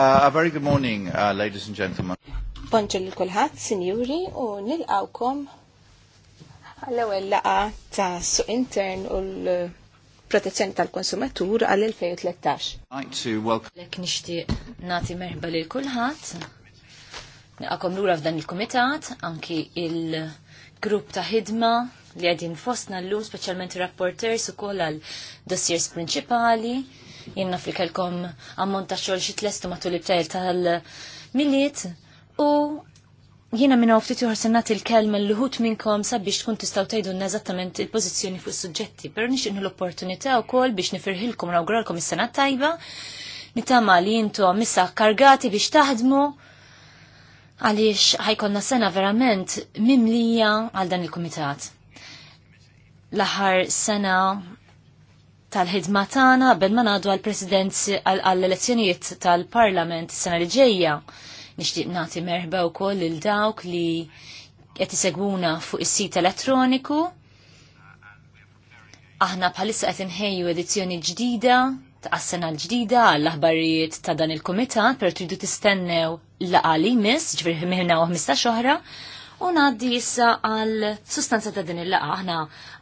Uh, a very good morning, uh, ladies and gentlemen. Bonġu l-kulħat, sinjuri, u nil-għawkom għal-ewel laqa ta' su intern u l-protezzjoni tal-konsumatur għal-2013. Lek nishti nati merħba li l-kulħat, naqakom l-ura f'dan il-komitat, anki il-grupp ta' ħidma li għedin fostna l-lum, specialment rapporters u koll għal dossiers principali, jenna fil-kelkom ammont ta' xogħol xi tlestu matul il-btajl tal-miliet u jiena minna uftit juħar sennat il-kelma l ħut minnkom sabiex tkun tistaw tajdu eżattament il-pozizjoni fuq suġġetti per nix l-opportunità u kol biex nifirħilkom nawguralkom is-sena tajba nitama li jintom missa kargati biex taħdmu għaliex ħajkonna sena verament mimlija għal dan il-komitat. l sena tal-ħidma tagħna qabel ma ngħadu għall-President għall-elezzjonijiet tal-Parlament is-sena li ġejja. Nixtieq nagħti merħba wkoll lil dawk li qed isegwuna fuq is-sit elettroniku. Aħna bħalissa qed inħejju edizzjoni ġdida ta' sena l-ġdida għall-aħbarijiet ta' dan il kumitat per tridu tistennew laqgħa li jmiss ġvir minna u 15 oħra, u jissa issa għal sustanza ta' din il-laqa aħna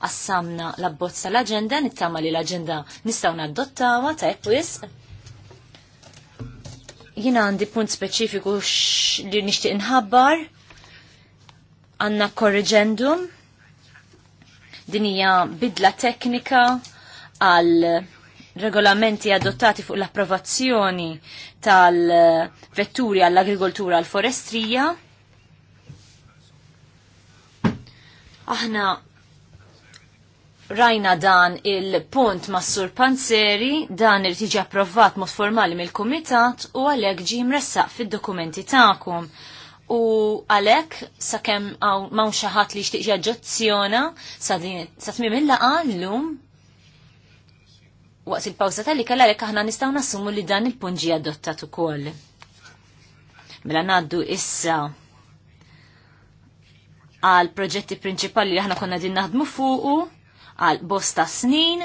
assamna l-abbozz l agenda nittama li l-agenda nistaw naddottawa ta' ekwis. Jina għandi punt speċifiku li nishtiq nħabbar għanna korriġendum dinija bidla teknika għal regolamenti adottati fuq l-approvazzjoni tal-vetturi għall-agrikoltura għall-forestrija. Aħna rajna dan il-punt ma' sur Panzeri, dan irrid tiġi approvat mod formali mill-Kumitat u għalhekk ġie mressaq fid-dokumenti tagħkom. U għalhekk sakemm għaw m'hawn xi ħadd li xtiġi ġazzjona, sa tmim il-laqgħa llum waqt il-pawsa tal-li kallarek aħna nistgħu nassumu li dan il-punt ġie adottat ukoll. Mela ngħaddu issa għal proġetti prinċipali li aħna konna din naħdmu fuqu għal bosta snin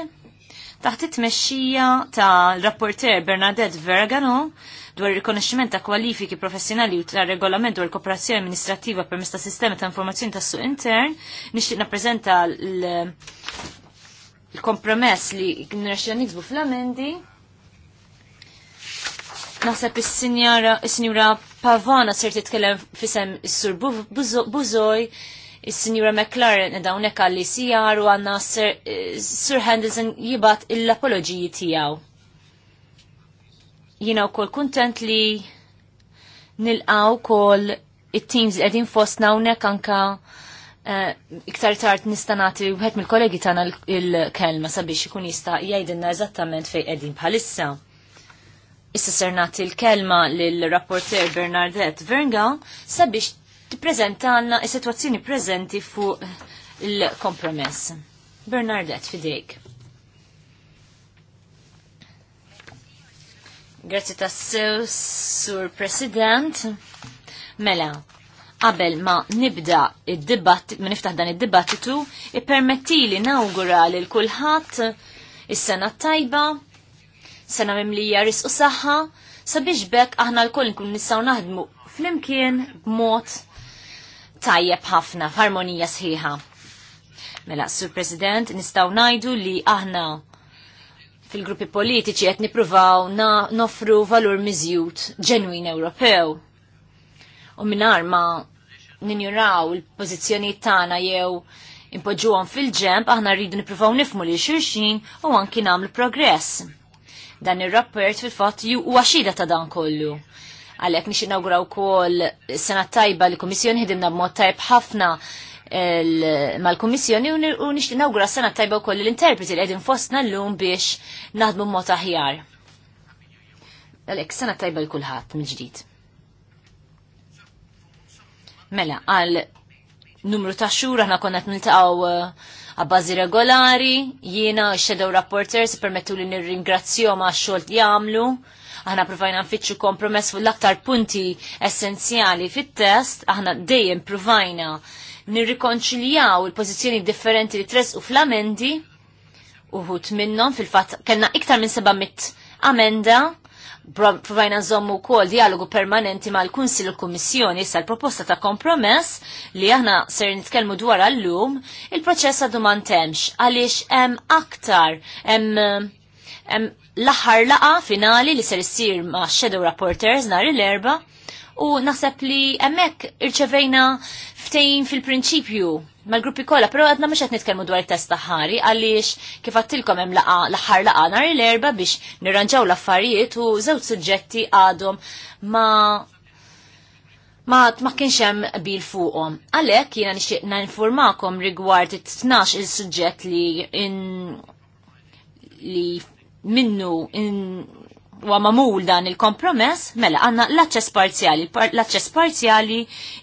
taħt it-tmexxija ta' rapporter Bernadette Vergano dwar il-rikonoxximent ta' kwalifiki professjonali u ta' regolament dwar kooperazzjoni amministrativa permezz ta' sistema ta' informazzjoni tas suq intern nixtieq nappreżenta l-kompromess li nirxja niksbu fl-amendi Naħseb is-sinjara, is-sinjura Pavana ser titkellem fisem is-sur Buzoj, is-sinjura McLaren edha hawnhekk għalli sijar u għandna Sir Henderson jibat l-apoloġiji tiegħu. Jiena wkoll kuntent li nilqgħu kol it-teams li qegħdin fostna hawnhekk anka eh, iktar tard nista' nagħti wieħed mill-kollegi tagħna il-kelma sabiex ikun jista' jgħidilna eżattament fejn qegħdin bħalissa. Issa ser nagħti l-kelma lill-rapporter Bernardet Verga sabiex tippreżentanna is-sitwazzjoni preżenti fuq il-kompromess. Bernardet fidejk. Grazzi tassew, Sur President. Mela, qabel ma nibda id-dibattit, ma niftaħ dan id-dibattitu, ippermetti li nawgura lil kulħadd is-sena tajba sena mimlija risq u saħħa sabiex bekk aħna l-koll nkun nistgħu naħdmu flimkien b'mod tajjeb ħafna f'armonija sħiħa. Mela, Sur President, nistgħu ngħidu li aħna fil-gruppi politiċi qed nippruvaw nofru valur miżjud ġenwin Ewropew. U mingħajr ma ninjuraw il-pożizzjonijiet tagħna jew impoġġuhom fil-ġemp aħna rridu nippruvaw nifmu li xulxin u anki nagħmlu progress. Dan ir-rapport fil-fatt huwa għaxida ta' dan kollu. Għalhekk nix inawgraw ukoll sena tajba li kummissjoni b-mod tajb ħafna mal-Kummissjoni u nix inawgra sena tajba wkoll l-interpreti li qegħdin fostna llum biex naħdmu mod aħjar. Għalhekk sena tajba l kulħadd mill-ġdid. Mela, għal numru ta' xhur aħna konna qed niltaqgħu għabbażi regolari, jiena shadow rapporters permettu li nirringrazzjom għax xogħol jamlu, Aħna provajna nfittxu kompromess fuq l-aktar punti essenzjali fit-test, aħna dejjem provajna nirrikonċiljaw il-pożizzjoni differenti li tres u fl-amendi, uħut minnom fil-fatt kellna iktar minn 700 amenda provajna nżommu kol dialogu permanenti mal kunsil u kummissjoni sa l-proposta ta' kompromess li aħna ser nitkellmu dwar għallum, il-proċess għadu man temx, għaliex hemm aktar, hemm l-aħħar laqa finali li ser issir ma' Shadow Reporters nar il-erba' u naħseb li emmek irċevejna ftejn fil-prinċipju mal-gruppi kolla, pero għadna mħiċet nitkelmu dwar test taħħari, għalix kif għattilkom hemm laqa l-ħar laqa nar l-erba biex nirranġaw l-affarijiet u zewt suġġetti għadhom ma ma ma kienx hemm bil fuqhom. Għalhekk jiena nixtieq informakom rigward it-12 il-suġġett li in li minnu in Wa mamul dan il-kompromess, mela għandna l-aċċess parzjali. L-aċċess parzjali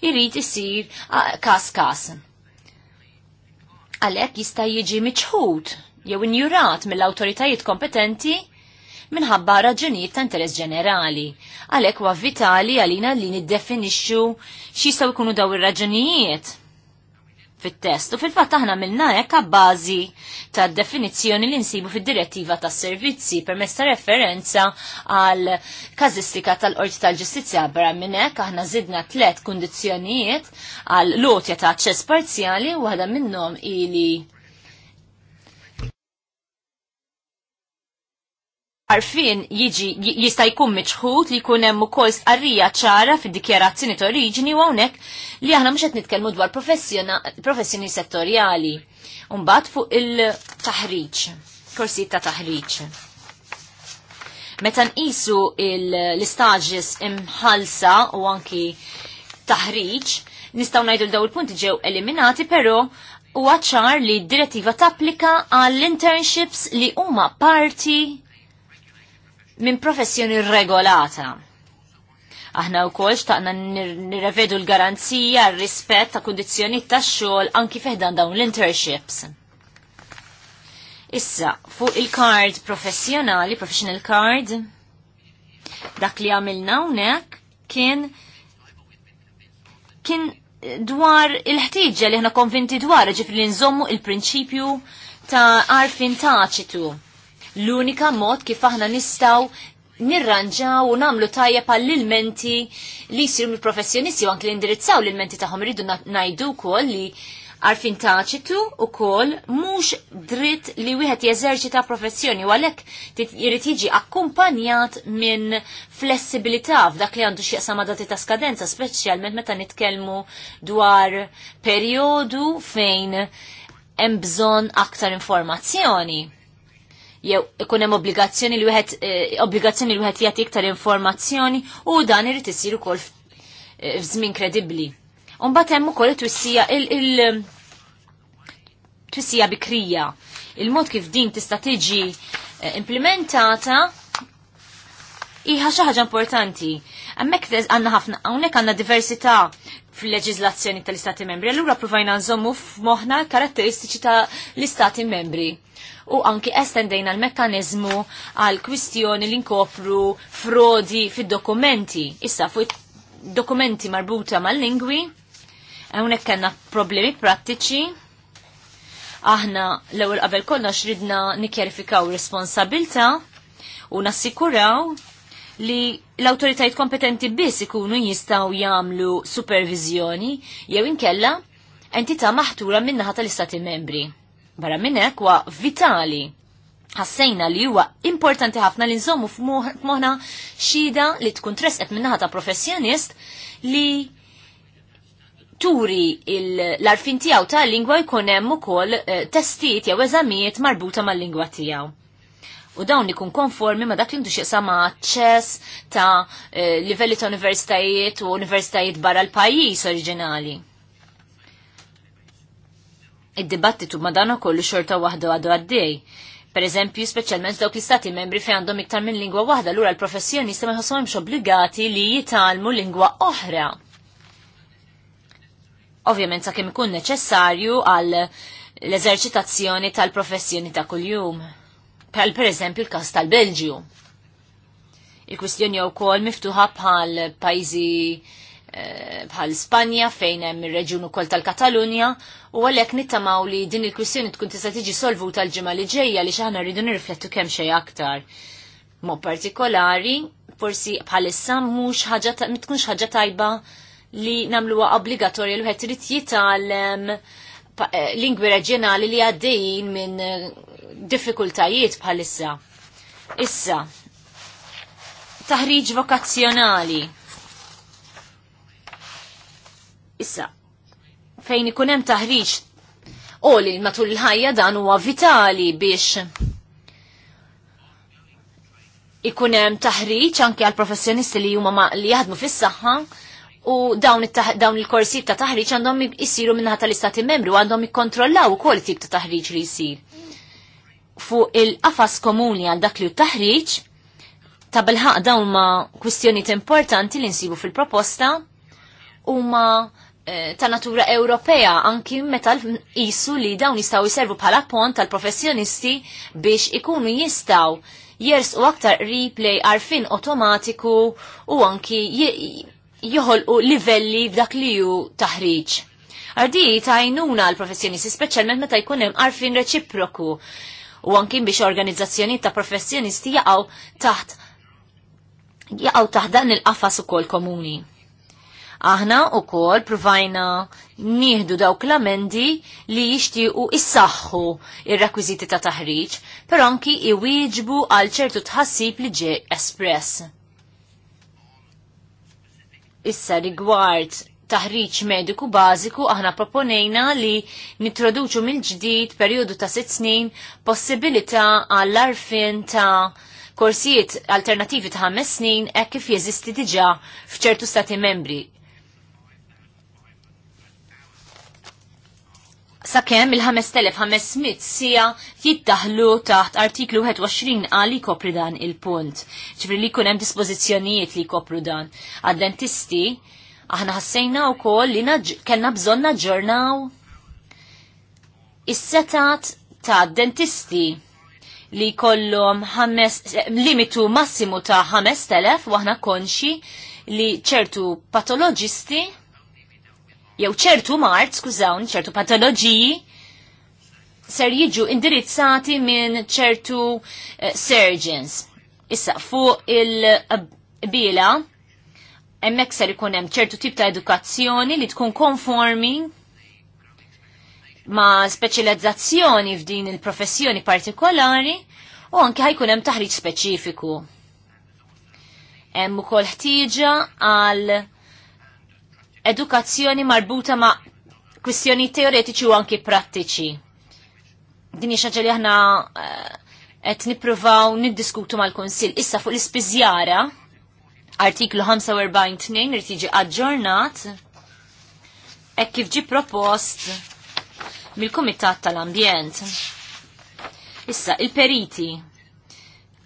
jrid isir kas-kas. Għalhekk jista' jiġi miċħud jew injurat mill-awtoritajiet kompetenti minħabba raġunijiet ta' interess ġenerali. Għalhekk huwa vitali għalina li niddefinixxu x'jistgħu jkunu daw ir-raġunijiet fit-test. U fil-fatt aħna milna hekk bażi ta' definizzjoni li nsibu fid-direttiva ta' servizzi permezz ta' referenza għal kazistika tal-Qorti tal-Ġustizzja barra minn hekk aħna żidna tliet kundizzjonijiet għal lotja ta' aċċess parzjali u waħda minnhom ili għarfin jiġi jista' jkun miċħut li jkun hemm ukoll arrija ċara fid-dikjarazzjoni ta' oriġini u hawnhekk li aħna mhux qed nitkellmu dwar professjoni settorjali. Mbagħad fuq il-taħriġ, korsi ta' taħriġ. Meta nqisu l-istaġis imħalsa u anki taħriġ, nistgħu ngħidu l-daw il-punti ġew eliminati, però u għacċar li d-direttiva tapplika għall-internships li huma parti minn professjoni regolata. Aħna u kol xtaqna nirrevedu l-garanzija, r-rispet ta' kondizjoni ta' xol anki feħdan dawn l-internships. Issa, fuq il-kard professjonali, professional card, dak li għamilna unek kien kien dwar il ħtijġa li ħna konvinti dwar ġifri li nżommu il-prinċipju ta' arfin taċitu l-unika mod kif aħna nistaw nirranġaw u namlu tajjeb l ilmenti li jisiru mill-professjonisti u anki li indirizzaw l-ilmenti tagħhom iridu ngħidu wkoll li għarfin taċitu u kol mux dritt li wieħed jeżerċita professjoni u għalek jirrit jiġi akkumpanjat minn flessibilità f'dak li għandu ma dati ta' skadenza, speċjalment meta nitkellmu dwar periodu fejn hemm bżonn aktar informazzjoni jew ikun hemm obbligazzjoni li wieħed eh, obbligazzjoni li wieħed jagħti iktar informazzjoni u dan irid isir ukoll eh, f'żmien kredibbli. Imbagħad hemm ukoll it-twissija il twissija bikrija. Il-mod kif din tista' tiġi eh, implementata iħa xaħġa ħaġa importanti. Hemmhekk għanna ħafna hawnhekk għandna diversità fil leġizlazzjoni tal-Istati Membri, allura provajna nżommu f'moħħna karatteristiċi tal istati Membri. U anki estendejna l-mekkanizmu għal kwistjoni li nkopru frodi fid-dokumenti. Issa fuq dokumenti marbuta mal-lingwi, hawnhekk għanna problemi prattiċi, aħna l-ewwel qabel kollox ridna nikkjarifikaw responsabilta' u nassikuraw li l-autoritajt kompetenti biss ikunu jistaw jamlu supervizjoni jew inkella entità maħtura minnaħa tal-istati membri. Barra minnek wa vitali ħassejna li huwa importanti ħafna li nżommu f'moħna xida li tkun tresqet minnaħa ta' professjonist li turi l-arfin tijaw ta' lingwa jkun hemm ukoll eh, testijiet jew eżamijiet marbuta mal-lingwa tijaw u dawn ikun konformi ma dak li ndux jaqsama ċess ta' eh, livelli ta' universitajiet u universitajiet barra l-pajis oriġinali. Id-dibattitu ma dan kollu xorta waħda għadu għaddej. Per eżempju, speċjalment dawk l-istati membri fejn għandhom iktar minn lingwa waħda, l-ura l-professjonisti ma jħossomhomx obbligati li jitalmu lingwa oħra. Ovvjament sa kemm ikun neċessarju għal l-eżerċitazzjoni tal-professjoni ta' kuljum pal per eżempju l-kas tal-Belġju. Il-kwistjoni u kol miftuħa bħal pajzi eh, bħal Spanja fejn hemm ir-reġjun ukoll tal-Katalunja u għalhekk nittamaw li din il-kwistjoni tkun tista' tiġi solvu tal ġimgħa li ġejja li aħna rridu nirriflettu kemm xejn aktar. Mo partikolari, forsi bħalissa mhux ħaġa tkunx ħaġa tajba li nagħmluha obbligatorja li wieħed irid jitgħallem Eh, lingwi reġjonali li għaddejjin minn eh, diffikultajiet bħalissa. Issa, taħriġ vokazzjonali. Issa, fejn ikun hemm taħriġ u li matul il-ħajja dan huwa vitali biex ikun hemm taħriġ anke għal professjonisti li huma li jaħdmu fis-saħħa u dawn, dawn il korsib ta' taħriġ għandhom jisiru minnaħa tal-istati membri u għandhom jikkontrollaw kol tip ta' taħriġ li jsir. Fuq il-qafas komuni għal dak li taħriġ, ta' bil-ħaq dawn ma' kwistjoniet importanti li nsibu fil-proposta u ma' eh, ta' natura Ewropea anki meta jissu li dawn jistaw jiservu bħala pont tal-professjonisti biex ikunu jistaw u aktar replay għarfin otomatiku u anki joħolqu livelli f'dak li ju taħriġ. Ardi tajnuna l-professjonisti, speċjalment meta jkun hemm arfin reċiproku u anki biex organizzazzjoni ta' professjonisti jaqgħu taħt jaqgħu taħt dan il-qafas ukoll komuni. Aħna u kol provajna nieħdu dawk l-amendi li jixtiequ issaħħu ir-rekwiżiti ta' taħriġ, però anki iwieġbu għal ċertu tħassib li ġej espress Issa rigward taħriġ mediku bażiku aħna proponejna li nitroduċu mill-ġdid perjodu ta' sitt snin possibilità għall-arfin ta' korsijiet alternativi ta' ħames snin hekk kif jeżisti diġà f'ċertu stati membri. sakemm il-5500 sija jiddaħlu taħt artiklu 21 għal kopri dan il-punt. ċifri li kunem dispozizjonijiet li kopru dan. Għad-dentisti, aħna ħassejna u koll li kellna bżonna naġġornaw is-setat ta' dentisti li kollom limitu massimu ta' 5000 u aħna konxi li ċertu patoloġisti jew ċertu mart, skużawni, ċertu patoloġiji ser jiġu indirizzati minn ċertu uh, surgeons. Issa, fuq il-bila, emmek ser ikun hemm ċertu tip ta' edukazzjoni li tkun konformi ma' speċjalizzazzjoni f'din il-professjoni partikolari u anke ħajkun hemm taħriġ speċifiku. Hemm ukoll ħtieġa għal edukazzjoni marbuta ma' kwistjoni teoretiċi u anki prattiċi. Dini xaġġa li aħna eh, qed nippruvaw niddiskutu mal-Kunsill. Issa fuq l-ispiżjara, artiklu 45-2 irid jiġi aġġornat hekk kif ġi propost mill-Kumitat tal-Ambjent. Issa, il-periti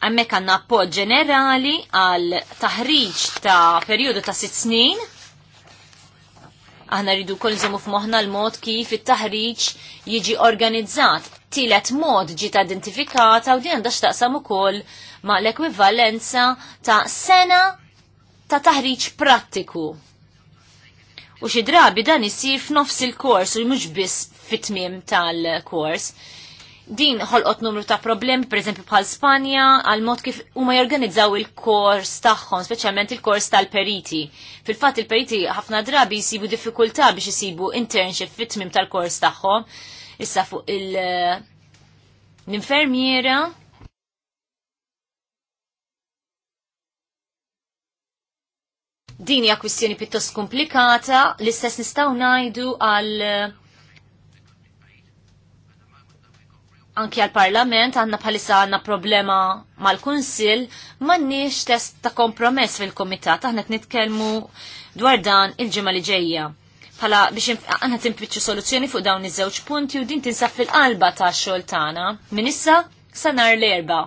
għammek għanna appoġġ ġenerali għal taħriġ ta' periodu ta' sitt snin Aħna rridu kol nżomu f'moħħna l-mod kif it-taħriġ jiġi organizzat. Tilet mod ġiet identifikata u din għandha x'taqsam ukoll ma' l ekvivalenza ta' sena ta' taħriġ prattiku. U xi drabi dan isir f'nofs il-kors u mhux biss fit-tmiem tal-kors. Din ħolqot numru ta' problemi, per eżempju bħal Spanja, għal mod kif huma jorganizzaw il-kors tagħhom, speċjalment il-kors tal-periti. Fil-fatt il-periti ħafna drabi jsibu diffikultà biex isibu internship fit-tmim tal-kors tagħhom. Issa fuq il-infermiera, eh, din hija kwistjoni pjuttost komplikata, l-istess nistgħu ngħidu għal eh, anki għal-parlament għanna bħalissa għanna problema mal-kunsil mannix test ta' kompromess fil-komitat aħna nitkelmu dwar dan il-ġimma li ġejja. Pala biex għanna timpiċċu soluzzjoni fuq dawn iż-żewġ punti u din tinsab fil-qalba ta' xogħol tagħna minn issa sa nhar l-erba'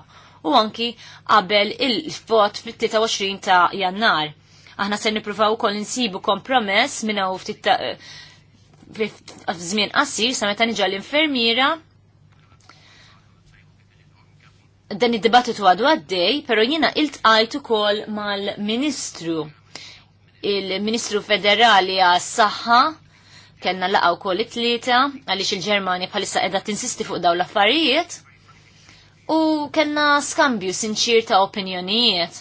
u anki qabel il-vot fit-23 ta' jannar. Aħna se nippruvaw ukoll insibu kompromess minn hawn ftit f'żmien qasir sa meta niġa l-infermiera dan id-dibattitu għadu għaddej, pero jina il-tqajt ukoll mal-Ministru. Il-Ministru Federali għas-Saħħa kellna laqgħu kol it-tlieta għaliex il ġermani bħalissa qiegħda tinsisti fuq dawn l-affarijiet u kellna skambju sinċir ta' opinjonijiet.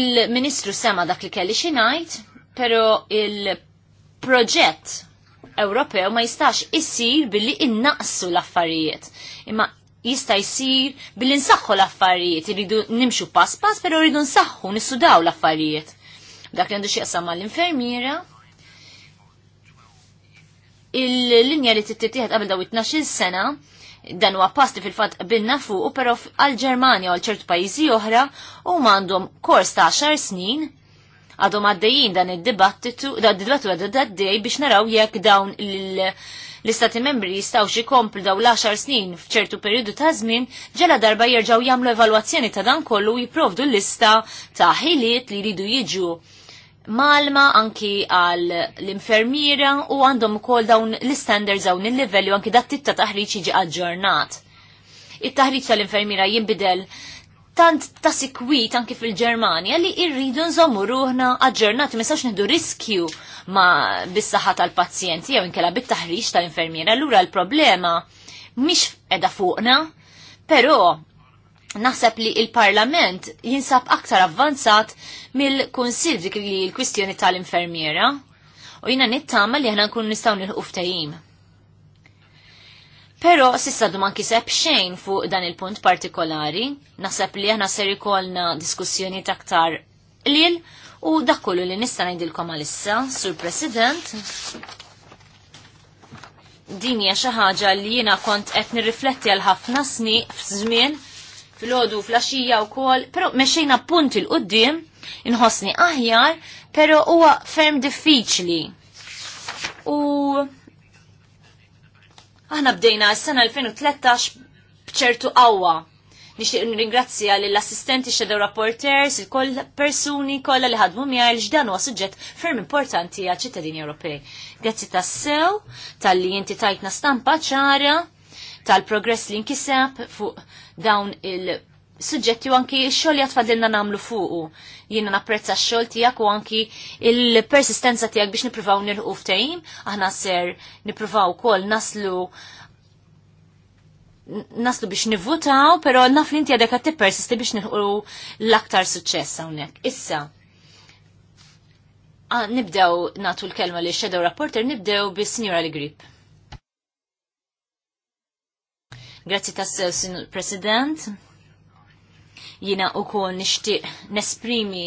Il-Ministru sema dak li kelli xinajt, pero il-proġett Ewropew ma jistax issir billi innaqsu l-affarijiet. Imma jista' jsir billi nsaħħu l-affarijiet, irridu nimxu pass pass, pero rridu nsaħħu nissudaw l-affarijiet. Dak li għandu xieqsam mal-infermiera, il-linja li tittieħed qabel daw 12 sena, dan huwa pasti fil-fatt binna fuq, pero għal-Ġermanja u għal ċertu pajjiżi oħra u għandhom kors ta' 10 snin għadhom għaddejjin dan id-dibattitu, dan id-dibattitu għaddej biex naraw jekk dawn il- L-istati membri xie kompl daw l-10 snin f'ċertu periodu ta' żmien ġela darba jerġgħu jagħmlu evalwazzjoni ta' dan kollu jipprovdu l-lista ta' ħiliet li jridu jiġu malma anki għal l-infermiera u għandhom ukoll dawn l-standards dawn il-livelli u anki dat-titta taħriġ jiġi aġġornat. It-taħriġ tal-infermiera jinbidel tant ta' sikwit anki fil-Ġermanja li irridu nżommu ruħna aġġornati, mistax neħdu riskju ma bis-saħħa tal-pazjenti jew inkella bit-taħriġ tal-infermiera. Allura l-problema mhix qiegħda fuqna, però naħseb li il-Parlament jinsab aktar avvanzat mill-Kunsil li l-kwistjoni tal-infermiera u jina nittama li ħna nkun nistgħu nilħu ftehim. Pero sissa du man kiseb xejn fuq dan il-punt partikolari, naħseb li aħna ser ikolna diskussjoni taktar lil u dak li nista' ngħidilkom għalissa, Sur President. Din hija xi ħaġa li jiena kont qed nirrifletti għal ħafna snin f'żmien fil-ħodu flaxija u kol, pero meċċejna punt il-qoddim, inħosni aħjar, pero huwa ferm diffiċli. U Aħna bdejna s-sena 2013 bċertu qawwa. Nixtieq nirringrazzja lill assistenti shadow rapporters, il-koll persuni kollha li ħadmu miha li x'dan huwa suġġett ferm importanti għal ċittadini Ewropej. Grazzi tas-sew, tal-li inti tajtna stampa ċara, tal-progress li nkiseb fuq dawn il- suġġetti u anki xogħol jgħat fadilna namlu fuqu. Jiena napprezza x-xogħol tiegħek u anki il-persistenza tiegħek biex nippruvaw nirħu ftehim, aħna ser nippruvaw ukoll naslu naslu biex nivvutaw, pero naf li inti għadek persisti biex nilħu l-aktar suċċess hawnhekk. Issa, nibdew natu l-kelma li Shadow Rapporter, nibdew bis Signora li Grip. Grazzi tassew, President jina u kol nishtiq nesprimi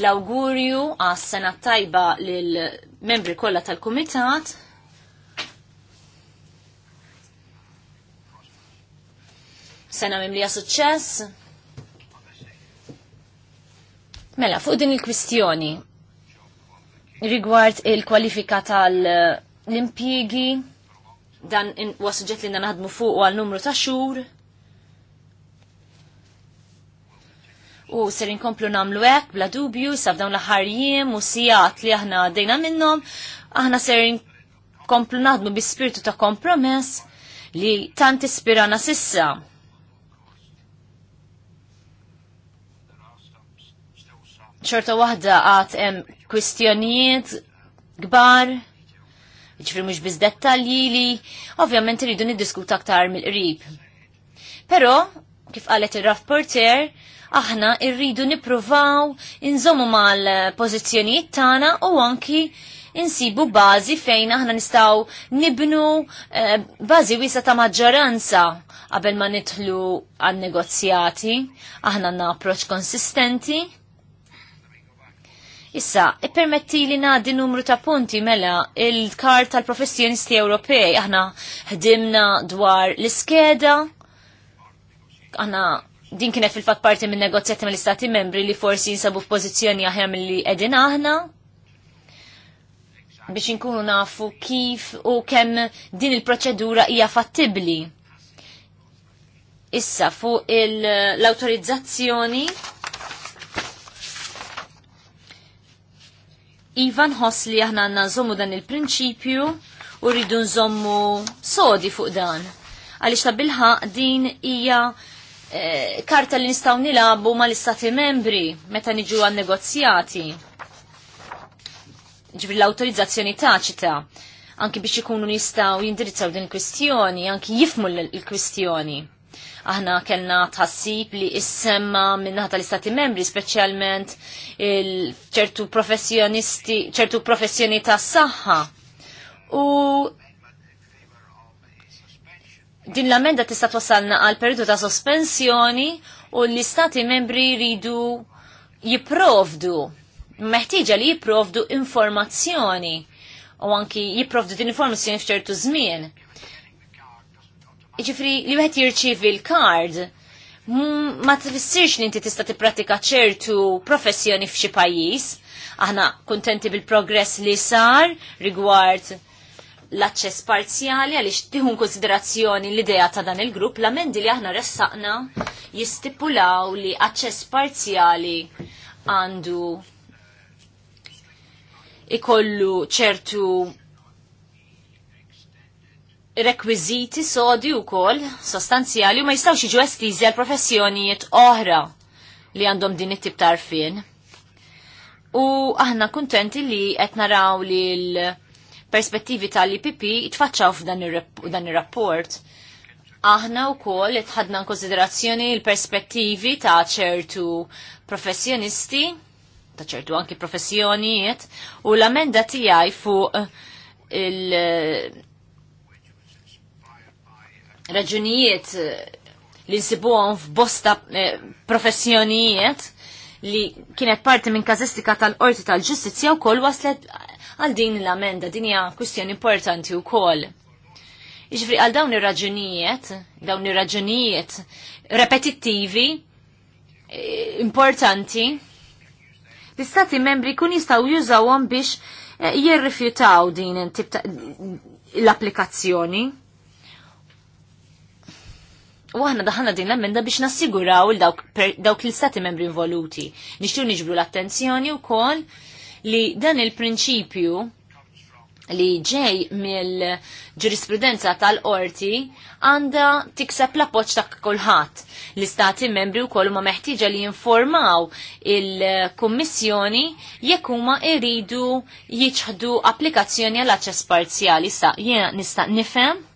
l-augurju għas sena tajba l-membri kolla tal-komitat. Sena mimlija suċċess. Mela, fuq din il-kwistjoni rigward il-kwalifika tal-impjigi dan huwa suġġett li nanħadmu fuq għal numru ta' xhur. u ser inkomplu namlu hekk bla dubju sab dawn l-ħarjiem u sijat li aħna dejna minnhom, aħna ser inkomplu naħdmu bi spiritu ta' kompromess li tant ispirana sissa. ċorta waħda għat em kwistjonijiet gbar, ġifri mux biz dettalji li ovvjament rridu niddiskuta aktar mill-qrib. Pero, kif qalet il-rapporter, aħna irridu nippruvaw inżommu mal-pożizzjonijiet tagħna u anki insibu bażi fejn aħna nistgħu nibnu eh, bażi wiesa ta' maġġoranza qabel ma nidħlu għan negozjati aħna għandna approċċ konsistenti. Issa, ippermetti li nadi numru ta' punti mela il-kar tal-professjonisti Ewropej. Aħna ħdimna dwar l-iskeda, aħna din kienet fil-fat parti minn negozjati mill istati membri li forsi jinsabu f'pożizzjoni aħjar mill-li edin aħna biex inkunu nafu kif u kemm din il-proċedura hija fattibli. Issa fuq l-autorizzazzjoni Ivan Hoss li aħna nżommu dan il-prinċipju u rridu nżommu sodi fuq dan. Għaliex ta' bilħaq din hija Eh, karta li nistaw nilabu ma l-istati membri meta niġu għan negozjati. Ġbri l-autorizzazzjoni taċita, anki biex ikunu nistaw jindirizzaw din il-kwistjoni, anki jifmu l-kwistjoni. Aħna kellna tħassib li issemma minnaħta l-istati membri, specialment ċertu professjonisti, ċertu professjoni ta' saħħa. U din l-amenda tista' twasalna għal periodu ta' sospensjoni u l-istati membri ridu jiprovdu, meħtieġa li jiprovdu informazzjoni u anki jiprovdu din informazzjoni f'ċertu żmien. Iġifri li wieħed jirċievi l-kard mm, ma tfissirx li inti tista' tipprattika ċertu professjoni f'xi pajjiż. Aħna kuntenti bil-progress li sar rigward l-aċċess parzjali għaliex tieħu konsiderazzjoni l-idea ta' dan il-grupp, l-amendi li aħna ressaqna jistipulaw li aċċess parzjali għandu ikollu ċertu rekwiziti sodi u kol sostanzjali u ma jistawx iġu estizi għal professjonijiet oħra li għandhom din it-tip tarfin. U aħna kontenti li qed naraw li l- perspettivi tal-IPP tfaċċaw f'dan ir-rapport. Aħna u koll itħadna konsiderazzjoni l-perspettivi ta' ċertu professjonisti, ta' ċertu anki professjonijiet, u l-amenda tijaj fuq il raġunijiet li nsibuhom f'bosta eh, professjonijiet li kienet parti minn kazistika tal-qorti tal-ġustizja u koll waslet għal din l-amenda, din hija kwistjoni importanti u koll. Iġifri għal dawn ir-raġunijiet, dawn ir-raġunijiet repetittivi, eh, importanti, l-istati membri kun jistaw jużawhom biex eh, jirrifjutaw din l-applikazzjoni. U aħna daħna din l-emenda biex nassiguraw dawk l-istati membri involuti. Nishtu niġbru l-attenzjoni u kol li dan il-prinċipju li ġej mill-ġurisprudenza tal-qorti għanda tikseb l poċ ta' kulħadd. L-istati membri u kol ma meħtieġa li jinformaw il-kummissjoni jekk huma iridu jiċħdu applikazzjoni għall-aċċess parzjali sa' jiena nista' nifhem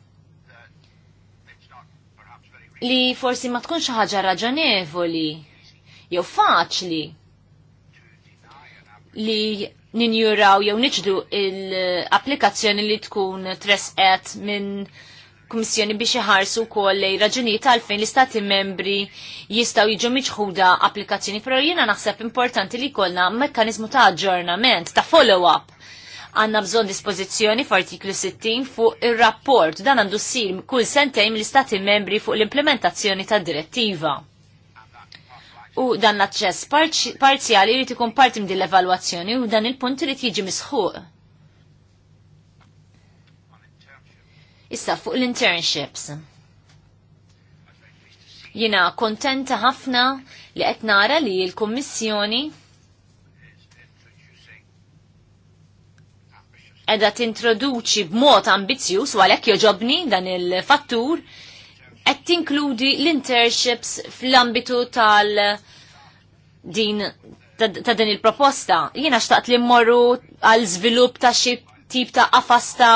li forsi ma tkunx ħaġa raġonevoli jew faċli li ninjuraw jew niġdu l-applikazzjoni li tkun tresqet minn kummissjoni biex iħarsu wkoll raġuni raġunijiet għalfejn l-istati membri jistgħu jiġu miċħuda applikazzjoni, però jiena naħseb importanti li jkollna mekkaniżmu ta' aġġornament, ta' follow-up għanna bżon dispożizzjoni f'artiklu 60 fuq ir-rapport dan għandu ssir kull sentejn l-istati membri fuq l-implementazzjoni ta' direttiva. U dan l-aċċess parzjali jrid ikun parti din l-evalwazzjoni u dan il-punt li jiġi misħuq. Issa fuq l-internships. Jina kontenta ħafna li qed nara li l-Kummissjoni edha tintroduċi b'mod ambizzjuż ambizjus, għalhekk joġobni dan il-fattur qed tinkludi l-internships fl-ambitu tal- din ta' din il-proposta. Jiena xtaqt li mmorru għal żvilupp ta' xi tip ta' afasta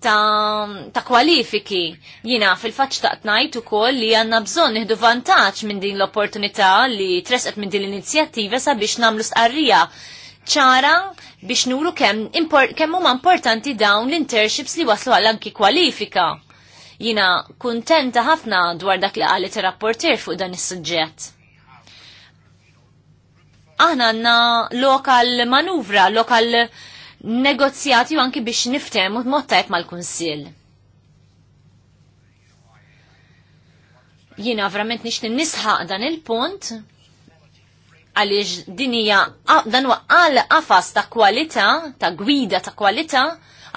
ta', ta kwalifiki. Jiena fil-faċ ta' tnajt u koll li għanna bżon nihdu vantaċ minn din l-opportunità li tresqet minn din l-inizjattiva sabiex namlu sqarrija ċara biex nuru kemm kem huma importanti dawn l-internships li waslu għal anki kwalifika. Jina kuntenta ħafna dwar dak li qalet ir rapportier fuq dan is-suġġett. Aħna għandna lokal manuvra, lokal negozjati u anki biex niftem u tajb mal-Kunsill. Jina verament nix nisħaq dan il-punt għaliex dinija dan huwa għal għafas ta' kwalità, ta' gwida ta' kwalità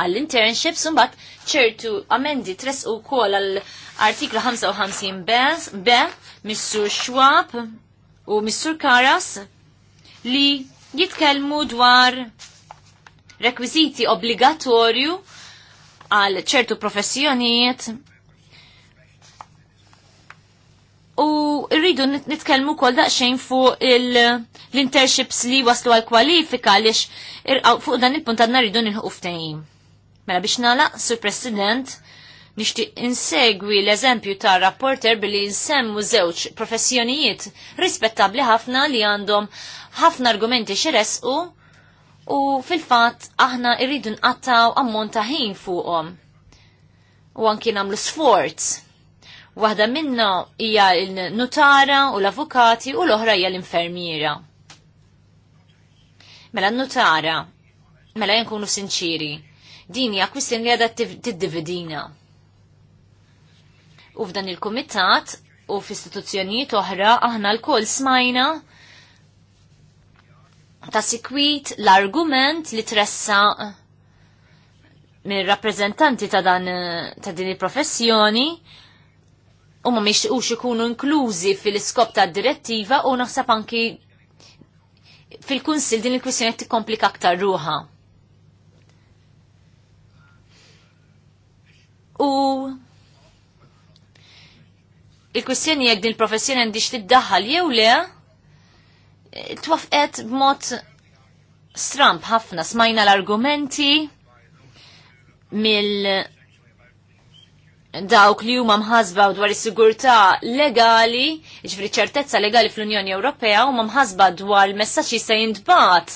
għall-internships sumbat ċertu amendi u kol għall artiklu 55 b Missur Schwab u Missur Karas li jitkellmu dwar rekwiziti obbligatorju għal ċertu professjonijiet U rridu nitkellmu kol daqxejn fuq l-internships li waslu għal kwalifika lix fuq dan il-punt għadna rridu nilħu ftehim. Mela biex nala, Sur President, nixtieq insegwi l-eżempju ta' rapporter billi nsemmu żewġ professjonijiet rispettabli ħafna li għandhom ħafna argumenti xiresqu u fil fat aħna rridu nqattaw ammont ta' ħin fuqhom. U anki nagħmlu sforz Waħda minna hija l-nutara u l-avukati u l-oħra hija l-infermiera. Mela n-nutara, mela nkunu sinċiri, din hija kwistin li għadha tiddividina. U f'dan il-kumitat u f'istituzzjonijiet oħra aħna l-koll smajna ta' sikwit l-argument li tressa minn rappresentanti ta' dan ta' din il-professjoni u ma mixtiqux ikunu inklużi fil-iskop ta' direttiva u naħseb anki fil-kunsil din il-kwistjoni tikkomplika aktar ruħa. U il-kwistjoni jekk din il-professjoni għandix tiddaħħal jew le, twafqet b'mod stramp ħafna smajna l-argumenti mill- dawk li huma mħasba dwar is-sigurtà legali, ġifri ċertezza legali fl-Unjoni Ewropea huma mħasba dwar il-messaġġ jista' jintbagħat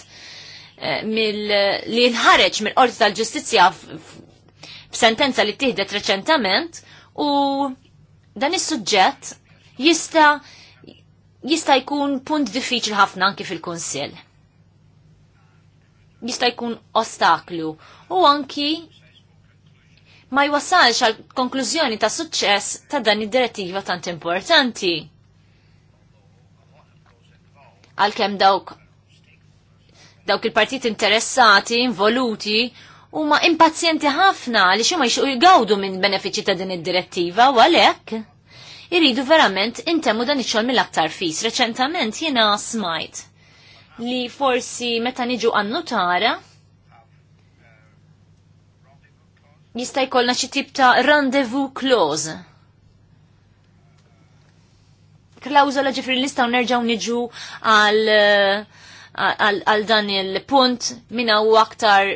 eh, li nħareġ mill-Qorti tal-Ġustizzja f'sentenza li tieħdet reċentament u dan is-suġġett jista' jista' jkun punt diffiċli ħafna anki fil-Kunsill. Jista' jkun ostaklu u anki ma jwasalx għal konklużjoni ta' suċċess ta' dan id-direttiva tant importanti. Għalkemm dawk dawk il-partit interessati, involuti, huma impazjenti ħafna li xuma jxu jgawdu minn benefiċi ta' din id-direttiva u għalhekk irridu verament intemmu dan iċol mill-aktar fis. Reċentament jiena smajt li forsi meta niġu għannu tara jista' jkollna xi tip ta' rendezvous clause. Klawżola ġifri nistgħu nerġgħu niġu għal eh, għal dan il-punt minna u aktar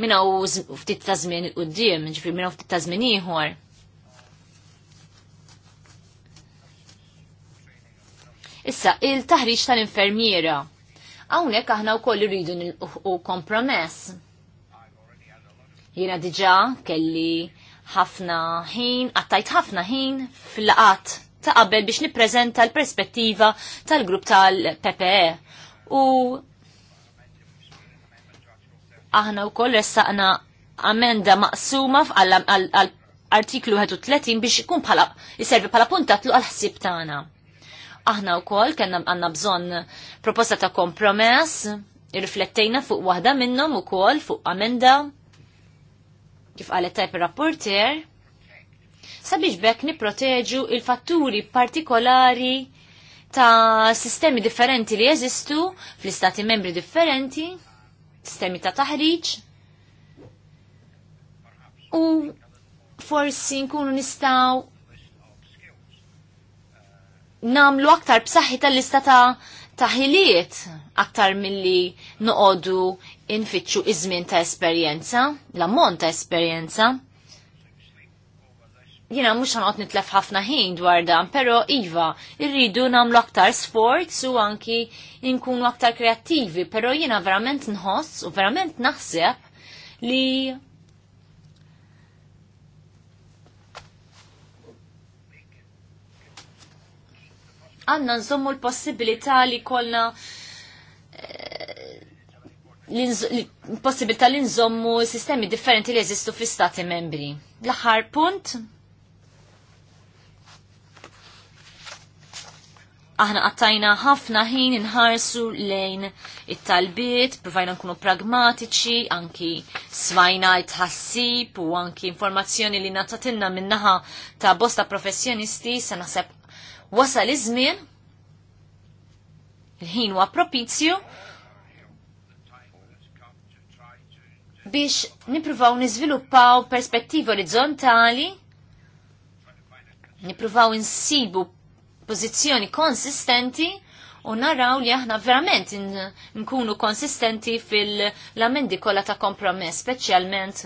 minna u ftit ta' żmien quddiem, ġifri minna u ftit ta' żmien ieħor. Issa, il-taħriġ tal-infermiera. Hawnhekk aħna wkoll irridu nilqu kompromess Jiena diġà kelli ħafna ħin, għattajt ħafna ħin fil-laqat ta' qabel biex nippreżenta l-perspettiva tal-grupp tal-PPE. U aħna wkoll ressaqna amenda maqsuma għall artiklu 31 biex ikun bħala jiservi bħala puntatlu għal ħsieb tagħna. Aħna wkoll kellna għandna bżonn proposta ta' kompromess, irriflettejna fuq waħda minnhom ukoll fuq amenda kif qalet tajp rapporter sabiex bekk niproteġu il-fatturi partikolari ta' sistemi differenti li jeżistu fl-istati membri differenti, sistemi ta' taħriġ, u forsi nkunu nistaw namlu aktar b'saħħi tal-lista ta' taħiliet aktar milli noqodu infittxu iż-żmien ta' esperjenza, l-ammont ta' esperjenza. Jina mhux ħanqod nitlef ħafna ħin dwar dan, però iva, irridu nagħmlu aktar sforz u anki nkunu aktar kreattivi, però jiena verament nħoss u verament naħseb li għanna nżommu l-possibilità li kolna possibilità li nżommu sistemi differenti li jeżistu fi stati membri. L-aħħar punt, aħna qattajna ħafna ħin inħarsu lejn it-talbiet, provajna nkunu pragmatiċi, anki svajna it-ħassib u anki informazzjoni li natatilna minnaħa ta' bosta professjonisti, sa' naħseb wasal iż-żmien il-ħin huwa propizju biex nipruvaw nizviluppaw perspettivi orizzontali, nipruvaw insibu pożizzjoni konsistenti u naraw li aħna verament nkunu konsistenti fil-lamendi kollha ta' kompromess, speċjalment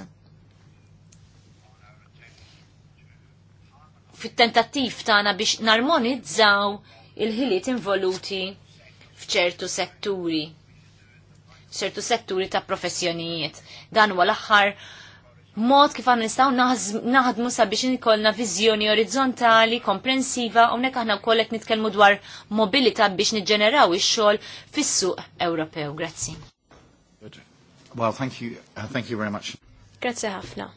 fit-tentattiv tagħna biex narmonizzaw il-ħiliet involuti f'ċertu setturi, ċertu setturi ta' professjonijiet. Dan huwa l-aħħar mod kif għan nistaw naħdmu sabiex nikolna viżjoni orizzontali, komprensiva, nek aħna wkoll qed nitkellmu dwar mobilità biex niġġeneraw ix-xogħol fis-suq Ewropew. Grazzi. Well, thank you, uh, thank you very much. Grazzi ħafna.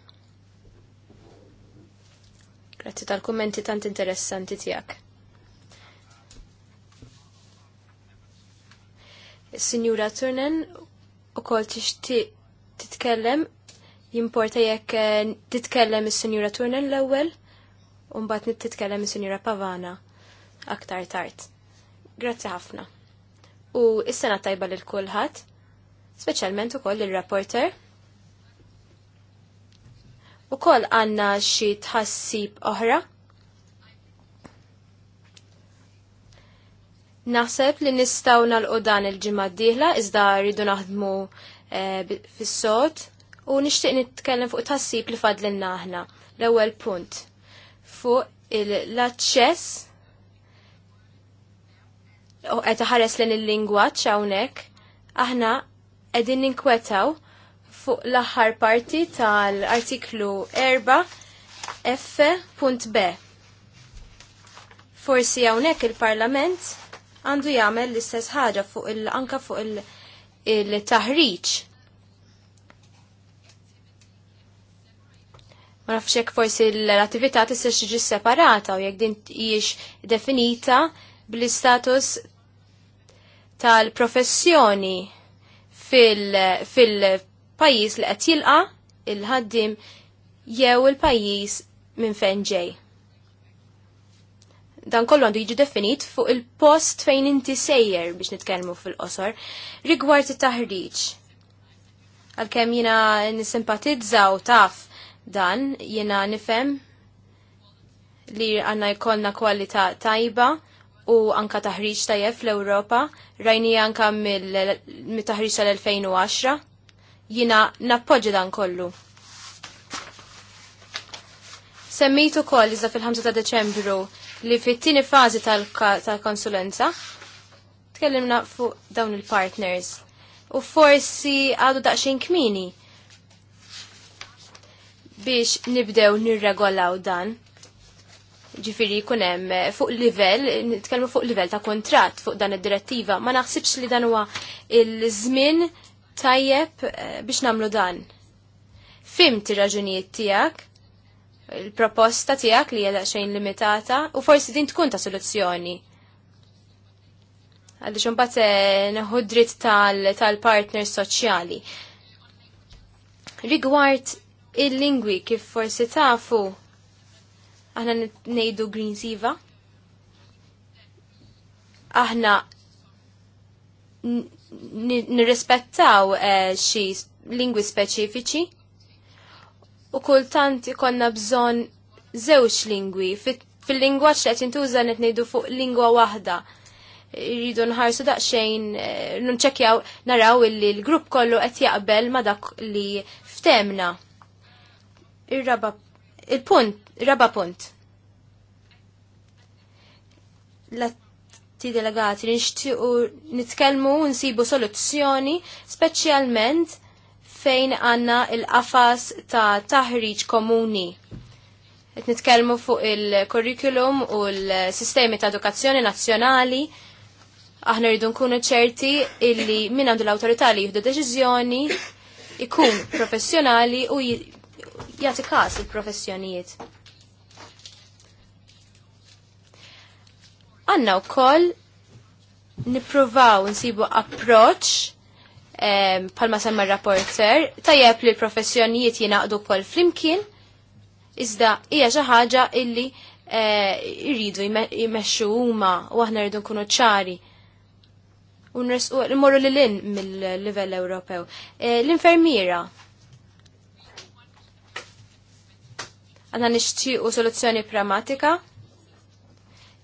Grazzi tal-kummenti tant interessanti tiegħek. Signora Turnen u kol titkellem jimporta jekk eh, titkellem is-Signora Turnen l-ewwel u mbagħad nittitkellem is-Signora Pavana aktar tard. Grazzi ħafna. U is-sena tajba lil kulħadd, speċjalment ukoll il-rapporter. U għandna għanna xi tħassib oħra Naħseb li nistaw nalqu dan il-ġimgħa d-dieħla iżda rridu naħdmu eh, fis-sod u nixtieq nitkellem fuq tassib li fadlinna aħna. L-ewwel punt fuq l-aċċess u qed ħares lejn il-lingwaġġ hawnhekk aħna qegħdin ninkwetaw fuq l-aħħar parti tal-artiklu 4 F.B. Forsi hawnhekk il-Parlament għandu jagħmel l-istess ħaġa fuq il anka fuq il-taħriġ. Ma nafx hekk forsi l-attività tista' tiġi separata u jekk din hijiex definita bl-istatus tal-professjoni fil-pajjiż li qed jilqa' il-ħaddim jew il-pajjiż minn fejn ġej dan kollu għandu jiġi definit fuq il-post fejn inti sejjer biex nitkellmu fil-qosor rigward it-taħriġ. Għalkemm jiena nisimpatizza u taf dan jiena nifhem li għanna jkollna kwalità tajba u anka taħriġ tajjeb fl-Ewropa, rajni anka mit taħriġ tal-2010, jina nappoġġi dan kollu. Semmejtu koll iżda fil-5 ta' Deċembru li fit-tieni fażi tal-konsulenza tkellimna fuq dawn il-partners u forsi għadu daqsxejn kmini biex nibdew nirregolaw dan. Ġifiri jkun hemm eh, fuq livell, nitkellmu fuq livell ta' kontratt fuq dan id-direttiva, ma naħsibx li dan huwa il-żmien tajjeb eh, biex nagħmlu dan. Fimti raġunijiet tiegħek, il-proposta tiegħek li hija xejn limitata u forsi din tkun ta' soluzzjoni. Għaliex imbagħad eh, neħu dritt tal-partner soċjali. Rigward il-lingwi kif forsi tafu aħna nejdu Green Siva. Aħna nirrispettaw eh, xi lingwi speċifiċi u kultant ikonna bżon żewġ lingwi fil-lingwaġġ li qed jintuża qed ngħidu fuq lingwa waħda. Jridu nħarsu daqsxejn eh, nċekkjaw naraw illi l-grupp kollu qed jaqbel ma dak li ftemna. Ir-raba il-punt, raba punt. L-atti delegati nixtiequ nitkellmu nsibu soluzzjoni speċjalment fejn għanna il-qafas ta' taħriġ komuni. Et nitkelmu fuq il-kurrikulum u l-sistemi ta' edukazzjoni nazzjonali. Aħna rridu nkunu ċerti illi minn għandu l-autorità li jihdu deċiżjoni ikun professjonali u jagħti każ il-professjonijiet. Għanna wkoll nippruvaw nsibu approċċ palma semma rapporter, tajjeb li l-professjonijiet jinaqdu kol flimkien, iżda hija xi ħaġa illi jridu eh, jmexxu huma u aħna rridu nkunu ċari. U nmorru l in mill-livell Ewropew. Eh, l-infermiera. Għanna nixtiequ soluzzjoni pragmatika.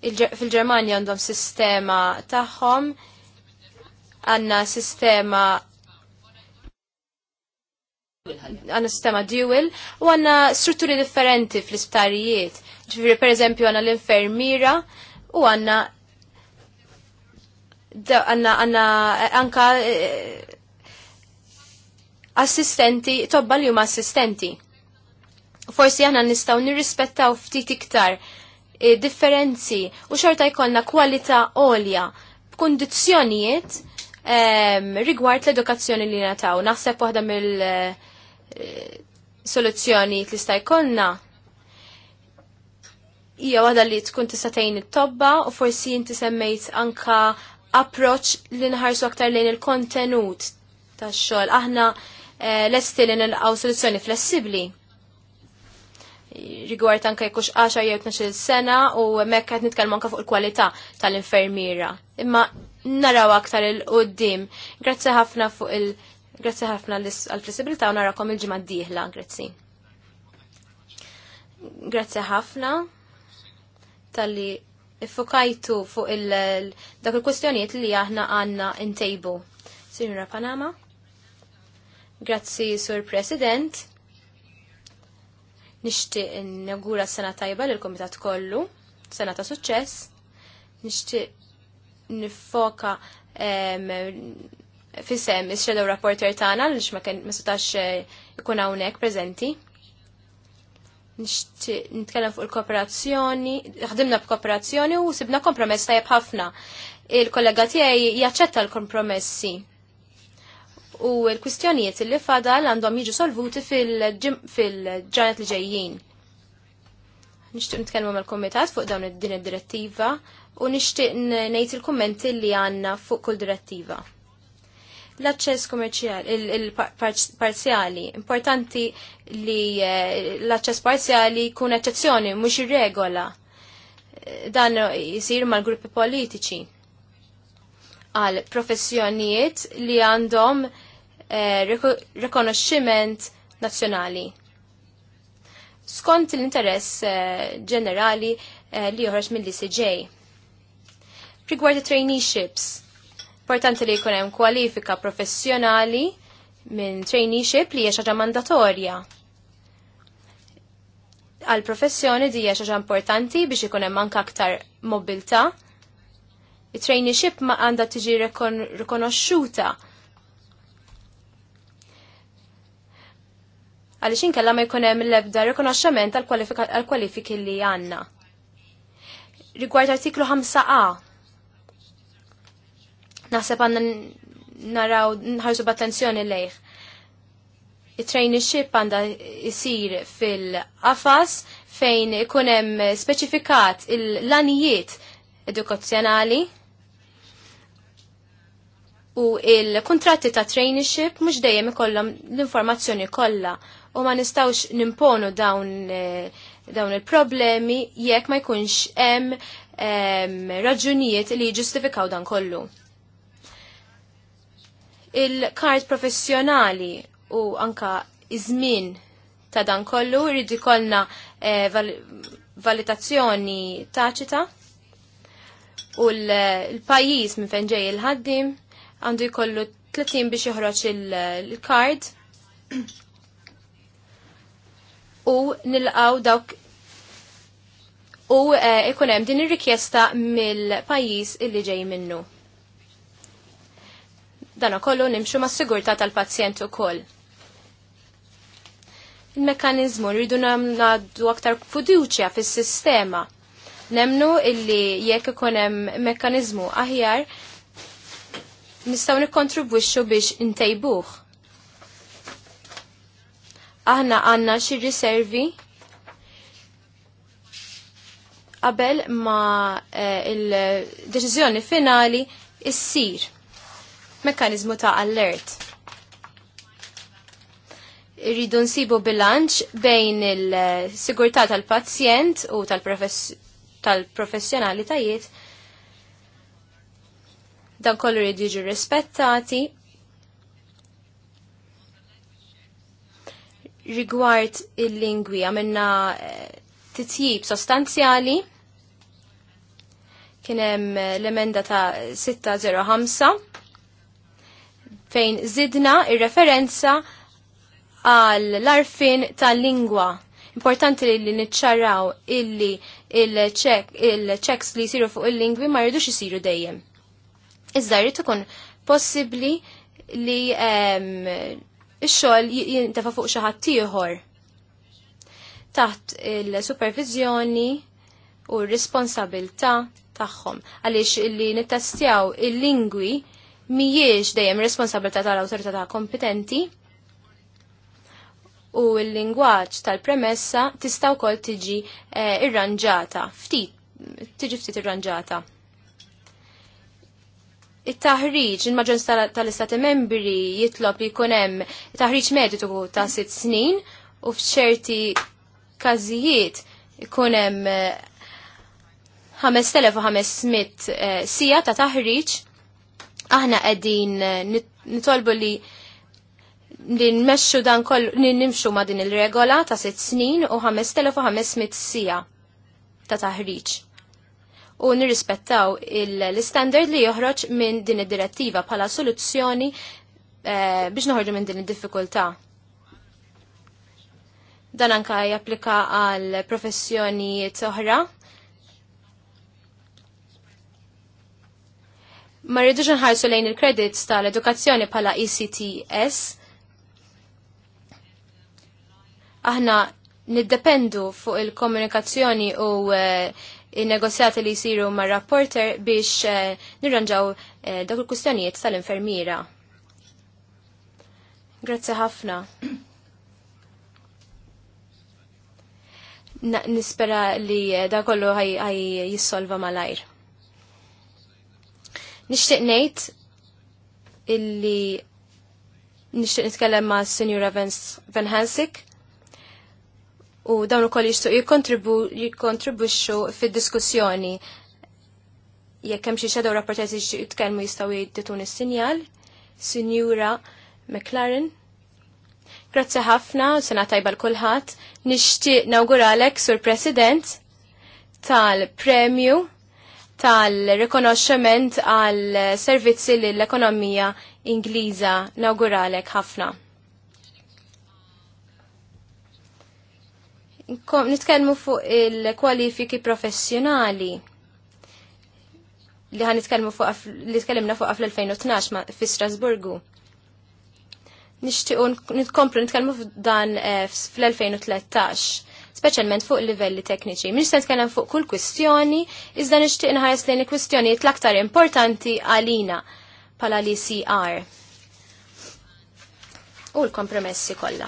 Fil-Ġermanja għandhom sistema tagħhom għanna sistema għanna sistema dual u għanna strutturi differenti fl-isptarijiet. Ġifiri, per eżempju, għanna l-infermira u għanna għanna għanna eh, anka eh, assistenti, tobba li huma assistenti. Forsi aħna nistgħu nirrispettaw ftit iktar eh, differenzi u xorta jkollna kwalità għolja b'kundizzjonijiet ehm, rigward l-edukazzjoni li nataw. Naħseb waħda mill- Eh, soluzzjoni li sta' jkollna hija waħda li tkun tista' tgħin it-tobba u forsi inti semmejt anka approach li nħarsu aktar lejn il-kontenut tax-xogħol. Aħna eh, lesti li nilqgħu soluzzjoni flessibbli rigward anka jekux 10 jew 12 sena u hemmhekk qed nitkellmu anke fuq il-kwalità tal-infermiera. Imma naraw aktar il-qoddim. Grazzi ħafna fuq il- Grazzi ħafna għal-flessibilità u narakom il-ġimgħa dieħla grazzi. Grazzi ħafna tal-li iffokajtu fuq il- dak il-kwestjonijiet li aħna għandna intejbu. Signora Panama. Grazzi, Sur President. Nixtieq s sena tajba lil komitat kollu, sena ta' suċċess. Nixtieq nifoka fissem is-shadow rapporter tagħna għaliex ma kien setax eh, ikun hawnhekk preżenti. Nitkellem fuq il-kooperazzjoni, ħdimna b'kooperazzjoni u sibna kompromess tajjeb ħafna. Il-kollega tiegħi jaċċetta l-kompromessi. U l-kwistjonijiet li fadal għandhom jiġu solvuti fil-ġanet li ġejjin. Nixtieq nitkellmu mal-kumitat fuq dawn din id-direttiva u nixtieq ngħid il-kummenti li għandna fuq kull direttiva. L-aċċess komerċjali, il-parzjali, importanti li eh, l-aċċess parzjali kun eċċezzjoni, mhux regola eh, Dan jisir mal-gruppi politiċi għal professjonijiet li għandhom eh, rikonoxximent nazzjonali. Skont l-interess ġenerali li joħroġ mill-ICJ. Rigward traineeships, Importanti li jkun hemm kwalifika professjonali minn traineeship li hija xaġa mandatorja. Għal professjoni di hija xaġa importanti biex ikun hemm anke aktar mobilità. Il-traineeship ma għandha tiġi rikonoxxuta. Għaliex inkella ma jkun hemm l-ebda rikonoxxament għall kwalifiki li għandna. Rigward artiklu 5a Naħseb għanna naraw nħarsu b'attenzjoni lejh. Il-traineeship għanda jisir fil-qafas fejn ikunem speċifikat il-lanijiet edukazzjonali u il-kontratti ta' traineeship mux dejjem ikollhom l-informazzjoni kollha u ma nistawx nimponu dawn, eh, dawn il-problemi jekk ma jkunx hemm ehm, raġunijiet li jġustifikaw dan kollu il-kart professjonali u anka izmin żmien ta' dan kollu jrid ikollna eh, val valutazzjoni taċita u l-pajjiż minn fejn ġej il-ħaddim għandu jkollu 30 biex joħroġ il-kard u nilqaw dawk u eh, ikun hemm din ir-rikjesta mill-pajjiż illi ġej minnu. Dan kollu nimxu ma' sigurta tal-pazjent ukoll. Il-mekanizmu rridu nagħdu aktar fiduċja fis-sistema. Nemnu illi jekk ikun hemm mekkaniżmu aħjar nistgħu nikkontribwixxu biex intejbuh. Aħna għandna xi riservi qabel ma eh, il-deċiżjoni finali issir mekkanizmu ta' alert. Irridu nsibu bilanċ bejn il-sigurtà tal-pazjent u tal-professjonalitajiet tal dan kollu jridu jiġu rispettati rigward il-lingwi għamilna eh, titjib sostanzjali kienem l-emenda ta' 605 fejn zidna ir-referenza għall arfin tal-lingwa. Importanti li niċċaraw illi il-checks li jisiru fuq il-lingwi ma rridux jisiru dejjem. Iżda jrid ikun possibbli li ix-xogħol jintefa' fuq xi ħadd taħt il-supervizjoni u r-responsabilità tagħhom għaliex li nittestjaw il-lingwi il lingwi mijiex dejjem responsabilità tal-awtorità kompetenti u l-lingwaġġ tal-premessa tista' wkoll tiġi eh, irranġata, ftit tiġi ftit irranġata. It-taħriġ, il-maġġoranz tal-istati membri jitlob li jkun hemm taħriġ mediku ta' sitt snin u f'ċerti każijiet ikun hemm 5500 eh, eh, sija ta' taħriġ Aħna qegħdin eh, nitolbu li nimmexxu dan kollu nimxu ma' din il-regola ta' sitt snin u 5500 sija ta' taħriġ. U nirrispettaw l-standard li joħroġ minn din id-direttiva bħala soluzzjoni eh, biex noħorġu minn din id-diffikultà. Dan anka japplika għal professjonijiet oħra Ma rridux nħarsu lejn il-kredits tal-edukazzjoni bħala ECTS. Aħna niddependu fuq il-komunikazzjoni u eh, il-negozjati li jisiru ma' rapporter biex eh, nirranġaw eh, dak il-kustjonijiet tal-infermiera. Grazzi ħafna. Nispera li da kollu ħaj jissolva malajr. Nixtieq ngħid illi nixtieq nitkellem ma' Sinjura Van Hansik u dawn ukoll jixtuq jikkontribwixxu fid-diskussjoni jekk hemm xi shadow rapporters jitkellmu jistgħu jidditun is-sinjal. Sinjura McLaren. Grazzi ħafna, sena tajba l-kulħadd. Nixtieq nawguralek sur President tal-Premju tal-rikonoxximent għal servizzi li l-ekonomija Ingliża nawguralek ħafna. Nitkellmu fuq il-kwalifiki professjonali li ħan fuq li tkellimna fuq fl-2012 fi Strasburgu. Nixtiequ nitkomplu nitkellmu f'dan eh, fl-2013 speċjalment fuq livelli tekniċi. Mhix se nitkellem fuq kull kwistjoni, iżda nixtieq inħares lejn il-kwistjonijiet l-aktar importanti għalina pala li e CR. U l-kompromessi kollha.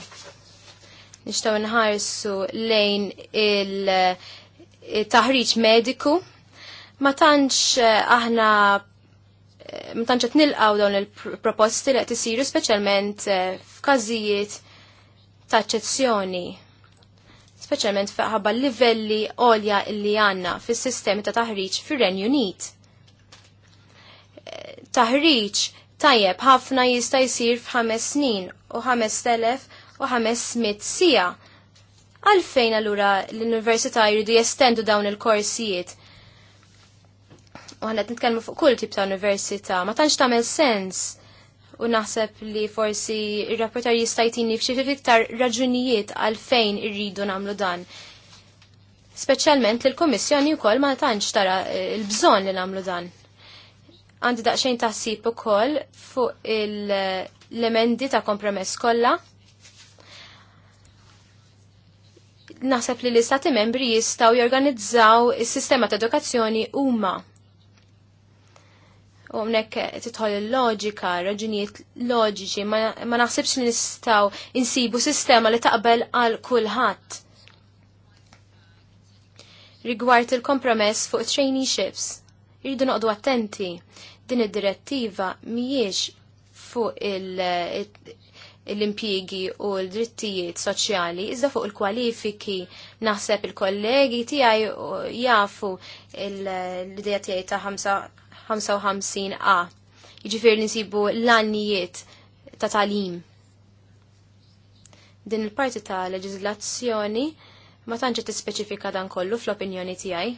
Nixtaw nħarsu lejn il-taħriġ mediku. Ma tantx eh, aħna eh, ma tantx qed nilqgħu dawn il-proposti li qed isiru speċjalment eh, f'każijiet ta' eċċezzjoni speċjalment l livelli għolja li għanna fis-sistemi ta' taħriġ fir-Renju Unit. Eh, taħriġ tajjeb ħafna jista' jsir f'ħames snin u ħames telef u ħames smit sija. Għalfejn allura l-Università jridu jestendu dawn il-korsijiet u għanna t fuq kull tip ta' università, ma tantx tagħmel sens u naħseb li forsi il-rapportar jistajtini f'xi iktar raġunijiet għalfejn irridu namlu dan. Speċjalment l-Komissjoni kummissjoni wkoll ma tanċ tara eh, l-bżonn li namlu dan. Għandi daqsxejn taħsib ukoll fuq l-emendi ta' kompromess kollha. Naħseb li l-istati membri jistgħu jorganizzaw is-sistema ta' edukazzjoni huma u mnek titħol il-loġika, raġunijiet loġiċi, ma naħsibx li nistaw insibu sistema li taqbel għal kulħadd. Rigward il-kompromess fuq traineeships, irridu noqdu attenti. Din id-direttiva mhijiex fuq l-impjiegi u l-drittijiet soċjali, iżda fuq il-kwalifiki naħseb il-kollegi tiegħi jafu l-idea tiegħi ta' 55a. Jiġifieri nsibu l-annijiet ta' talim. Din il-parti ta' leġiżlazzjoni ma t tispeċifika dan kollu fl-opinjoni tiegħi.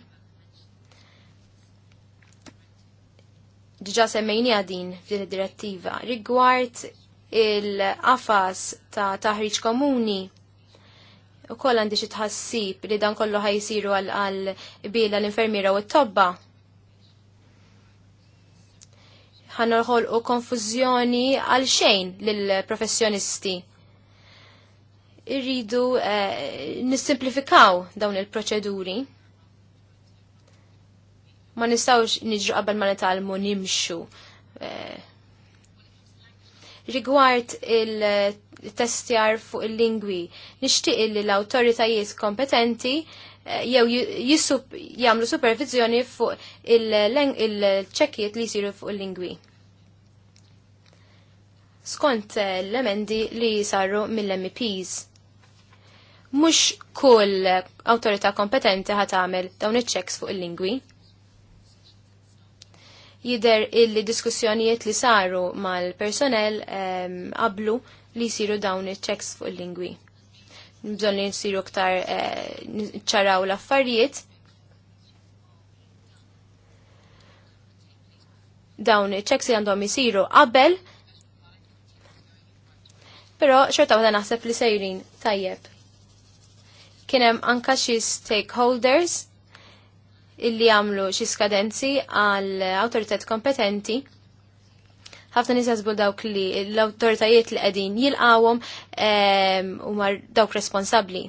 Ġiġa semmejni għadin f'din id-direttiva rigward il-qafas ta' taħriġ komuni u koll għandi xi tħassib li dan kollu ħajsiru għal bila l-infermiera u t-tobba ħanorħol u konfuzjoni għal xejn lill-professjonisti. Irridu eh, nissimplifikaw dawn il-proċeduri. Ma nistawx nġru qabel ma nitalmu nimxu. Eh, rigward il-testjar fuq il-lingwi, nixtieq li l-awtoritajiet kompetenti Eh, jew jissup jagħmlu supervizjoni fuq il-ċekkiet li jsiru fuq il-lingwi. Skont eh, l-emendi li saru mill-MEPs. Mhux kull awtorità kompetenti ħat għamil dawn iċ-checks fuq il-lingwi. Jider il-diskussjonijiet li saru mal-personel ehm, qablu li jsiru dawn iċ-checks fuq il-lingwi bżon li nsiru ktar eh, ċaraw l-affarijiet. Dawn ċeksi għandhom jisiru qabel, pero xorta għada naħseb li sejrin tajjeb. Kienem anka xi stakeholders illi għamlu xi skadenzi għal autoritet kompetenti ħafna nisa jasbu dawk li l-awtoritajiet li qegħdin jilqawhom ehm, huma dawk responsabbli.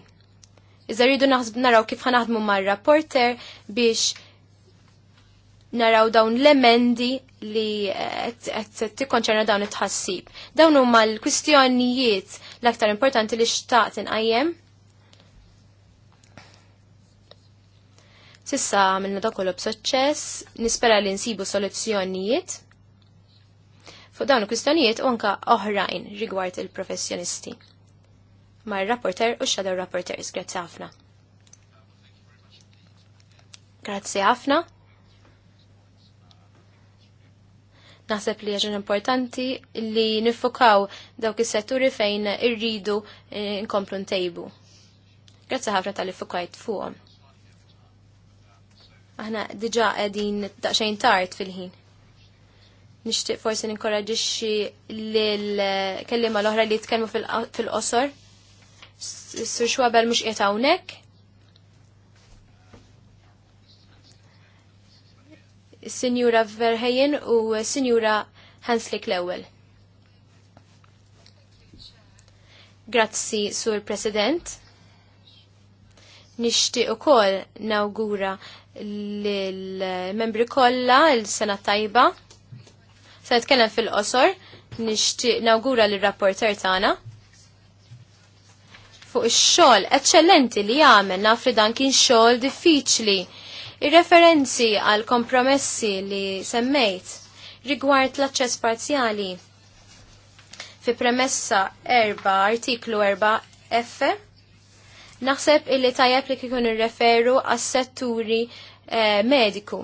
Iżda rridu naħsb naraw kif ħanaħdmu mar-rapporter biex naraw dawn l-emendi li qed tikkonċerna dawn it-tħassib. Dawn huma l-kwistjonijiet l-aktar importanti li xtaqt inqajjem. Sissa għamilna da kollu b'suċċess, nispera li nsibu soluzzjonijiet fuq dawn il-kwistjonijiet u anka oħrajn rigward il-professjonisti. Ma' il-rapporter u shadow rapporters, grazzi ħafna. Grazzi ħafna. naħseb li ħaġa importanti li nifokaw dawk is-setturi fejn irridu eh, nkomplu ntejbu. Grazzi ħafna tal-li fuqhom. Aħna diġà qegħdin daqsxejn tard fil-ħin. Nixtieq forsi ninkoraġixxi lil kelliema l-oħra li jitkellmu fil-qosor. Sur xwabel mhux qiegħed hawnhekk. Sinjura Verheyen u Sinjura Hanslik l-ewwel. Grazzi, Sur President. Nixtieq ukoll nawgura lill-membri kollha l-sena tajba Se jitkellem fil-qosor, nixtieq nawgura lir rapporter tagħna fuq ix-xogħol eċċellenti li jagħmel nafri dan kien xogħol diffiċli. Ir-referenzi għal kompromessi li semmejt rigward l-aċċess parzjali fi premessa 4 artiklu 4 F naħseb illi tajjeb li kikun irreferu għas setturi eh, mediku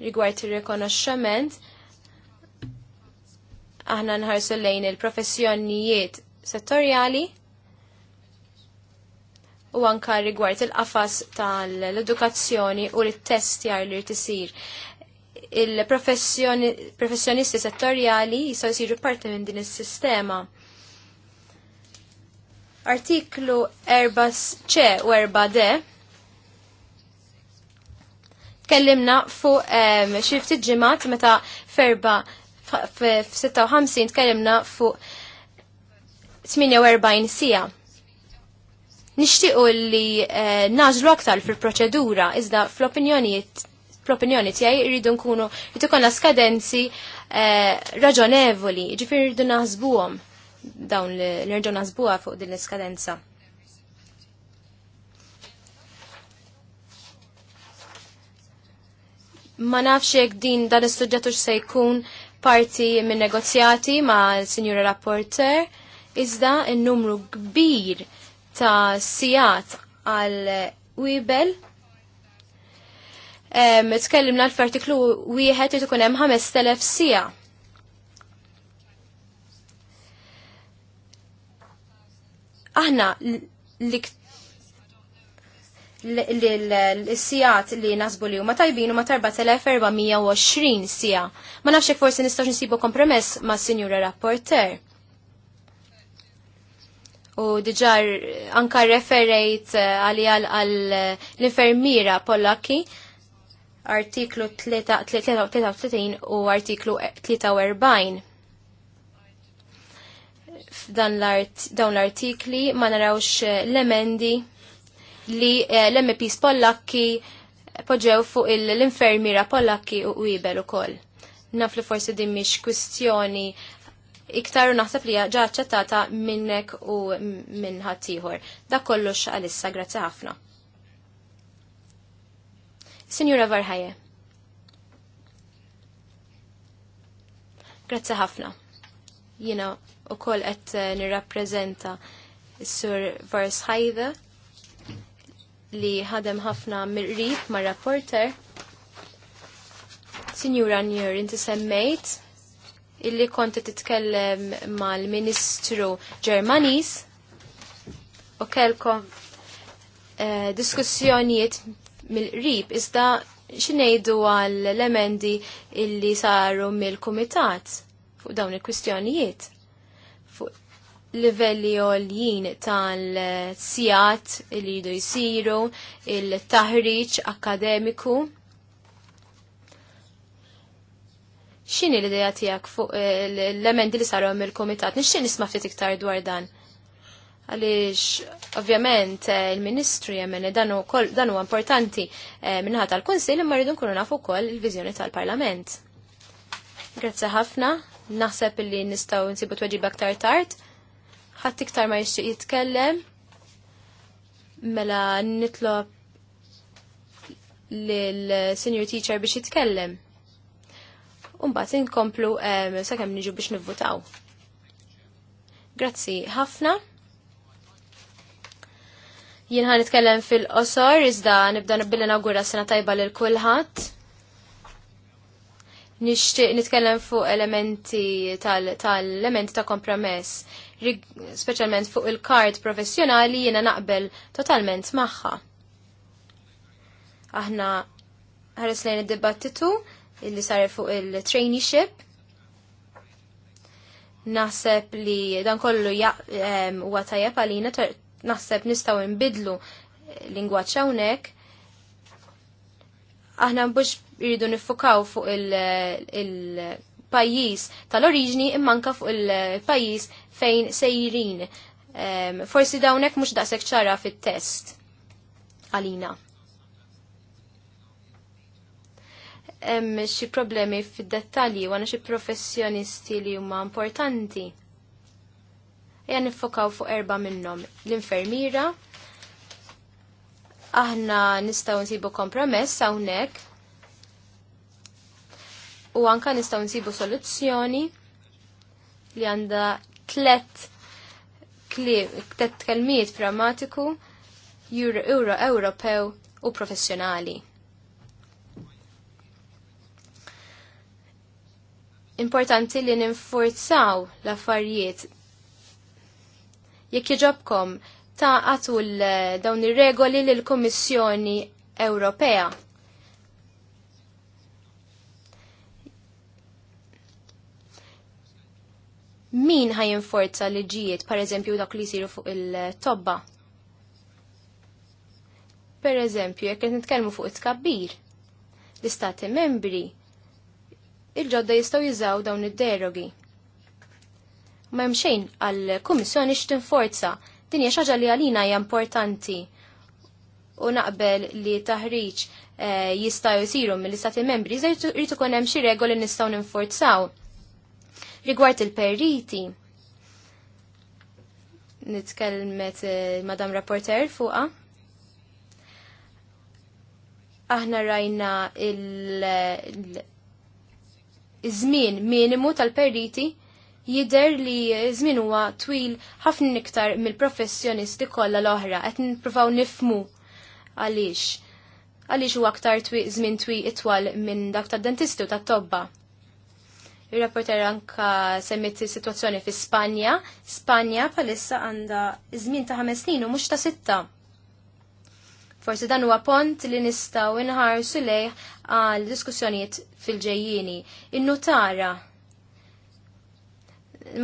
rigward ir-rikonoxxament aħna nħarsu lejn il-professjonijiet settorjali u anka rigward il-qafas tal-edukazzjoni u l-test jar li tisir. Il-professjonisti settorjali jisaw jisiru parti minn din is-sistema. Artiklu 4 c u 4 d kellimna fuq xifti ġimat meta ferba' f-56 tkellimna fuq 48 sija. Nixtiequ li eh, naġlu aktar fil-proċedura, iżda fl opinjoni tiegħi jridu nkunu jrid ikollna skadenzi eh, raġonevoli, ġifir rridu naħsbuhom dawn li rridu naħsbuha fuq din l-iskadenza. ma nafx jekk din dan is-suġġett se jkun parti minn negozjati ma' Sinjura Rapporter, iżda n-numru kbir ta' sijat għal Wibel. Tkellimna l fartiklu wieħed li tkun hemm 5000 sija. Aħna l-iktar l-sijat li nasbu li huma tajbin huma 4420 sija. Ma nafx hekk forsi nistgħux nsibu kompromess ma' sinjura rapporter. U diġar anka referejt għalijal eh, għal eh, l-infermira Pollaki artiklu 33 u artiklu 43 e- f'dan l-artikli ma narawx eh, l-emendi li eh, l-MPs Pollakki poġġew fuq l-infermiera Pollakki u Ibel ukoll. Naf li forsi din mhix kwistjoni iktar naħseb li ġa ċettata minnek u minn ħaddieħor. Dak kollox għalissa, grazzi ħafna. Sinjura Varħaje. Grazzi ħafna. Jina u koll qed eh, nirrappreżenta s-sur Varsħajda li ħadem ħafna mir-rib ma' rapporter. Sinjura Njur, inti semmejt illi konti titkellem mal-Ministru Ġermanis u kelko eh, diskussjonijiet mill-rib iżda xinejdu għal l-emendi illi saru mill-Kumitat fuq dawn il-kwistjonijiet livelli għoljien tal-sijat li jidu jisiru, il-taħriċ akademiku. Xini l-ideja tijak fuq eh, l-emendi li saru mill-komitat? Nixxin nisma ftit iktar dwar dan? Għalix, ovvjament, eh, il-ministri jemmen dan huwa importanti eh, minnaħat tal-Konsil imma rridu nkunu nafu wkoll il-viżjoni tal-Parlament. Grazzi ħafna, naħseb li nistgħu nsibu tweġib aktar tard ħadd iktar ma jixtieq jitkellem, mela nitlob lill-senior teacher biex jitkellem. Umbagħad inkomplu sakemm niġu biex nivvutaw. Grazzi ħafna. Jien ħan nitkellem fil-qosor, iżda nibda nibbil inawgura sena tajba lil kulħadd nixtieq nitkellem fuq elementi tal-elementi ta' kompromess speċjalment fuq il kart professjonali jiena naqbel totalment magħha. Aħna ħares lejn id-dibattitu illi sar fuq il-traineeship. Naħseb li dan kollu huwa tajjeb għalina naħseb nistgħu nbidlu lingwaġġ hawnhekk. Aħna mhux iridu nifukaw fuq il-, il pajjiż tal-oriġni imma fuq il-pajjiż fejn sejrin. Forsi dawnek mhux daqshekk ċara fit-test għalina. hemm xi problemi fid-dettalji wara xi professjonisti li huma importanti. Ejja nifokaw fuq erba' minnhom. L-infermiera, aħna nistgħu nsibu kompromess hawnhekk u anka nistaw nsibu soluzzjoni li għanda tlet tlet kelmiet pragmatiku euro, euro Ewropew u professjonali. Importanti li ninforzaw l-affarijiet. Jekk jġobkom ta' għatu dawn ir-regoli l-Kommissjoni Ewropea min ħaj jinforza liġijiet, per eżempju, dak li jisiru fuq il-tobba. Per eżempju, jekk nitkellmu fuq it-kabbir, l-istati membri, il-ġodda jistaw jizaw dawn id-derogi. Ma jemxejn għal-Kummissjoni forza, din hija xaġa li għalina hija importanti u naqbel li taħriġ eh, jista' jisiru mill-istati membri, jrid ikun hemm xi regoli nistgħu ninforzaw Rigward il-periti, nitkellmet eh, Madam Rapporter fuqa. Aħna rajna il-żmien minimu tal-periti jider li żmien huwa twil ħafna iktar mill-professjonisti kollha l-oħra qed nippruvaw nifmu għaliex għaliex huwa aktar żmien twil itwal minn dak tad-dentisti u tat-tobba. Il-rapporter anka semmit situazzjoni fi Spanja. Spanja palissa għanda żmien ta' ħames snin u mhux ta' sitta. Forsi dan huwa pont li nistgħu inħarsu lejh għal diskussjonijiet fil-ġejjini. In-nutara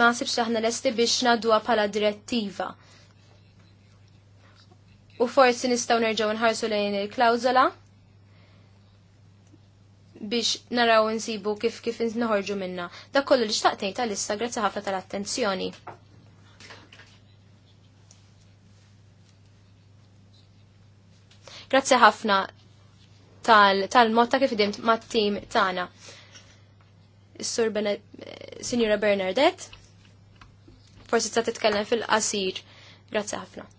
ma sibx aħna lesti biex nadwa bħala direttiva. U forsi nistgħu nerġgħu nħarsu lejn il-klawżola biex naraw nsibu kif kif nħorġu minna. Da kollu li xtaqtejn tal-issa, grazzi ħafna tal-attenzjoni. Grazzi ħafna tal motta kif idimt mat-tim tagħna. Is-Sur Sinjura Bernardet, forsi ta' titkellem fil-qasir. Grazzi ħafna.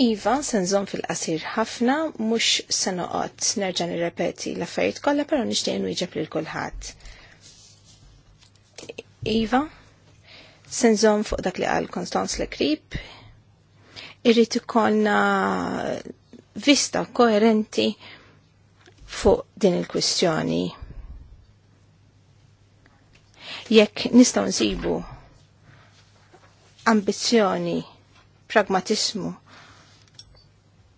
Iva, senżon fil-qasir ħafna, mux sanoqot, nerġan nirrepeti l-affarijiet kollha, pero nixtieq nwieġeb lil kulħadd. Iva, senżon fuq dak li qal Konstanz le Krip, irrid ikollna vista koerenti fuq din il-kwistjoni. Jekk nistgħu nsibu ambizzjoni, pragmatismu,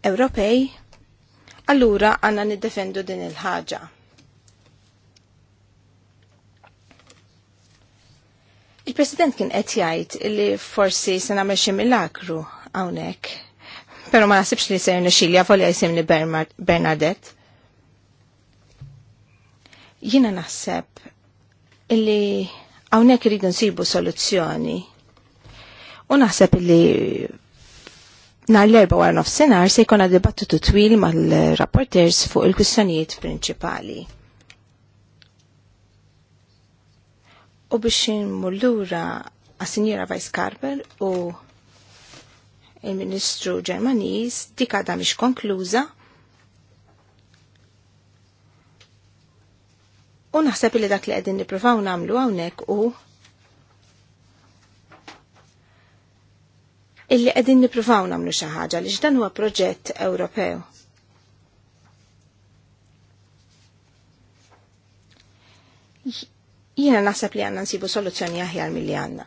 Ewropej, allura għanna niddefendu din il-ħaġa. Il-President kien qed jgħid li forsi se nagħmel xi milagru hawnhekk. Però ma nasibx li ser nexilja volja jisimni Bernadette. Jiena naħseb illi hawnhekk iridu nsibu soluzzjoni. U naħseb illi Nar l-erba wara nofsenar se jkun dibattitu twil mal-rapporters fuq il-kwistjonijiet prinċipali. U biex mullura għas-Sinjera Vice Carver u il-Ministru Ġermaniż dik għadha mhix konkluża u naħseb li dak li qegħdin nippruvaw nagħmlu hawnhekk u illi qegħdin nippruvaw nagħmlu xi ħaġa li dan huwa proġett Ewropew. Jiena naħseb li għandna nsibu soluzzjoni aħjar milli għandna.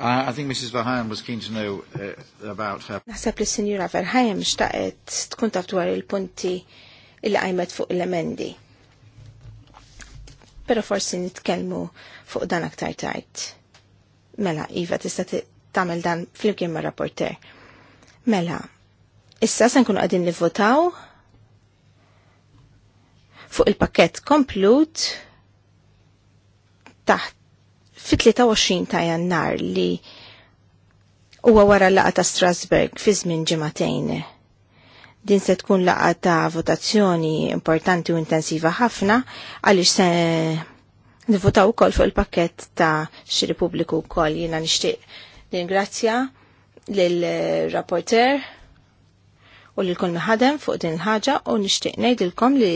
I think Mrs. Verheyen was keen to know uh, about her. Naħseb li s-Sinjura Verheyen xtaqet tkun taf dwar il-punti il-qajmet fuq il emendi pero forsi nitkellmu fuq dan aktar tajt. Mela, Iva, tista tagħmel dan flimkien ma' rapporter. Mela, issa se nkunu li nivvotaw fuq il-pakket komplut taħt fi 23 ta' jannar li huwa wara laqa ta' Strasburg fi żmien ġimagħtejn. Din se tkun laqa ta' votazzjoni importanti u intensiva ħafna għaliex se nivvotaw ukoll fuq il-pakket ta' xiri pubbliku wkoll jiena nixtieq ningrazzja lill-rapporter u lil kull ħadem fuq din ħaġa u nixtieq ngħidilkom li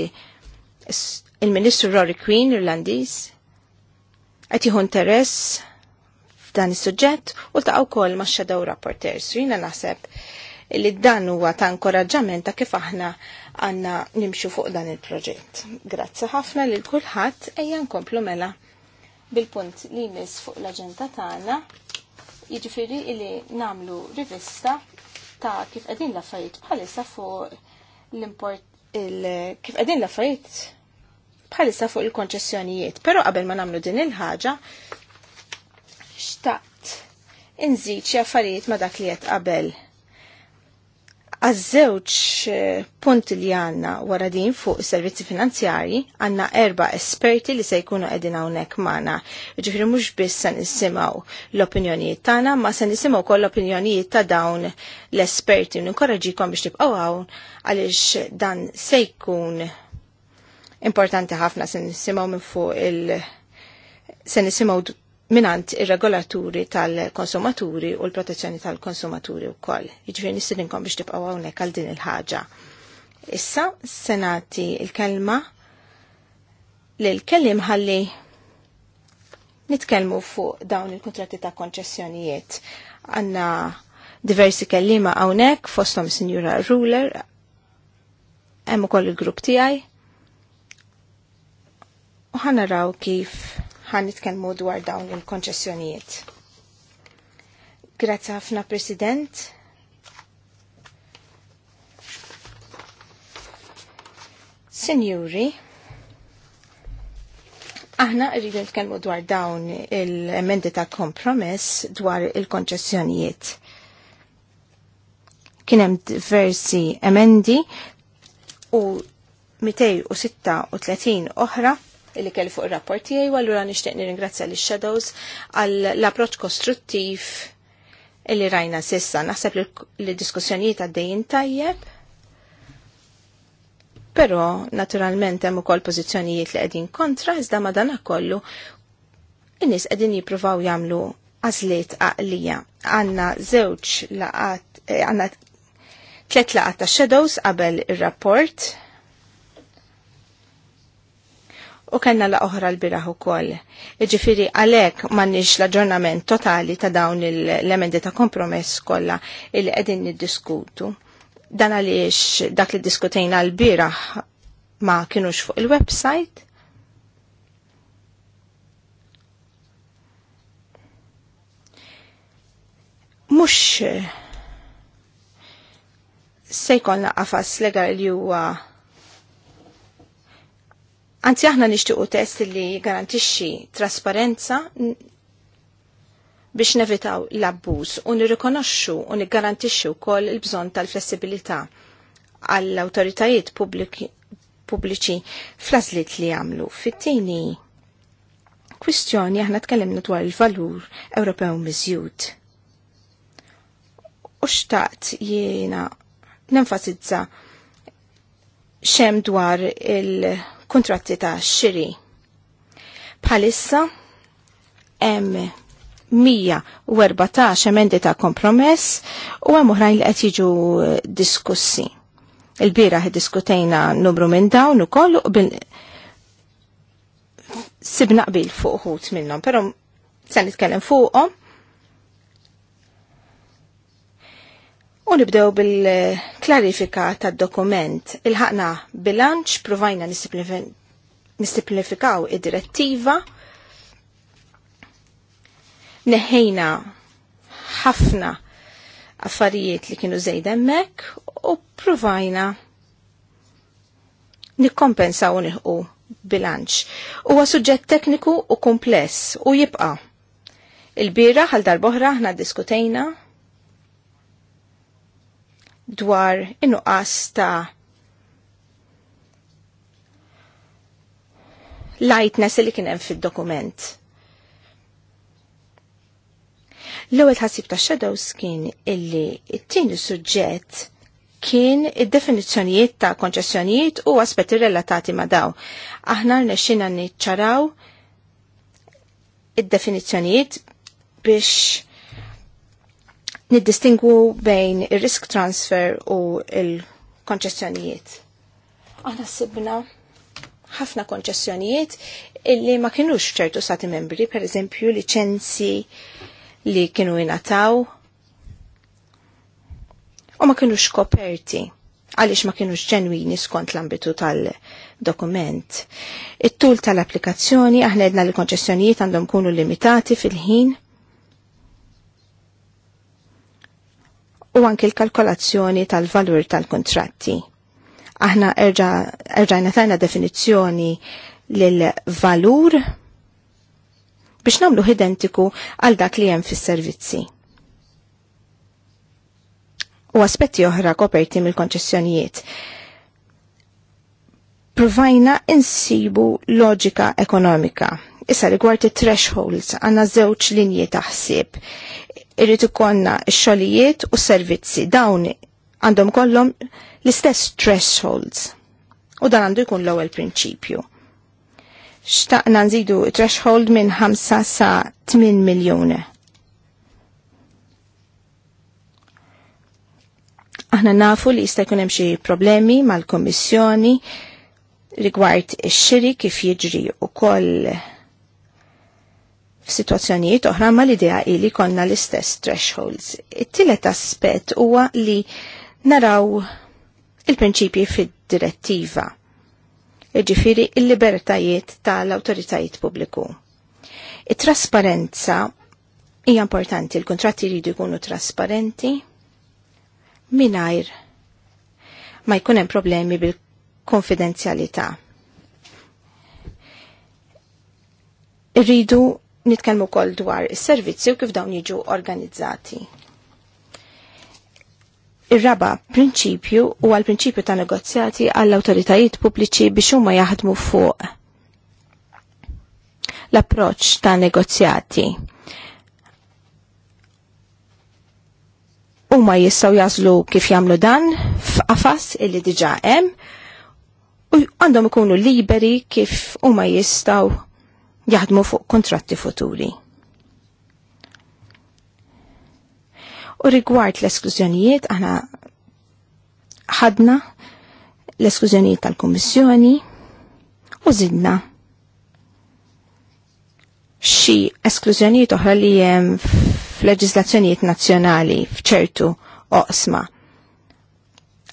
il-Ministru Rory Queen Irlandiż qed jieħu interess f'dan is-suġġett u ta' wkoll ma' shadow rapporters. Jina naħseb li dan huwa ta' inkoraġġament ta' kif aħna għanna nimxu fuq dan il-proġett. Grazzi ħafna lil kulħadd ejja nkomplu mela bil-punt li jmiss fuq l-aġenda tagħna jiġifieri li namlu rivista ta' kif qegħdin l-affarijiet bħalissa fuq l-import kif qegħdin l-affarijiet bħalissa fuq il-konċessjonijiet. Però qabel ma nagħmlu din il-ħaġa xtaqt inżid xi affarijiet ma dak li qed qabel Għazzewċ żewġ eh, punti li għanna wara din fuq servizzi finanzjari għanna erba esperti li se jkunu għedin hawnhekk magħna. Ġifri mhux biss se nisimgħu l-opinjonijiet tagħna, ma se nisimgħu wkoll l-opinjonijiet ta' dawn l-esperti Nukorraġi kom biex tibqaw hawn għaliex dan se jkun importanti ħafna se nisimgħu minn fuq il san nisimaw minant ir-regolaturi tal-konsumaturi u l-protezzjoni tal-konsumaturi u koll. Iġviri nistidinkom biex tibqaw għawnek għal din il-ħagġa. Issa, senati il-kelma l-kellim ħalli nitkelmu fuq dawn il-kontratti ta' konċessjonijiet. Għanna diversi kellima għawnek, fostom Signora Ruler, hemm ukoll il-grupp tiegħi. Uħanna raw kif ħan nitkellmu dwar dawn il-konċessjonijiet. Grazzi ħafna President. Signori, aħna rridu nitkellmu dwar dawn il-emendi ta' kompromess dwar il-konċessjonijiet. Kien hemm diversi emendi u 236 oħra li kelli fuq ir-rapport tiegħi u allura nixtieq nirringrazzja lix shadows għall approċ approċċ kostruttiv li rajna sissa. Naħseb li diskussjonijiet għaddejjin tajjeb. Però naturalment hemm ukoll pożizzjonijiet li qegħdin kontra iżda madanakollu in-nies qegħdin jippruvaw jagħmlu għażliet għaqlija. Għandna żewġ laqat eh, għandna tliet laqat ta' shadows qabel ir-rapport u kellna la oħra l biraħu ukoll. Iġifiri, għalhekk m'għandniex l-aġġornament totali ta' dawn l-emendi ta' kompromess kollha li qegħdin niddiskutu. Dan għaliex dak li diskutejna l-biraħ ma kienux fuq il-website. Mux se jkollna qafas legal li huwa Anzi aħna nixtiequ test li garantixxi trasparenza biex nevitaw l-abbuż u nirrikonoxxu u niggarantixxu wkoll il-bżonn tal-flessibilità għall-awtoritajiet pubbliċi fl li jagħmlu. Fit-tieni kwistjoni aħna tkellimna dwar il-valur Ewropew miżjud. U xtaqt jiena nenfasizza xem dwar il- kontratti ta' xiri. Bħalissa hemm 114 emendi ta' kompromess u hemm oħrajn li qed jiġu eh, diskussi. Il-bieraħ diskutejna numru minn dawn ukoll u bil sibna qbil fuq uħut minnhom, però se nitkellem fuqhom U nibdew bil-klarifika tad dokument Il-ħakna bilanċ provajna nisiplifikaw id-direttiva. Neħejna ħafna affarijiet li kienu zejda emmek u provajna nikkompensaw nilħu bilanċ. Huwa suġġett tekniku u kumpless u jibqa. Il-bira għal darboħra ħna diskutejna dwar in-nuqqas ta' lightness li kien hemm fid-dokument. L-ewwel ħassib ta' shadows kien illi it-tieni suġġett kien id-definizzjonijiet ta' konċessjonijiet u aspetti relatati ma' daw. Aħna rnexxina niċċaraw id-definizzjonijiet biex niddistingu bejn ir-risk transfer u il-konċessjonijiet. Aħna sibna ħafna konċessjonijiet illi ma kienux ċertu stati membri, per eżempju licenzi li kienu jinataw u ma kienux koperti għaliex ma kienux ġenwini skont l-ambitu tal-dokument. It-tul tal-applikazzjoni aħna edna li konċessjonijiet għandhom kunu limitati fil-ħin u anki l-kalkolazzjoni tal-valur tal-kontratti. Aħna erġajna tajna definizzjoni l-valur biex namlu identiku għal dak li hemm fis-servizzi. U aspetti oħra koperti mill-konċessjonijiet. Provajna insibu loġika ekonomika Issa rigward it-thresholds għanna żewġ linji taħsib irrid ikonna x-xogħlijiet u s-servizzi dawn għandhom kollom l-istess thresholds. U dan għandu jkun l-ewwel prinċipju. Xtaqna nżidu threshold minn 5 sa 8 miljuni. Aħna nafu li jista' jkun hemm xi problemi mal-Kommissjoni rigward ix-xiri kif jiġri wkoll f'sitwazzjonijiet oħra ma l-idea li konna l-istess thresholds. It-tielet aspett huwa li naraw il-prinċipji fid-direttiva, iġifiri il-libertajiet tal-autoritajiet pubbliku. It-trasparenza hija importanti, l kontratti jridu jkunu trasparenti mingħajr ma jkun hemm problemi bil-konfidenzjalità. Irridu nitkellmu wkoll dwar is-servizzi u kif dawn jiġu organizzati. Ir-raba prinċipju huwa l-prinċipju ta' negozjati għall awtoritajiet pubbliċi biex huma jaħdmu fuq l-approċċ ta' negozjati. Huma jistgħu jażlu kif jagħmlu dan f'qafas illi diġà hemm u għandhom ikunu liberi kif huma jistgħu jaħdmu fuq kontratti futuri. U rigward l-esklużjonijiet, aħna ħadna l-esklużjonijiet tal-Kommissjoni u zidna xi esklużjonijiet oħra li hemm f'leġiżlazzjonijiet nazzjonali f'ċertu oqsma.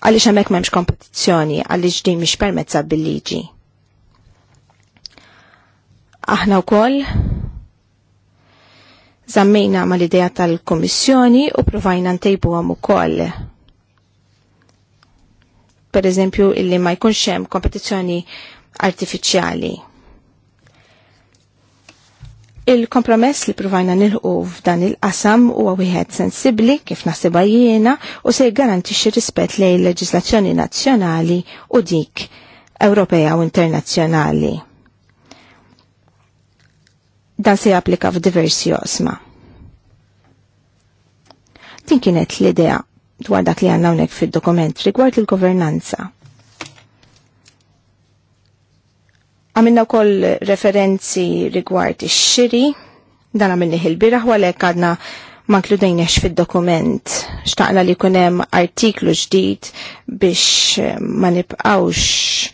Għaliex hemmhekk m'hemmx kompetizzjoni, għaliex din mhix permezza bil-liġi aħna wkoll zammejna ma l-ideja tal-Komissjoni u provajna ntejbu għam ukoll. Per eżempju, illi ma jkunx hemm kompetizzjoni artifiċjali. Il-kompromess li provajna nilħu f'dan il-qasam huwa wieħed sensibbli kif naħsibha jiena u se jgarantixxi rispett lejn leġiżlazzjoni nazzjonali u dik Ewropea u internazzjonali dan se japplika f'diversi osma. Din kienet l-idea dwar dak li għanna unek fil-dokument rigward il-governanza. Għamilna koll referenzi rigward ix-xiri, dan għamilni il-biraħ għalek għadna ma nkludejniex fil-dokument. Xtaqna li kunem artiklu ġdid biex ma nibqawx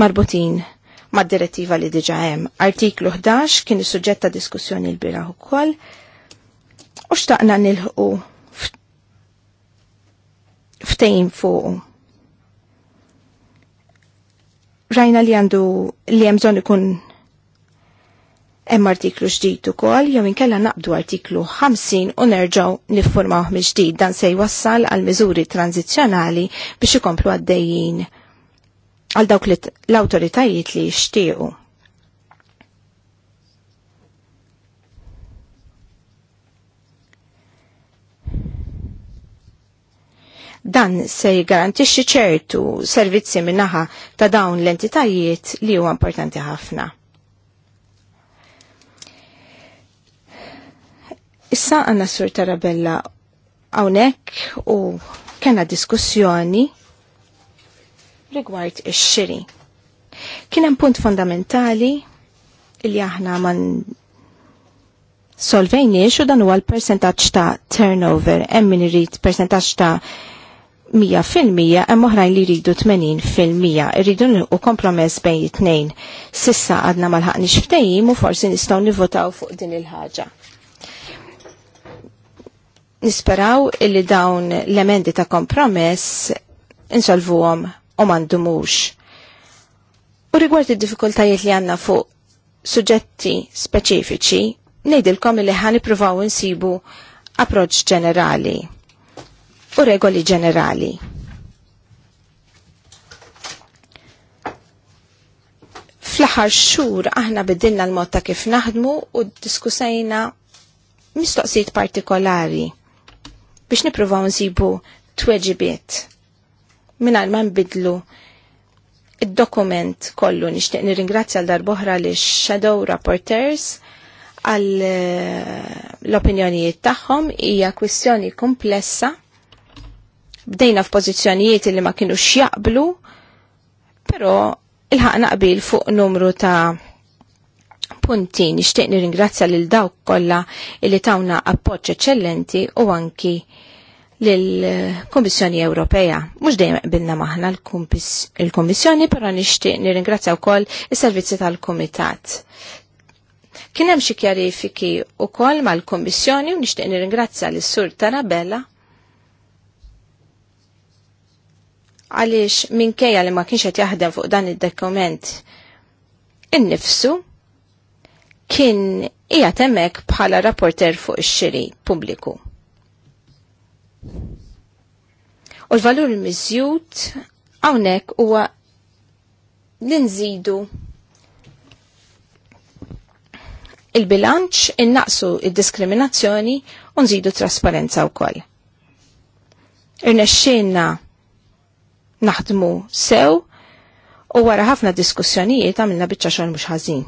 marbutin mad direttiva li diġa hemm. Artiklu 11 kien is-suġġett ta' diskussjoni l-biraħ ukoll u xtaqna nilħu ftejn fuq. Rajna li għandu li hemm bżonn ikun hemm artiklu ġdid ukoll jew inkella naqbdu artiklu 50 u nerġgħu niffurmawh mill-ġdid dan se jwassal għal miżuri tranzizzjonali biex ikomplu għaddejjin għal dawk l-autoritajiet li jixtiequ. Dan se jgarantixxi ċertu servizzi minnaħa ta' dawn l-entitajiet li huwa importanti ħafna. Issa għanna sur Tarabella hawnhekk u kena diskussjoni rigward ix-xiri. Kien hemm punt fondamentali illi aħna man solvejniex u dan huwa l-persentaġġ ta' turnover, hemm min irid persentaġġ ta' 100% hemm oħrajn li jridu 80%, irridu u kompromess bejn it-tnejn. Sissa għadna ma lħaqniex ftehim u forsi nistgħu nivvotaw fuq din il-ħaġa. Nisperaw illi dawn l-emendi ta' kompromess insolvuhom u mandumux. U rigward id-diffikultajiet li għanna fuq suġġetti speċifiċi, nejdilkom li ħani provaw insibu approċ ġenerali u regoli ġenerali. Fl-aħħar xhur aħna bidilna l-mod ta' kif naħdmu u diskusajna mistoqsijiet partikolari biex nippruvaw nsibu tweġibiet mingħajr ma bidlu id-dokument kollu nixtieq nirringrazzja l darbohra li shadow rapporters għal eh, l-opinjonijiet tagħhom hija kwistjoni komplessa. Bdejna f'pożizzjonijiet li ma kienu jaqblu, però il-ħaqna qbil fuq numru ta' punti nixtieq nirringrazzja lil dawk kollha li tawna appoġġ eċċellenti u anki l kummissjoni Ewropea. Mhux dejjem binna maħna l-Kummissjoni, però nixtieq nirringrazzja wkoll is-servizzi tal-Kumitat. Kien hemm xi kjarifiki wkoll mal-Kummissjoni u nixtieq nirringrazzja lis-Sur Tarabella għaliex minkejja li ma kienx qed jaħdem fuq dan id-dokument innifsu kien hija temmek bħala rapporter fuq ix-xiri pubbliku. U l-valur miżjut hawnhekk huwa li nżidu il-bilanċ, innaqsu il diskriminazzjoni u nżidu trasparenza wkoll. Irnexxinna naħdmu sew u wara ħafna diskussjonijiet għamilna biċċa xogħol mhux ħażin.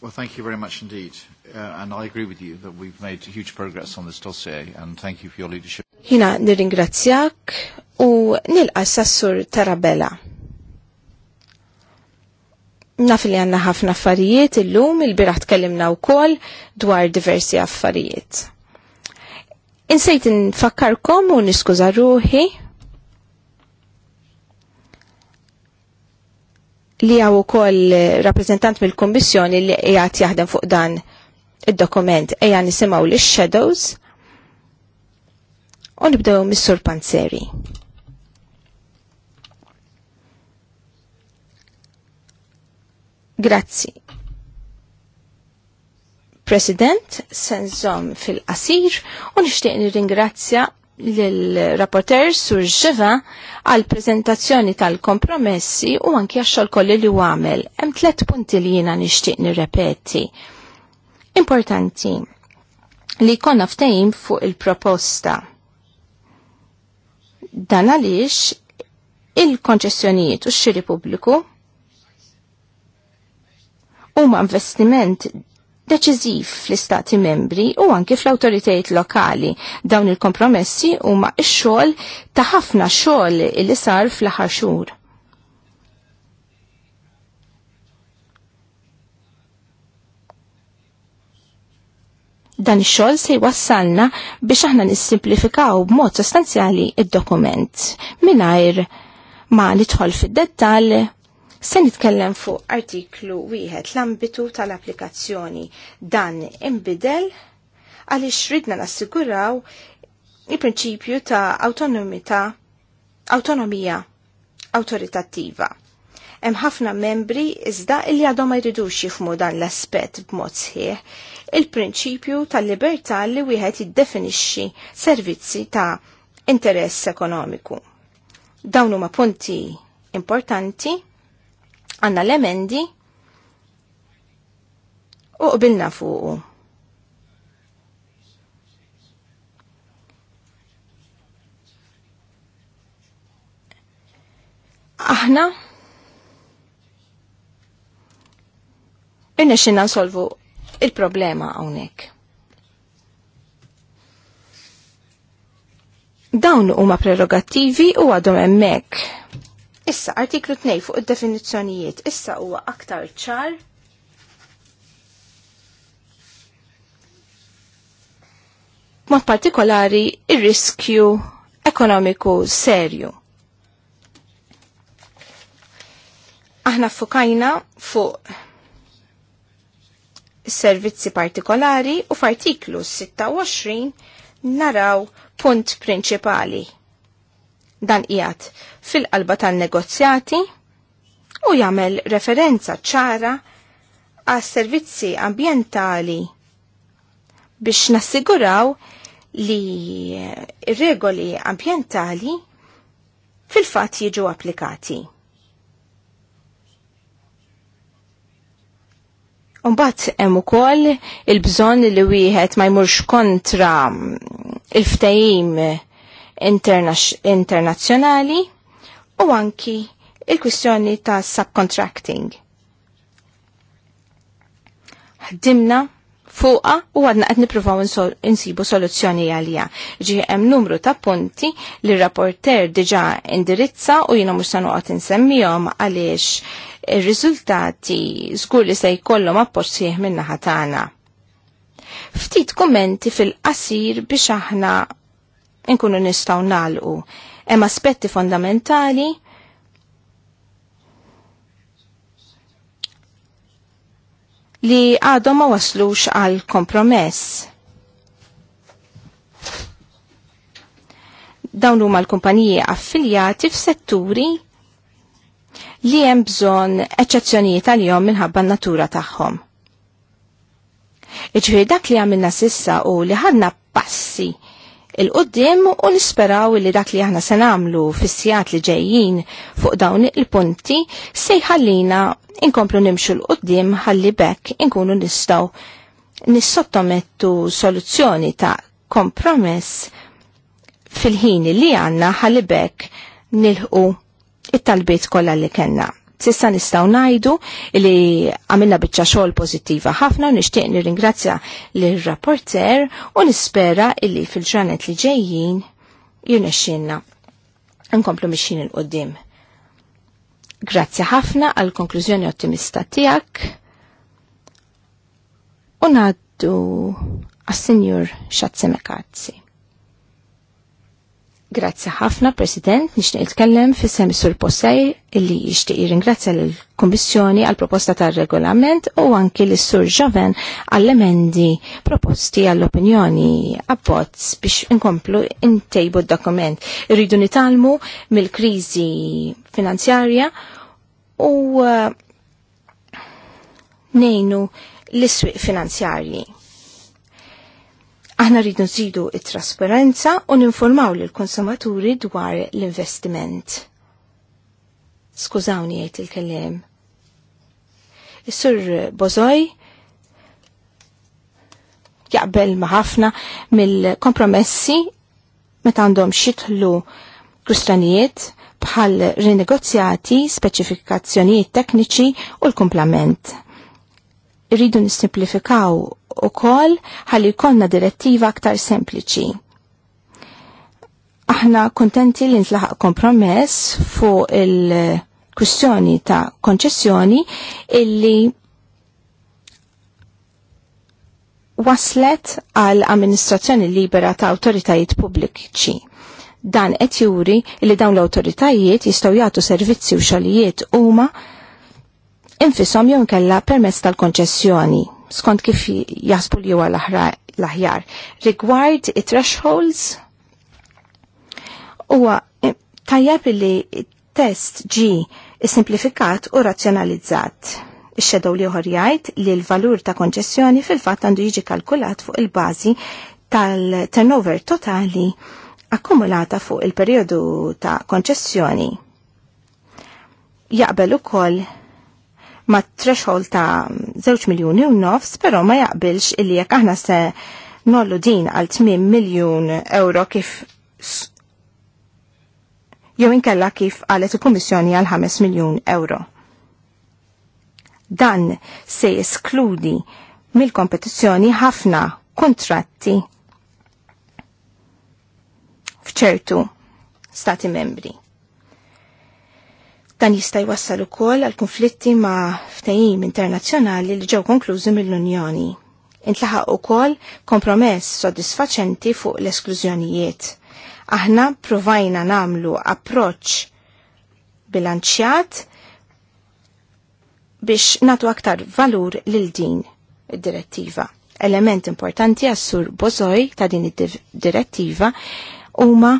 Well, thank you very much indeed uh, and I agree with you that we've made huge progress on this dossier and thank you for your leadership. Hina nirringrazzjak u nil-assassur Tarabella. Naf li għanna ħafna affarijiet illum il-biraħ tkellimna wkoll dwar diversi affarijiet. Insejt nfakkarkom u niskuża ruħi li għaw ukoll rappresentant mill-Kommissjoni li għat jaħdem fuq dan id-dokument eja nisimaw li shadows u nibdew mis-sur Panzeri. Grazzi. President, senżom fil-qasir u nixtieq nirringrazzja l-rapporter sur ġeva għal prezentazzjoni tal-kompromessi u anki għaxxol kolli li għamel. Hemm tliet punti li jiena nixtieq nirrepeti. repeti Importanti li konna ftejim fuq il-proposta. Dan għaliex il-konċessjonijiet u x-xiri pubbliku huma investiment deċiżiv fl-istati membri u anki fl-autoritajiet lokali. Dawn il-kompromessi huma x-xogħol ta' ħafna xogħol li sar fl-aħħar xhur. Dan ix-xogħol se jwassalna biex aħna nissimplifikaw b'mod sostanzjali id-dokument. Minajr ma nidħol fid-dettall Se nitkellem fuq artiklu wieħed l-ambitu tal-applikazzjoni dan imbidel għaliex ridna nassiguraw il-prinċipju ta' autonomita, autonomija awtoritattiva. Hemm ħafna membri iżda illi għadhom ma jridux jifmu dan l-aspett b'mod sħiħ il-prinċipju tal-libertà li wieħed jiddefinixxi servizzi ta' interess ekonomiku. Dawn huma punti importanti għandna l-emendi u qbilna fuqu. Aħna Inna xinna nsolvu il-problema għonek. Dawn huma prerogattivi u għadhom hemmhekk. Issa artiklu 2 fuq id-definizzjonijiet issa huwa aktar ċar mod partikolari il riskju ekonomiku serju. Aħna fukajna fuq servizzi partikolari u f'artiklu 26 naraw punt prinċipali. Dan qiegħed fil-qalba tan-negozjati u jagħmel referenza ċara għas servizzi ambientali biex nassiguraw li regoli ambientali fil-fat jiġu applikati. Umbat hemm ukoll il-bżonn li wieħed ma jmurx kontra il-ftehim internazzjonali u anki il-kwistjoni ta' subcontracting. Ħdimna fuqa u għadna qed nippruvaw insibu soluzzjoni għalija. Ġi hemm numru ta' punti li rapporter diġa indirizza u jina mux sanuqat insemmihom għaliex il riżultati żgur li se jkollhom appoġġ sieħ naħa tagħna. Ftit kummenti fil-qasir biex aħna nkunu nistgħu nagħlqu hemm aspetti fondamentali li għadhom ma waslux għal kompromess. Dawn huma l-kumpaniji affiljati f'setturi li hemm bżonn eċċezzjonijiet għalihom minħabba n-natura tagħhom. Iġifieri dak li għamilna sissa u li ħadna passi il-qoddim u nisperaw li dak li aħna se nagħmlu fis-sijat li ġejjin fuq dawn il-punti se jħallina inkomplu nimxu l-qoddim ħalli bekk inkunu nistgħu nissottomettu soluzzjoni ta' kompromess fil-ħin li għanna ħalli bekk nilħu it-talbiet kollha li kellna. Sissa nistaw najdu li għamilna bieċa xogħol pozittiva ħafna u nixtieq nirringrazzja lir-rapporter u nispera illi fil-ġranet li ġejjin jirnexxinna nkomplu mixin il-qoddim. Grazzi ħafna għal konklużjoni ottimista tiegħek u ngħaddu għas-Sinjur Xatzemekazzi. Grazzi ħafna, President, nixtieq nitkellem fis-sem Sur Possej illi jixtieq jirringrazzja l-Kummissjoni għal proposta tar-regolament u anki lis sur Joven għall-emendi proposti għall-opinjoni abbozz biex inkomplu intejbu d-dokument. Irridu nitalmu mill-kriżi finanzjarja u eh, nejnu l-iswiq finanzjarji Aħna rridu nżidu it-trasparenza u ninformaw lill konsumaturi dwar l-investiment. Skużawni jgħid il-kellem. Is-sur Bozoj jaqbel ma' ħafna mill-kompromessi meta għandhom xitħlu kristanijiet bħal rinegozjati, speċifikazzjonijiet tekniċi u l kumplament rridu nisimplifikaw u kol ħalli konna direttiva aktar sempliċi. Aħna kontenti li nitlaħaq kompromess fuq il-kwistjoni ta' konċessjoni illi waslet għal amministrazzjoni libera ta' autoritajiet pubbliċi. Dan qed juri li dawn l-awtoritajiet jistgħu jagħtu servizzi u xogħlijiet huma infisom jom kella permezz tal-konċessjoni skont kif jasbu li huwa l-aħjar. Rigward it-thresholds huwa tajjeb li test ġi simplifikat u razzjonalizzat. Ix-xedow li uħor jgħid li l-valur ta' konċessjoni fil-fatt għandu jiġi kalkulat fuq il-bażi tal-turnover totali akkumulata fuq il-perjodu ta' konċessjoni. Jaqbel ukoll ma threshold ta' 0 miljoni u nofs, pero ma jaqbilx illi jekk aħna se nollu din għal 8 miljun euro kif jew inkella kif għalet il-Kummissjoni għal 5 miljun euro. Dan se eskludi mill-kompetizzjoni ħafna kontratti fċertu stati membri. Dan jista' jwassal ukoll għal konflitti ma' ftehim internazzjonali li ġew konklużi mill-Unjoni. Intlaħaq ukoll kompromess sodisfaċenti fuq l-esklużjonijiet. Aħna provajna namlu approċ bilanċjat biex natu aktar valur lil din id-direttiva. Element importanti għas-sur Bozoj ta' din id-direttiva huma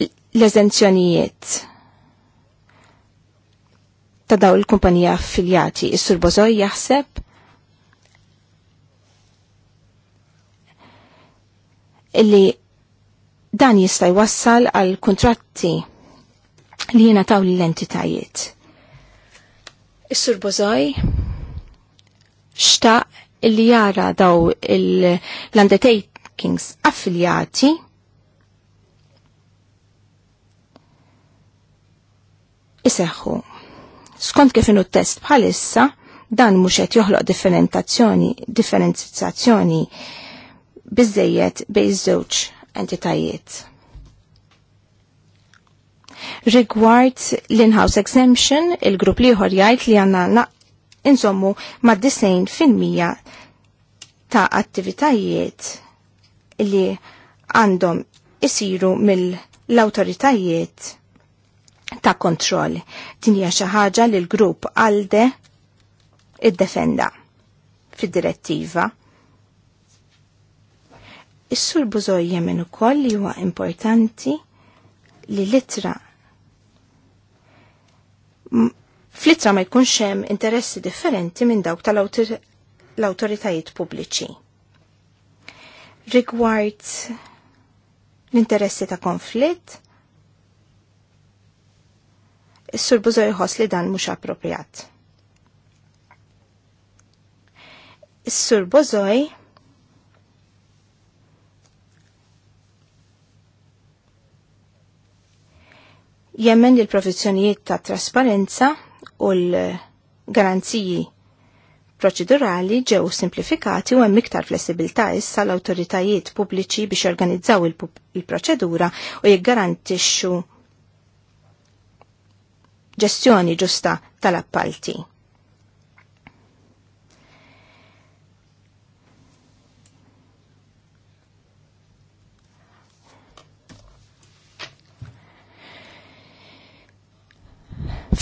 l-eżenzjonijiet ta' daw il-kumpanija affiljati. Is-Sur Bozoj jaħseb illi dan jista' jwassal għal kontratti li jiena taw l-entitajiet. Is-Sur Bozoj xtaq illi jara daw l-undertakings affiljati iseħħu Skont kif inu test bħalissa, dan mhux qed joħloq differentazzjoni, differenzizzazzjoni bizzejiet bejn żewġ entitajiet. Rigward l-in-house exemption, il-grupp liħor jgħid li għanna insommu ma' 90% ta' attivitajiet li għandhom isiru mill-autoritajiet ta' kontroll. Din hija xi ħaġa li l-grupp għalde iddefenda fid-direttiva. Is-sur Buzoj jemmen ukoll li huwa importanti li fl flittra ma jkunx hemm interessi differenti minn dawk tal-awtoritajiet pubbliċi. Rigward l-interessi ta' konflitt, Is-sur Bużoj li dan mhux appropriat. Is-sur jemmen li l-professjonijiet ta' trasparenza u l-garanziji proċedurali ġew simplifikati u hemm iktar flessibilità issa l-awtoritajiet pubbliċi biex jorganizzaw il-proċedura u jiggarantixxu ġestjoni ġusta tal-appalti.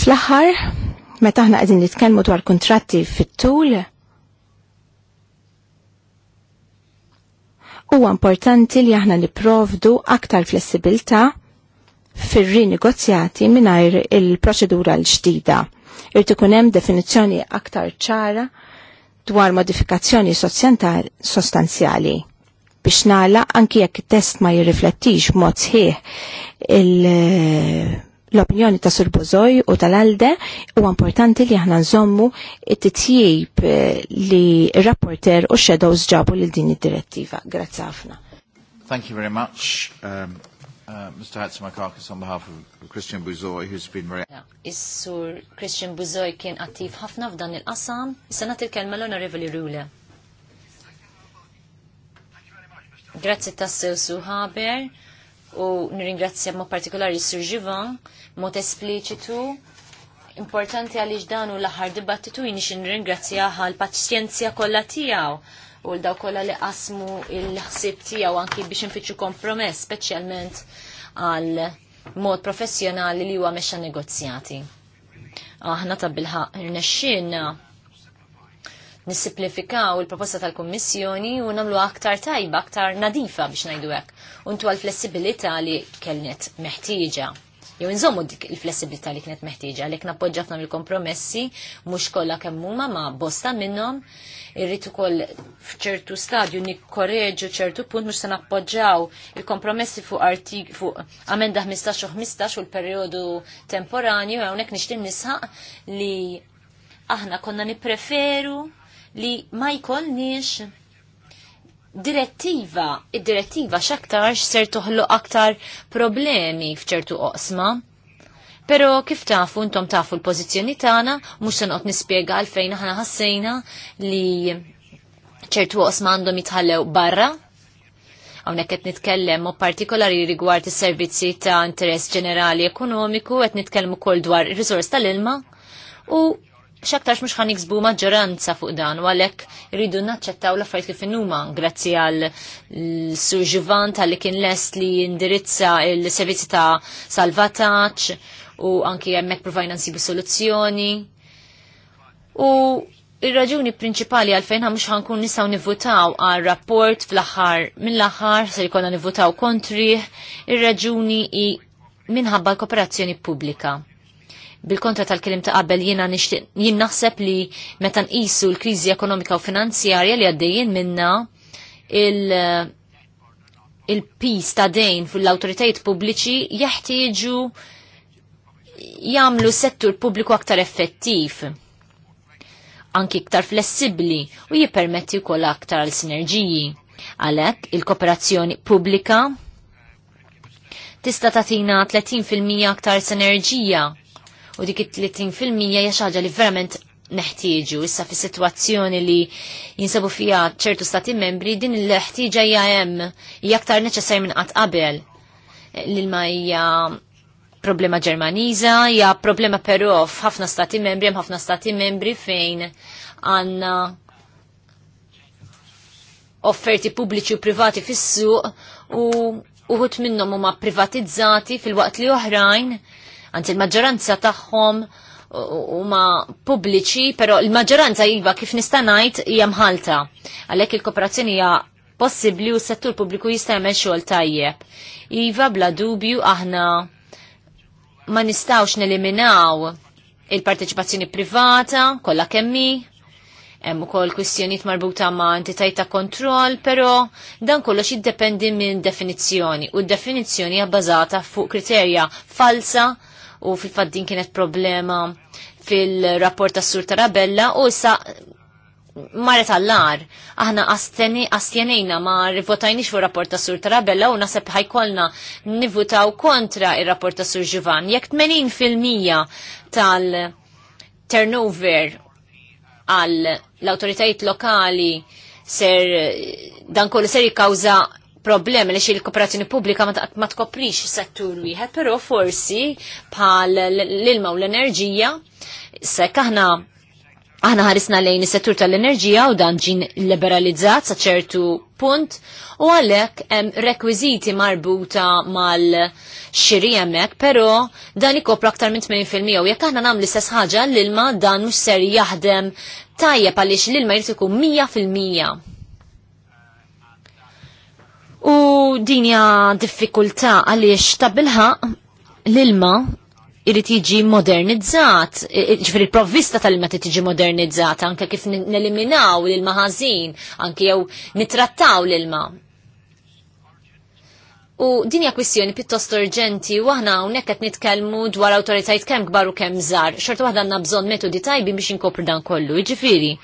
Fl-aħħar, meta aħna qegħdin nitkellmu dwar kuntratti fit-tul, huwa importanti li aħna nipprovdu aktar flessibilta' fir-rinegozjati mingħajr il-proċedura l-ġdida. Irid ikun hemm definizzjoni aktar ċara dwar modifikazzjoni sostanzjali biex nala anki jekk test ma jirriflettix mod sħiħ l-opinjoni ta' Sur Bozoj u tal-Alde u importanti li aħna nżommu it-titjib eh, li rapporter u xedow ġabu lil din id-direttiva. Grazzi ħafna. Thank you very much. Um, Uh, Mr. Hatzimakakis on behalf of Christian Buzoy, who's been very... Is-sur Christian Buzoy kien attiv ħafna f'dan il-qasam. Issa nagħti l-kelma l-Onorevoli Rule. Grazzi tassew su Haber u nirringrazzja ma' partikolari sur Givan, mod espliċitu. Importanti għaliex dan u l-aħħar dibattitu jinix nirringrazzjaha għal paċjenzja kollha tiegħu u l-daw kolla li qasmu il-ħsib tijaw anki biex nfittxu kompromess, specialment għal mod professjonali li huwa meċa negozjati. Aħna ta' bilħaq irnexxinna nissimplifikaw il-proposta tal-Kommissjoni u namlu aktar tajba, aktar nadifa biex najdu hekk. Untu għal flessibilità li kellnet meħtieġa jew inżommu dik il-flessibilità li kienet meħtieġa għalhekk nappoġġa f'dan il-kompromessi mhux kollha kemm huma ma' bosta minnhom irrid ukoll f'ċertu stadju nikkoreġu ċertu punt mhux se nappoġġaw il-kompromessi fuq artik fuq amenda 15 u 15 u l-perjodu temporanju hawnhekk nixtieq nisħaq li aħna konna nippreferu li ma jkollniex direttiva, id-direttiva xaktarx ser toħlu aktar problemi fċertu oqsma. Pero kif tafu, intom tafu l-pozizjoni tagħna, mhux se nispiega nispjega għalfejn aħna ħassejna li ċertu oqsma għandhom jitħallew barra. Hawnhekk qed nitkellem u partikolari rigward is-servizzi ta' interess ġenerali ekonomiku, qed nitkellem kol dwar ir rizors tal-ilma u xaktarx mux ħan iksbu maġġoranza fuq dan u għalek rridu naċċettaw l-affarijiet kif innuma grazzi għal sur tal-li kien lest li indirizza il-servizzi ta' salvataċ u anki jemmek provajna nsibu soluzzjoni. U il-raġuni prinċipali għalfejn għamux ħankun nistaw nivutaw għal rapport fl-axar mill-axar se jkollna nivvotaw kontri, il-raġuni i minħabba l-kooperazzjoni pubblika Bil-kontra tal-kelim ta' qabel jiena jien naħseb li meta nqisu l-kriżi ekonomika u finanzjarja li għaddejjin minna il- il-pis ta' dejn fil autoritajt pubbliċi jeħtieġu jagħmlu settur pubbliku aktar effettiv, anki iktar flessibbli u jippermetti wkoll aktar għal sinerġiji. Għalhekk il-kooperazzjoni pubblika tista' tagħtina 30% aktar sinerġija u dik it-30 fil-mija hija xi ħaġa li verament neħtieġu issa fi situazzjoni li jinsabu fija ċertu stati membri din l-ħtieġa hija hemm hija aktar neċessar minn qatt qabel lil ma hija problema ġermaniża, hija problema però f'ħafna stati membri, hemm ħafna stati membri fejn għandna offerti pubbliċi u privati fis-suq u uħut minnhom huma privatizzati fil-waqt li oħrajn Anzi, il-maġġoranza tagħhom huma pubbliċi, però il-maġġoranza iva kif nista' ngħid hija mħalta. Għalhekk il-kooperazzjoni hija possibbli u s-settur pubbliku jista' jagħmel xogħol tajjeb. Iva bla dubju aħna ma nistawx neliminaw il-parteċipazzjoni privata, kollha kemmi, hemm ukoll kwistjonijiet marbuta ma' entitajiet ta' kontroll, però dan kollox jiddependi minn definizzjoni u d-definizzjoni hija bbażata fuq kriterja falsa u fil faddin kienet problema fil-rapport tas Sur Tarabella u issa marret għallar. Aħna astjenejna ma rivotajni fuq rapport ta' Sur Tarabella u naseb ħajkolna nivutaw kontra il-rapport ta' Sur Ġivan. Jek 80% tal-turnover għal l-autoritajiet lokali ser dan kollu ser jikkawza problemi li xi l-kooperazzjoni pubblika ma tkoprix settur wieħed, però forsi bħal l-ilma u l-enerġija sekk aħna aħna ħarisna lejn is-settur tal-enerġija u dan ġin liberalizzat sa ċertu punt u għalhekk hemm rekwiżiti marbuta mal xirijemek pero dan ikopra aktar minn 80% u jekk aħna nagħmlu l-istess ħaġa l-ilma dan mhux ser jaħdem tajjeb għaliex l-ilma jrid ikun 100%. U dinja diffikulta għaliex ta' bilħaq l-ilma irrit jiġi modernizzat, ġifri il-provvista tal-ilma tiġi modernizzata, anke kif neliminaw l-ilma ħażin, anke jew nitrattaw l-ilma. U din hija kwistjoni pjuttost urġenti u aħna hawnhekk qed nitkellmu dwar awtoritajiet kemm kbar u kemm żgħar. Xorta waħda għandna bżonn metodi tajbi biex inkopru dan kollu. Jiġifieri,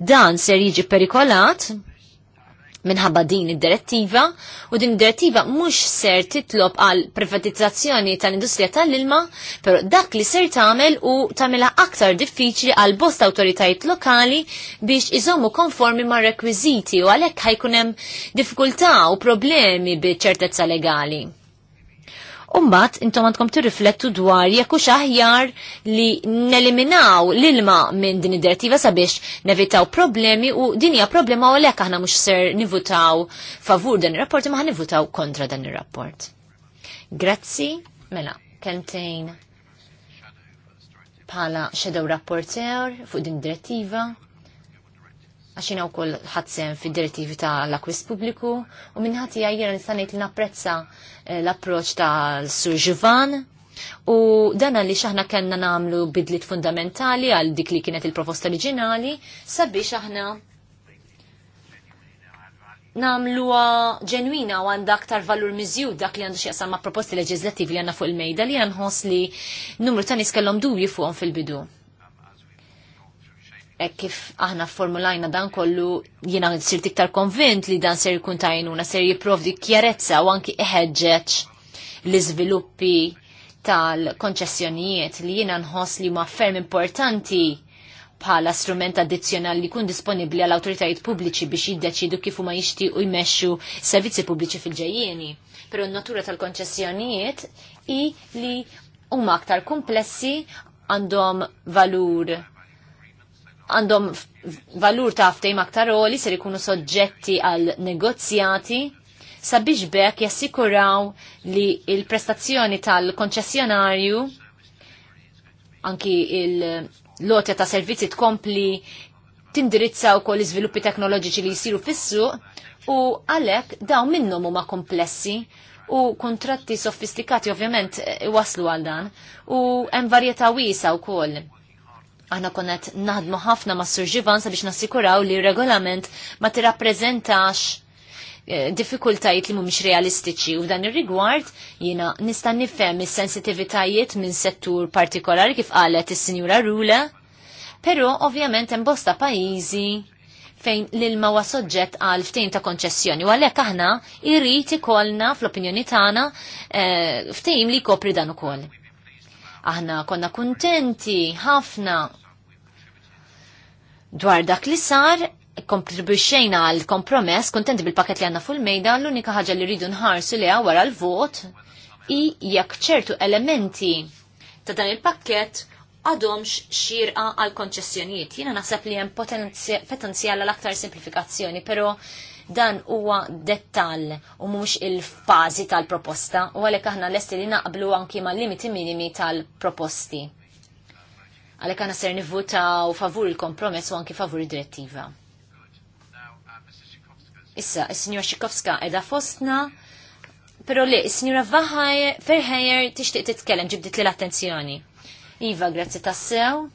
dan ser jiġi perikolat minħabba din id-direttiva u din id-direttiva mhux ser titlob għal privatizzazzjoni tal-industrija tal-ilma, però dak li ser tagħmel u tagħmilha aktar diffiċli għal bost awtoritajiet lokali biex iżommu konformi ma' rekwiżiti u għalhekk ħajkun hemm diffikultà u problemi bi ċertezza legali. Umbat, intom għandkom tirriflettu dwar jekk hux aħjar li neliminaw l-ilma minn din id-direttiva sabiex nevitaw problemi u din hija problema u lekk aħna mhux ser nivutaw favur dan ir-rapport imma nivutaw kontra dan ir-rapport. Grazzi, mela, kelmtejn bħala shadow rapporteur fuq din direttiva għaxina u koll ħadsem fid direttivi ta' l-akwist publiku u minnħati għajjera nistanajt li napprezza eh, l-approċ ta' l-surġivan u dan li xaħna kanna namlu bidlit fundamentali għal dik li kienet il-proposta oriġinali sabiex aħna namluwa ġenwina u għanda aktar valur mizju dak li għandu xieqsam ma' proposti leġizlativi li għanna fuq il-mejda li għanħos li numru ta' niskellom dubju fuqom fil-bidu. E kif aħna formulajna dan kollu jiena sirt iktar konvint li dan ser jkun tajnuna ser jipprovdi kjarezza u anki iħeġġeġ l-iżviluppi tal-konċessjonijiet li jiena nħoss li ma ferm importanti bħala strument addizzjonali li kun disponibli għal autoritajiet pubbliċi biex jiddeċidu kif huma jixtiequ jmexxu servizzi pubbliċi fil-ġejjieni. Però n-natura tal-konċessjonijiet i li huma aktar komplessi għandhom valur għandhom valur ta' ftejm aktar oli ser ikunu soġġetti għal negozjati sabiex bekk jassikuraw li il-prestazzjoni tal-konċessjonarju anki il-lotja ta' servizzi tkompli tindirizza kol l izviluppi teknoloġiċi li jisiru fis-suq u għalek daw minnhom huma komplessi u kontratti sofistikati ovvjament waslu għal dan u hemm varjetà wiesa wkoll Aħna konet naħdmu ħafna ma' surġivan sabiex nassikuraw li regolament ma tirrappreżentax eh, diffikultajiet li mhumiex realistiċi u f'dan ir-rigward jiena nista' nifhem is-sensitivitajiet minn settur partikolari kif qalet is-Sinjura Rule, però ovvjament hemm bosta pajjiżi fejn l-ilma huwa soġġett għal ftehim ta' konċessjoni. U għalhekk aħna irrid ikollna fl-opinjoni tagħna eh, ftehim li jkopri dan ukoll. Aħna konna kuntenti ħafna dwar dak li sar kontribuxxejna għal kompromess, kontenti bil pakket li għanna fil-mejda, l-unika ħaġa li rridu nħarsu li wara l-vot i jekk ċertu elementi ta' dan il-pakket għadhomx xirqa għal konċessjonijiet. Jiena naħseb li hemm potenzjal għal aktar simplifikazzjoni, però Dan huwa dettal u mhux il-fażi tal-proposta u għalhekk aħna lesti li naqblu anki mal-limiti minimi tal-proposti. Għalhekk aħna ser nivvutaw favur il-kompromess u anki favur id-direttiva. Issa, is-Sinjora Xikowska edha fostna, pero li, is-Sinjora Ferħajer tixtieq titkellem ġibdit li l-attenzjoni. Iva, grazzi tassew.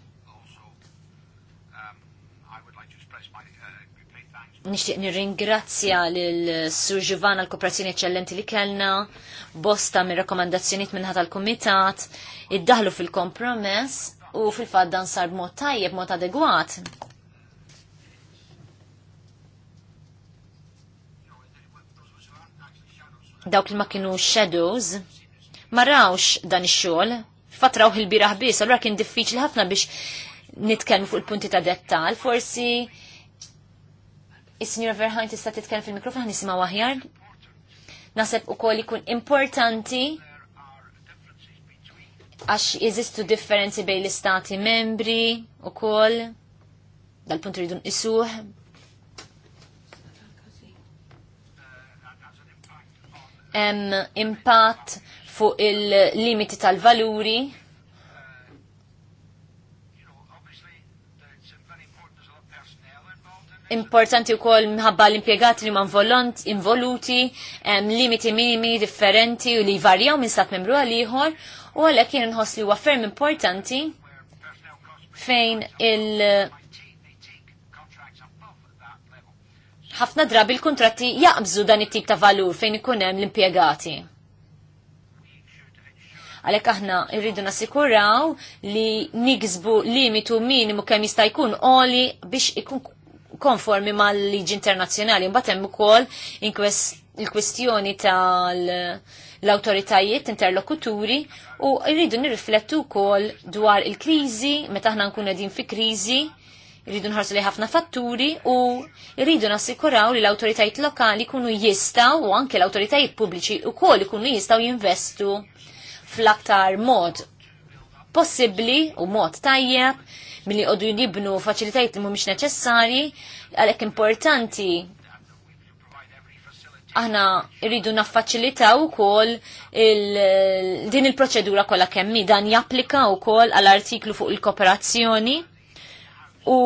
nixtieq nirringrazzja lil Sur Giovanna l-kooperazzjoni eċċellenti li kellna, bosta mir rakkomandazzjonijiet minnħa tal-kumitat, iddaħlu fil-kompromess u fil-fatt dan sar b'mod tajjeb, b'mod adegwat. Dawk li ma kienu shadows, ma rawx dan ix-xogħol, fatraw il-biraħ biss, allura kien diffiċli ħafna biex nitkellmu fuq il-punti ta' dettal, forsi Is-Sinjor Verħan tista' titkellem fil-mikrofon nisimgħu aħjar. Naseb ukoll ikun importanti għax jeżistu differenzi bejn l-istati membri u koll, dal-punt ridun nqisuh. Hemm impatt fuq il-limiti tal-valuri importanti u kol mħabba l-impiegati li man volont, involuti, um, limiti minimi differenti u li varjaw minn stat membru għal-ieħor u għalek jien nħos li huwa ferm importanti fejn il- ħafna drabi l-kontratti jaqbżu dan it-tip ta' valur fejn ikun hemm l-impjegati. Għalhekk aħna irridu nassikuraw li nigzbu limitu minimu kemm jista' jkun oli biex ikun konformi mal-liġi internazzjonali. Mbagħad hemm ukoll il-kwestjoni tal-awtoritajiet interlokuturi u jridu nirriflettu wkoll dwar il-kriżi meta aħna nkunu qegħdin fi kriżi jridu nħarsu li ħafna fatturi u rridu nassikuraw li l-autoritajiet lokali kunu jistaw u anke l-autoritajiet pubbliċi u kol kunu jistaw jinvestu fl-aktar mod possibli u mod tajjeb milli għodu jibnu faċilitajt li mhumiex neċessarji għalhekk importanti aħna rridu naffaċilitaw ukoll il din il-proċedura kollha kemmi dan japplika wkoll għall artiklu fuq il-kooperazzjoni u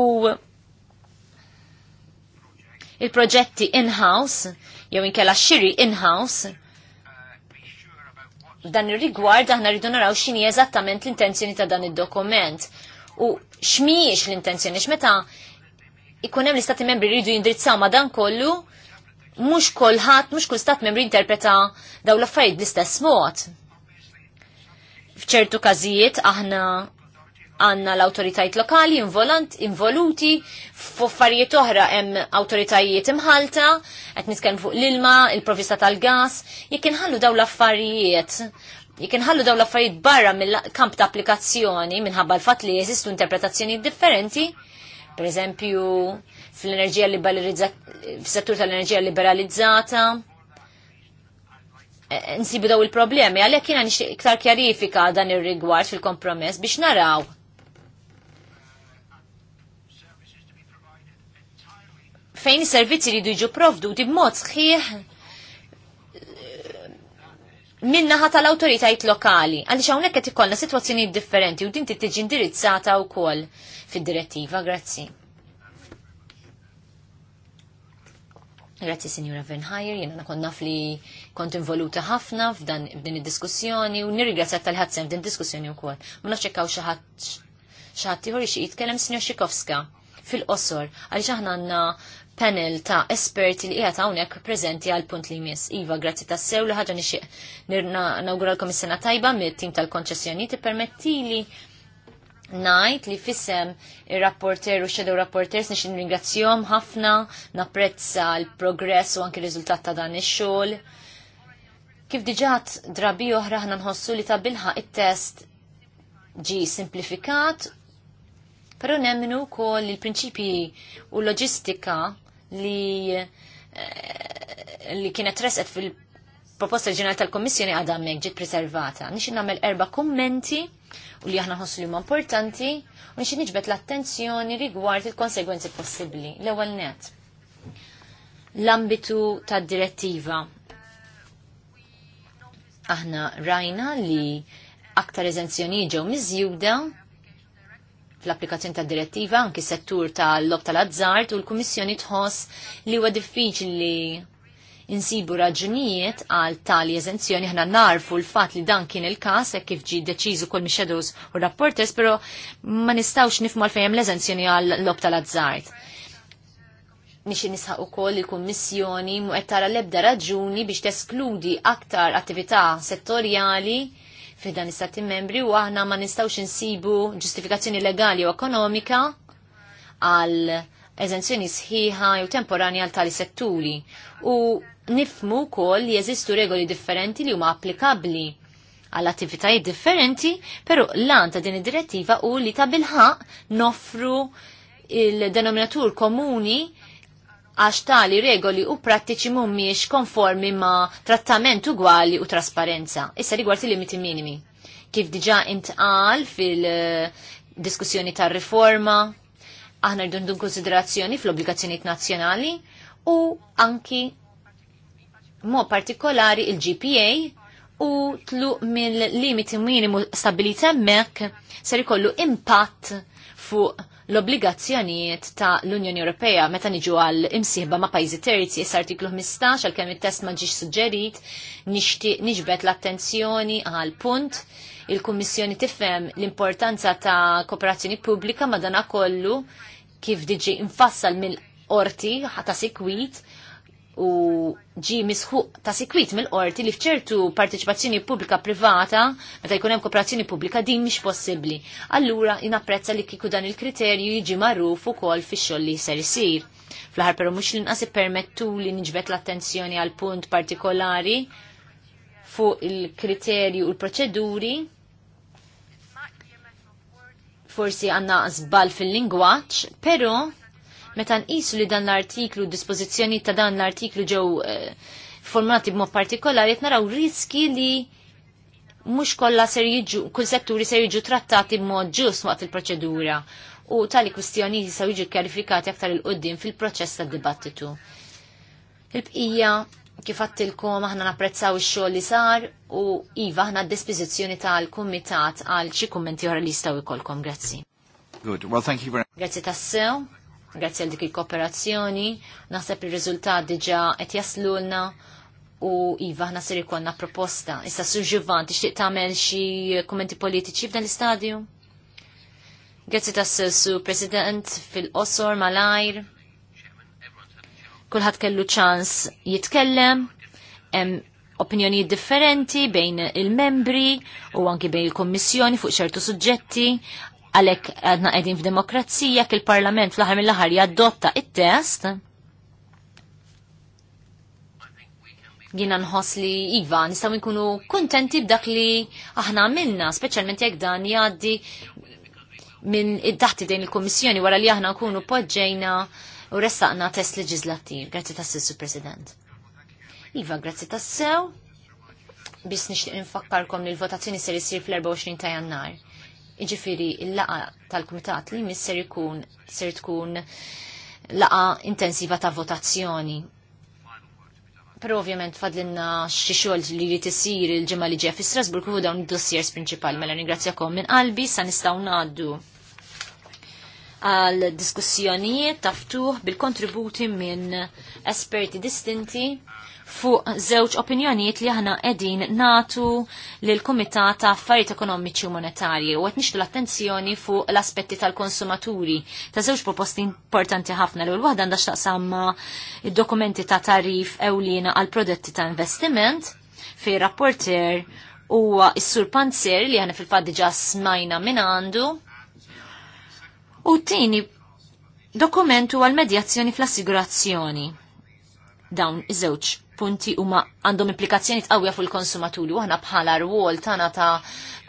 il-proġetti in-house jew inkella xiri in-house dan ir-rigward aħna rridu naraw x'inhi eżattament l-intenzjoni ta' dan id-dokument u xmiex l-intenzjoni, x'meta ikun hemm l-istati membri rridu jindrizzaw ma dan kollu, mhux kulħadd, mhux kull stat membri interpreta daw l-affarijiet bl-istess mod. F'ċertu każijiet aħna għanna l-autoritajiet lokali involant, involuti, f'affarijiet oħra hemm autoritajiet imħalta, qed nitkellmu fuq l-ilma, il-provista tal-gas, jekk inħallu daw l-affarijiet jek nħallu daw l-affarijiet barra mill-kamp ta' applikazzjoni minħabba l-fatt li jeżistu interpretazzjoni differenti, per eżempju fl-enerġija fis-settur tal-enerġija liberalizzata. E, e, nsibu daw il-problemi, għalhekk jiena nixtieq iktar kjarifika dan ir-rigward fil-kompromess biex naraw. Fejn is-servizzi li jiġu provduti b'mod sħiħ minnaħa tal-autoritajiet lokali, għaliex hawnhekk qed ikollna situazzjoni differenti u dinti tiġi indirizzata wkoll fid-direttiva. Grazzi. Grazzi Sinjura Venhajer, jena nakon konnaf li kont involuta ħafna f'dan f'din id-diskussjoni u nirringrazzjat tal-ħadsem f'din diskussjoni wkoll. Ma naċċekkaw xi ħadd xi ħadd ieħor jitkellem Sinjor Xikowska fil-qosor għaliex aħna għandna panel ta' esperti li qiegħed hawnhekk preżenti għal punt li jmiss. Iva, grazzi ta' sew li ħaġa nixtieq nawguralkom is-sena tajba mit-tim tal-konċessjoni tippermettili ngħid li fissem ir-rapporter u shadow rapporters nix ringrazzjom ħafna, napprezza l-progress u anki riżultat ta' dan ix-xogħol. Kif diġat drabi oħra ħna nħossu li ta' bilħa it-test ġi simplifikat, pero nemmenu kol il-prinċipji u loġistika li eh, li kienet resqet fil-proposta ġenerali tal-Kommissjoni għadha hemmhekk ġiet preservata. Nixi nagħmel erba' kummenti u li aħna nħossu li huma importanti u nixin niġbed l-attenzjoni rigward il-konsegwenzi possibbli. L-ewwel net. L-ambitu tad-direttiva. Aħna rajna li aktar eżenzjoni ġew miżjuda fl-applikazzjoni ta' direttiva anki settur tal-lob tal-azzart u l-Kummissjoni tħoss li huwa diffiċli insibu raġunijiet għal tali eżenzjoni ħna narfu l-fat li dan kien il-kas e kif ġi deċizu kol shadows u rapporters, pero ma nistawx nifmu għal l-eżenzjoni għal lob tal-azzart nisħa u ukoll il-Kummissjoni muqed tara l-ebda raġuni biex teskludi aktar attività settorjali fidan istati membri u aħna ma nistawx insibu ġustifikazzjoni legali u ekonomika għal eżenzjoni sħiħa jew temporanja għal tali setturi u nifmu kol li jeżistu regoli differenti li huma applikabli għal attivitajiet differenti, pero lan ta' din id-direttiva u li ta' bilħaq nofru il-denominatur komuni għax tali regoli u prattiċi mummiex konformi ma trattament ugwali u trasparenza. Issa rigward il-limiti minimi. Kif diġa intqal fil-diskussjoni tar riforma aħna rridu ndun konsiderazzjoni fl-obbligazzjonijiet nazzjonali u anki mo partikolari il-GPA u tlu mill-limiti minimu stabilita mek ser ikollu impatt fuq l-obbligazzjonijiet ta' l-Unjoni Ewropea meta niġu għal imsieħba ma' pajzi terzi is artiklu 15 għal kemm it-test ma ġiex suġġerit niġbet l-attenzjoni għal punt il-Kummissjoni tifhem l-importanza ta' kooperazzjoni pubblika madanakollu kif diġi infassal mill-qorti ta' sikwit u ġi misħuq ta' sikwit mill-qorti li fċertu parteċipazzjoni pubblika privata, meta jkun hemm kooperazzjoni pubblika din mhix possibbli. Allura inapprezza li kieku dan il-kriterju jiġi magħruf ukoll fix-xogħol li jser isir. Fl-aħħar però mhux linqas ippermettu li niġbet l-attenzjoni għal punt partikolari fuq il-kriterju u l-proċeduri forsi għanna zbal fil-lingwaċ, pero Meta nqisu li dan l-artiklu, dispożizzjoni ta' dan l-artiklu ġew eh, formati b'mod partikolari, qed naraw riski li mhux kollha ser jiġu, kull setturi ser jiġu trattati b'mod ġust waqt il-proċedura u tali kwistjoni jisaw jiġu kjarifikati aktar il-qoddim fil-proċess tad dibattitu. Il-bqija kif għattilkom aħna napprezzaw ix-xogħol li sar u iva aħna d-dispożizzjoni tal-kumitat għal xi kummenti oħra li jistgħu jkollkom. Grazzi. Good. Well, thank you very much. Grazzi tassew. Grazzi għal dik il-kooperazzjoni, naħseb il rizultat diġa qed jaslulna u iva ħna sir ikollna proposta. Issa suġġivan tixtieq tagħmel xi kummenti politiċi f'dan l-istadju? Grazzi tas-su President fil-qosor malajr. Kulħadd kellu ċans jitkellem, hemm opinjoni differenti bejn il-membri u anki bejn il-kommissjoni fuq ċertu suġġetti, għalek għadna għedin f'demokrazija kil parlament fl-ħar mill-ħar jaddotta il test Gina nħos li Iva, nistaw nkunu kontenti b'dak li aħna minna, specialment jek dan jaddi minn id-daħti dejn il-Komissjoni wara li aħna nkunu poġġejna u ressaqna test leġislattiv. Grazzi tas s President. Iva, grazzi tassew. sew Bis nixtieq infakkarkom li l-votazzjoni ser jisir fl-24 ta' jannar Iġifiri, il-laqa tal-Kumitat li mis ser ikun ser tkun laqa intensiva ta' votazzjoni. Pero ovvjament fadlinna xi xogħol li jrid isir il-ġimgħa li ġej fi Strasburg u dawn id-dossiers prinċipali mela ringrazzjakom minn qalbi sa nistgħu ngħaddu għal diskussjonijiet taftuħ bil-kontributi minn esperti distinti fuq żewġ opinjonijiet li aħna qegħdin natu lil kumitat ta' Affarijiet Ekonomiċi u Monetarji u qed nixtu l-attenzjoni fuq l-aspetti tal-konsumaturi ta' żewġ proposti importanti ħafna l waħda għandha x'taqsam id-dokumenti ta' tarif ewliena għal prodotti ta' investiment fi rapporter u s-sur Panzer li għana fil-fat diġa smajna minn għandu u t-tini dokumentu għal-medjazzjoni fl-assigurazzjoni dawn iż-żewġ punti huma għandhom implikazzjoni qawwija fuq il-konsumaturi Waħna bħala rwol tagħna ta'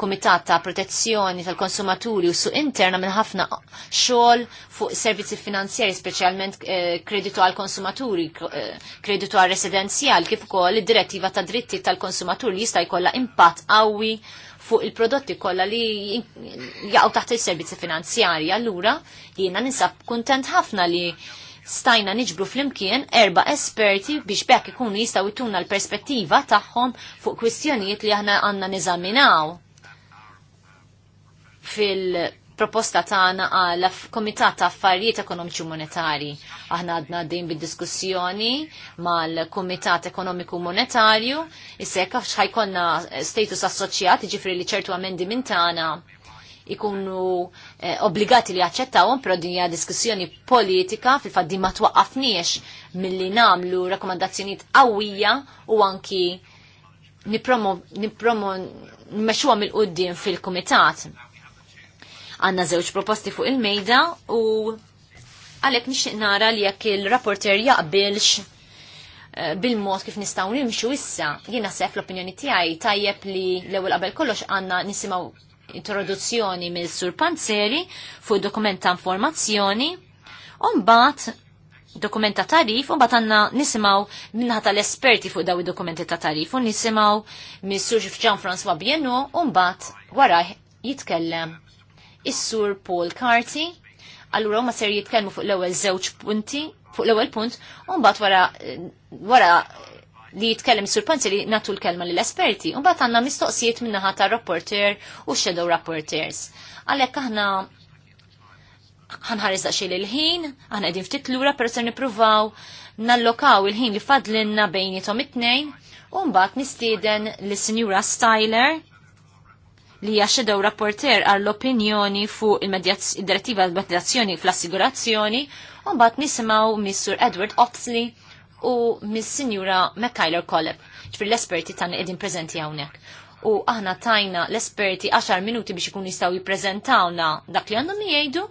kumitat ta' protezzjoni tal-konsumaturi u suq interna minn ħafna xogħol fuq servizzi finanzjari speċjalment eh, kreditu għal konsumaturi, eh, kreditu għal residenzjal kif ukoll id-direttiva ta' dritti tal-konsumaturi jista' jkollha impatt qawwi fuq il-prodotti kollha li jaqgħu taħt il-servizzi finanzjari. Allura jiena ninsab kuntent ħafna li stajna niġbru flimkien erba esperti biex bekk ikunu jistaw ituna l-perspettiva tagħhom fuq kwistjonijiet li aħna għandna niżaminaw fil-proposta tagħna għal Komitat ta' Affarijiet Ekonomiċi Monetari. Aħna għadna din bid-diskussjoni mal-Komitat Ekonomiku Monetarju, issek għax ħajkonna status assoċjat, ġifri li ċertu amendi minn tagħna ikunu eh, obbligati li jaċċettawhom, però din hija diskussjoni politika fil-fatt din ma twaqqafniex milli namlu rakkomandazzjonijiet qawwija u anki nipromo nipromo mill il-qudiem fil-kumitat. Għandna żewġ proposti fuq il-mejda u għalhekk nixtieq nara li jekk il-rapporter jaqbilx eh, bil-mod kif nistgħu nimxu issa, jiena sef l-opinjoni tiegħi tajjeb li l ewwel qabel kollox għandna nisimgħu introduzzjoni mill sur Panzeri fuq dokument ta' informazzjoni, unbat dokument ta' tarif, bat għanna nisimaw minnaħat tal-esperti fuq dawi dokumenti ta' tarif, un nisimaw mill sur ġifġan François Bienno, bat waraj jitkellem is-sur Paul Carty, allura ma ser jitkellmu fuq l-ewwel żewġ punti, fuq l-ewwel punt, unbat wara wara li jitkellem sur panzi li natu l-kelma l-esperti, un bat għanna mistoqsijiet minna ta' rapporter u shadow rapporters. Għalek aħna ħanħares xil l-ħin, għanna għedin ftit lura per ser nipruvaw nallokaw il-ħin li fadlinna bejnietom it-tnejn, u mbagħad nistieden lis-Sinjura Styler li hija shadow rapporter għall-opinjoni fuq il-direttiva il medjazzjoni fl-assigurazzjoni, u mbagħad nisimgħu Missur Edward Oxley u mis-Sinjura McKayler Koleb, ġifir l-esperti tan edin prezenti għawnek u aħna tajna l-esperti 10 minuti biex ikun jistaw jiprezentawna dak li għandhom jgħidu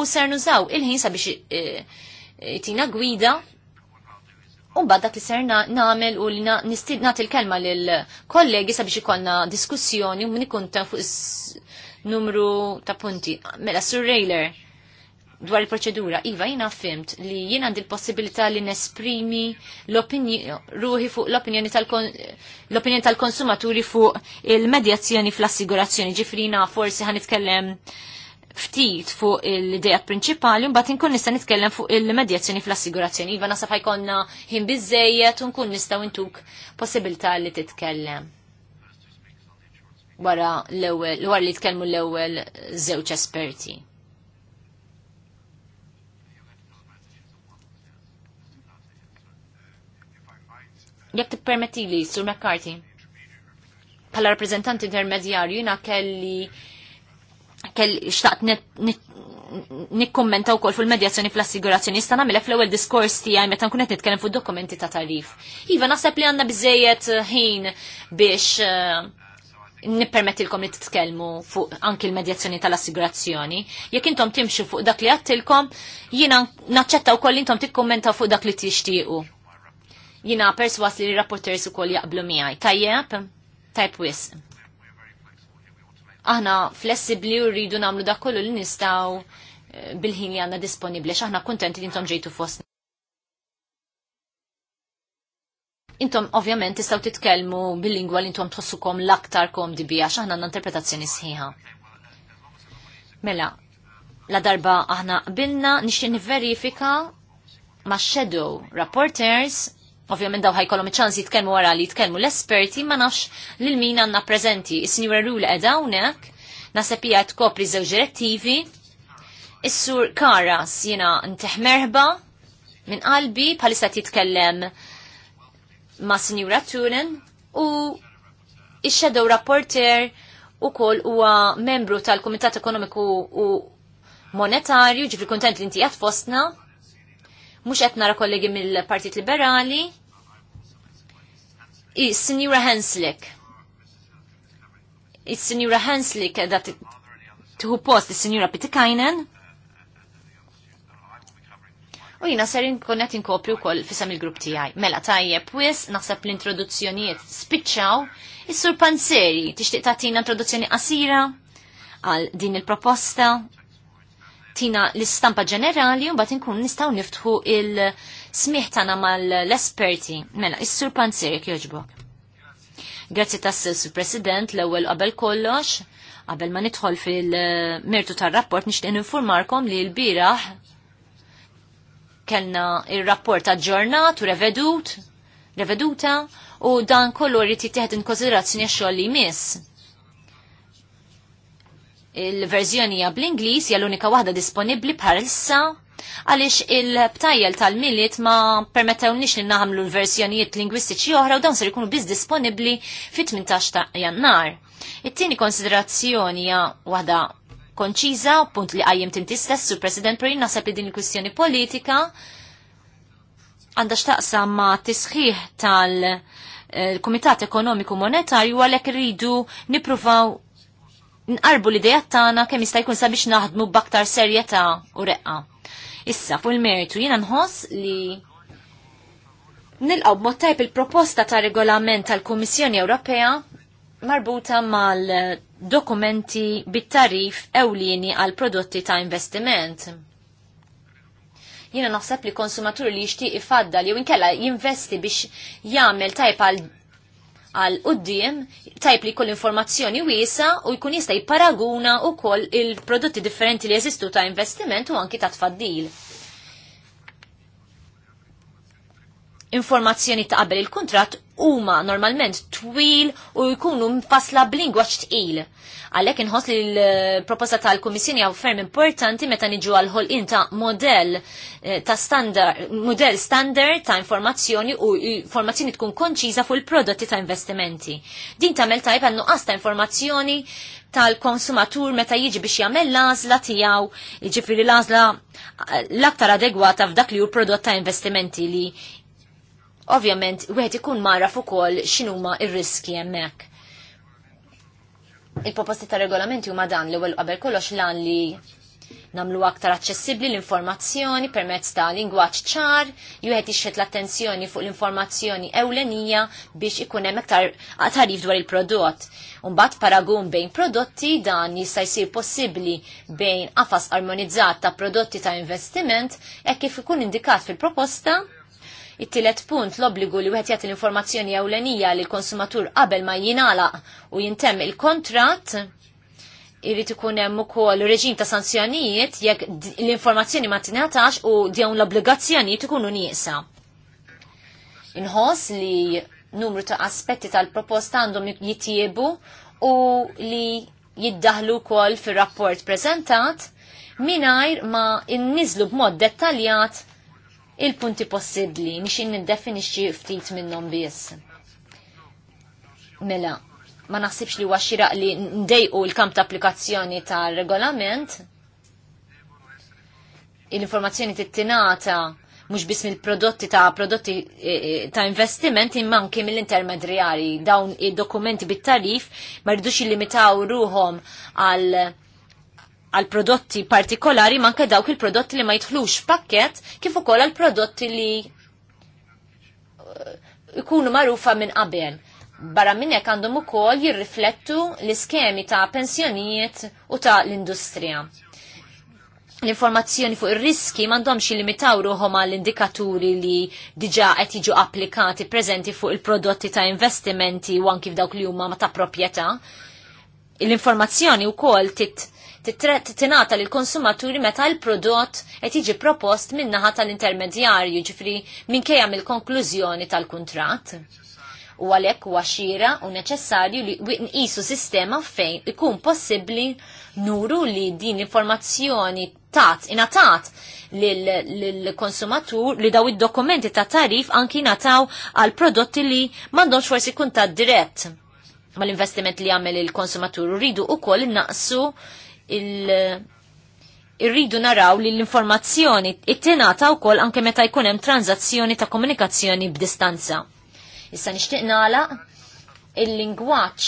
u ser nużaw il-ħin sabiex eh, eh, tina gwida u bad dak li ser namel u li nistid nagħti l-kelma l kollegi sabiex ikollna diskussjoni u min ikun ta' fuq numru ta' punti. Mela Rejler dwar il-proċedura, Iva, jina fimt li jina għandi l-possibilità li nesprimi ruħi fuq l-opinjoni tal-konsumaturi fuq il-medjazzjoni fl-assigurazzjoni. Ġifrina forsi għan itkellem ftit fuq l-ideja prinċipali, un batin nkun nista nitkellem fuq il-medjazzjoni fl-assigurazzjoni. Iva, fajkonna ħajkonna him bizzejiet, kun nista' intuk possibilità li titkellem wara l-ewel, wara li tkellmu l-ewel żewġ esperti. Jek t-permetti li, Sur McCarthy, pala rappresentanti intermedjarju jina kelli kelli xtaqt nikkommentaw wkoll fil-medjazzjoni fl-assigurazzjoni istana nagħmilek fl-ewwel diskors tiegħi meta nkun qed nitkellem fuq dokumenti ta' tarif. Iva naħseb li għandna biżejjed eh, ħin biex eh, nippermettilkom li titkellmu fuq anki l-medjazzjoni tal-assigurazzjoni. Jekk intom timxu fuq dak li għattilkom, jiena naċċetta wkoll intom tikkommentaw fuq dak li tixtiequ Jina perswas li l-rapporters u koll jaqblu miħaj. Tajjeb, tajb wis. Aħna flessibli u rridu namlu da kollu li nistaw eh, bil-ħin li għanna disponibli, aħna kontenti li intom ġejtu fosna. Intom ovvjament tistaw titkellmu bil-lingwa li intom tħossukom l-aktar kom bija, xaħna għanna interpretazzjoni sħiħa. Mela, la darba aħna qbilna nixin verifika ma' shadow rapporters Ovvjament daw ħajkolhom iċ-ċans jitkellmu wara li jitkellmu l-esperti ma nafx lil min għandna preżenti. Is-Sinjura Rule qed hawnhekk, naħseb hija tkopri żewġ direttivi. Is-Sur Karas jiena n merħba minn qalbi bħalissa titkellem ma' Sinjura Tunen u ix-Shadow Rapporter ukoll huwa membru tal-Kumitat Ekonomiku u Monetarju, ġifri kontent li inti għat fostna, mux etnara kollegi mill-Partit Liberali, Signora Henslick. Is-Signora Henslick edha eh, tħu post is-Signora eh, Pitikainen. U jina ser inkonet inkopju wkoll fisem il-grupp tiegħi. Mela tajjeb wis naħseb l-introduzzjonijiet spiċċaw. Is-Sur Panzeri tixtieq tagħtina introduzzjoni qasira għal din il-proposta tina l-istampa ġenerali un bat inkun nistaw niftħu il- smiħ tagħna mal-esperti. Mela, is-Sur Panzer joġbok. Grazzi tassil sur President l-ewwel qabel kollox, qabel ma nidħol fil mirtu tar-rapport nixtieq infurmarkom li l biraħ kellna il rapport aġġornat u revedut, reveduta u dan kollu rriti jittieħed in konsiderazzjoni għax-xogħol li jmiss. Il-verżjoni hija bl-Ingliż hija l-unika waħda disponibbli bħalissa għaliex il-btajjel tal millit ma permettewniex li naħamlu l-versjonijiet lingwistiċi oħra u dawn ser ikunu biss disponibbli fit-18 ta' jannar. It-tieni konsiderazzjoni hija waħda konċiża, punt li qajjem tinti stess u President Perin naħseb li din il-kwistjoni politika għandha x'taqsam ma' tisħiħ tal-Kumitat eh, Ekonomiku Monetarju għalhekk irridu nippruvaw nqarbu l-idejat tagħna kemm jista' jkun sabiex naħdmu b'aktar serjetà u reqqa. Issa, fu l mertu jiena nħoss li nilqaw b'mod il-proposta ta' regolament tal-Kummissjoni Ewropea marbuta mal-dokumenti bit-tarif ewlieni għal prodotti ta' investiment. Jiena naħseb li konsumatur li jixtieq ifadda li inkella jinvesti biex jagħmel tajb għal uddim tajp li kull informazzjoni wiesa u jkun jista' jipparaguna wkoll il-prodotti differenti li jeżistu ta' investiment u anki ta' tfaddil. Informazzjoni ta' qabel il-kuntratt huma normalment twil u jkunu mfasla b'lingwaġġ tqil. Għalhekk inħoss li l-proposta tal-Kummissjoni hawn ferm importanti meta niġu għal ħolqien ta' model eh, ta' standard, model standard ta' informazzjoni u informazzjoni tkun konċiża fuq il-prodotti ta' investimenti. Din tagħmel tajb għal nuqqas ta' informazzjoni tal-konsumatur meta jiġi biex jagħmel l-għażla tiegħu, jiġifieri l-għażla l-aktar adegwata f'dak li hu prodott ta' investimenti li Ovvjament, wieħed ikun maraf ukoll x'inhuma ir-riski hemmhekk. Il-proposti ta' regolamenti huma dan li ewwel qabel kollox lan li namlu aktar aċċessibbli l-informazzjoni permezz ta' lingwaġġ ċar, juħet ixxet l-attenzjoni fuq l-informazzjoni ewlenija biex ikun hemm aktar tarif dwar il-prodott. Umbagħad paragun bejn prodotti dan jista' jsir possibbli bejn qafas armonizzat ta' prodotti ta' investiment hekk kif ikun indikat fil-proposta It-tielet punt l-obbligu li wieħed jagħti l-informazzjoni ewlenija lil konsumatur qabel ma jinala u jintemm il-kontratt irrid ikun hemm ukoll reġim ta' sanzjonijiet jekk l-informazzjoni ma tingħatax u dawn l-obbligazzjonijiet ikunu nieqsa. Inħoss li numru ta' aspetti tal-proposta għandhom jittiebu u li jiddaħlu kol fil-rapport prezentat minajr ma innizlu b'mod dettaljat il-punti possibbli nixin niddefinixxi ftit minnhom biss. Mela, ma naħsibx li huwa xiraq li ndejqu l-kamp ta' applikazzjoni tar-regolament. Il-informazzjoni tittinata mux biss mill-prodotti ta' prodotti e, e, ta' investiment imman kim mill-intermedjari dawn id-dokumenti bit-tarif ma rridux illimitaw ruhom għal għal prodotti partikolari manke dawk il-prodotti li ma jitħlux pakket kif ukoll għal prodotti li uh, ikunu marufa minn qabel. Barra minn hekk għandhom ukoll jirriflettu l-iskemi ta' pensjonijiet u ta' l-industrija. L-informazzjoni fuq ir-riski m'għandhomx limitaw ruħhom għall indikaturi li diġà qed jiġu applikati preżenti fuq il-prodotti ta' investimenti u anki f'dawk li huma ta' proprjetà. L-informazzjoni wkoll tit titinata l konsumaturi meta l-prodott qed jiġi propost min-naħa tal-intermedjarju, ġifri minkejja mill-konklużjoni tal-kuntratt. U għalhekk huwa xira u neċessarju li nqisu sistema fejn ikun possibbli nuru li din informazzjoni tat, inatat l-konsumatur li daw id-dokumenti ta' tarif anki nataw għal prodotti li mandonx forsi kun ta' dirett ma l-investiment li għamel il-konsumatur rridu u koll naqsu il- irridu naraw li l-informazzjoni it-tinata wkoll anke meta jkun hemm tranzazzjoni ta' komunikazzjoni b'distanza. Issa nixtieq nagħlaq il-lingwaġġ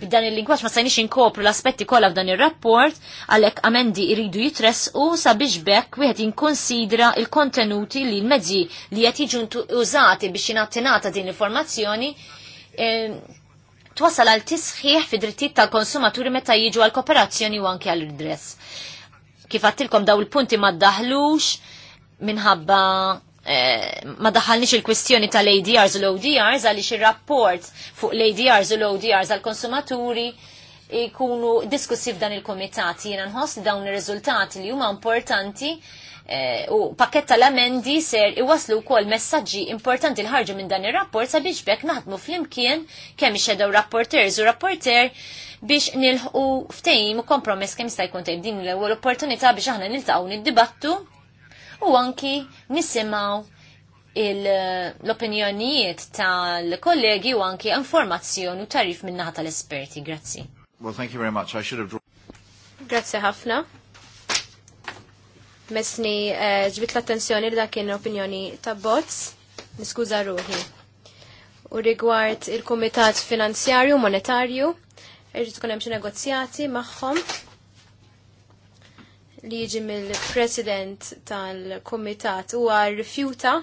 b'dan il-lingwaġġ ma stajniex inkopru l-aspetti kollha f'dan ir-rapport għalhekk amendi jridu jitresqu sabiex bekk wieħed jinkonsidra il-kontenuti li l-mezzi li qed jiġu użati biex jingħatinata din l-informazzjoni eh, twasal għal tisħiħ fi drittijiet tal-konsumaturi meta jiġu għal kooperazzjoni u anke għal idress Kif għattilkom daw il-punti ma daħlux minħabba eh, ma daħalnix il-kwistjoni tal-ADRs u l-ODRs għaliex ir-rapport fuq l-ADRs u l-ODRs għal-konsumaturi ikunu diskussi f'dan il komitati jiena nħoss dawn ir-riżultati li huma importanti Eh, u pakketta tal-amendi ser iwaslu kol messaġġi importanti l-ħarġu minn dan ir-rapport sabiex bekk naħdmu fl-imkien kemm ixedaw rapporters u rapporter biex nilħu ftejim u kompromess kemm jista' jkun tgħid din l-ewwel opportunità biex aħna niltaqgħu nid-dibattu u anki nisimgħu l-opinjonijiet tal-kollegi u anki informazzjoni u tarif minnaħa tal-esperti. Grazzi. Well, thank you very much. I should have drawn... Grazzi ħafna mesni eh, ġbit l-attenzjoni li dakin opinjoni ta' bots, niskuza ruħi. U rigward il-Kumitat Finanzjarju Monetarju, irġit kunem hemm xi negozjati magħhom li jiġi mill-President tal-Kumitat huwa rrifjuta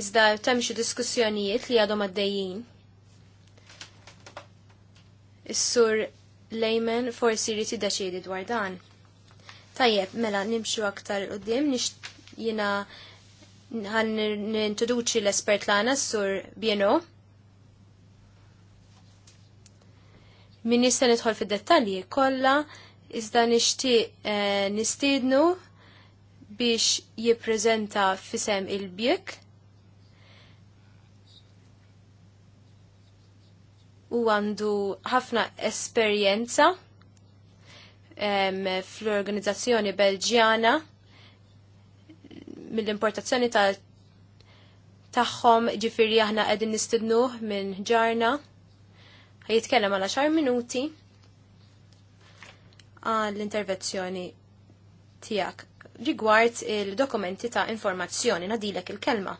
iżda temm xi diskussjonijiet li għadhom għaddejjin. Is-sur Lejmen forsi jrid jiddeċiedi dwar dan. Tajjeb, mela nimxu aktar dim, nix jina għan nintroduċi l-espert l-għana sur BNO. Min nista' nidħol fid-dettalji kollha iżda nixtieq eh, nistiednu biex jippreżenta fisem il-bjek. U għandu ħafna esperjenza fl-organizzazzjoni Belġjana mill-importazzjoni ta' tagħhom ġifiri aħna qegħdin nistidnuh minn ġarna. Ħajitkellem għal xar minuti għal intervenzjoni tiegħek rigward il-dokumenti ta' informazzjoni nadilek il-kelma.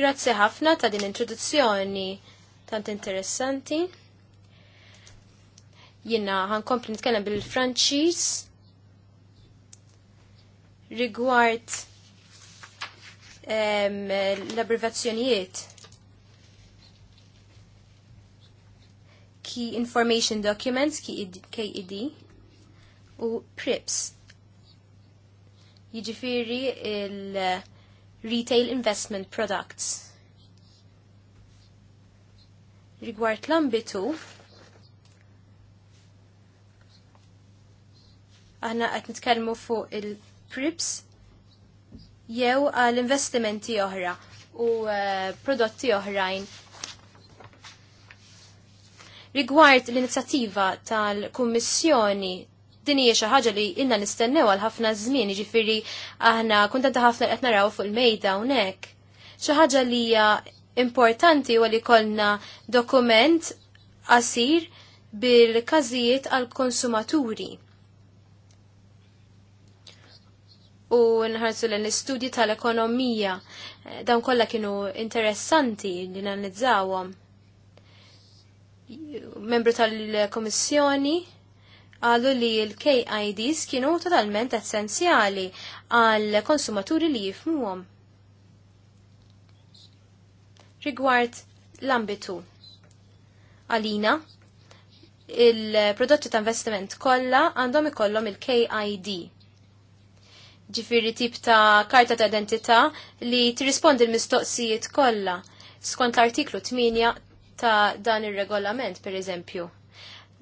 Grazzi ħafna ta' din introduzzjoni tant interessanti. Jina kompli nitkellem bil-Franċiż rigward l abrivazzjonijiet Key Information Documents, KED, u PRIPS. Jiġifieri il-Retail Investment Products rigward l-ambitu Aħna qed nitkellmu fuq il-prips jew għal investimenti oħra u eh, prodotti oħrajn. Rigward l-inizjattiva tal-Kummissjoni din hija xi ħaġa li ilna nistennew għal ħafna żmien, jiġifieri aħna kuntenta ħafna qed naraw fuq il-mejda hawnhekk. Xi ħaġa li hija importanti huwa li kollna dokument qasir bil-każijiet għal konsumaturi. u nħarsu l istudji tal-ekonomija. Eh, dawn kollha kienu interessanti li nanizzawhom. Membru tal-Komissjoni għalu li l-KIDs kienu totalment essenzjali għal konsumaturi li jifmuhom. Rigward l-ambitu. Għalina, il-prodotti ta' investiment kollha għandhom ikollhom il-KID ġifiri tip ta' karta ta' identità li tirrispondi l-mistoqsijiet kollha skont l-artiklu 8 ta' dan ir-regolament per eżempju.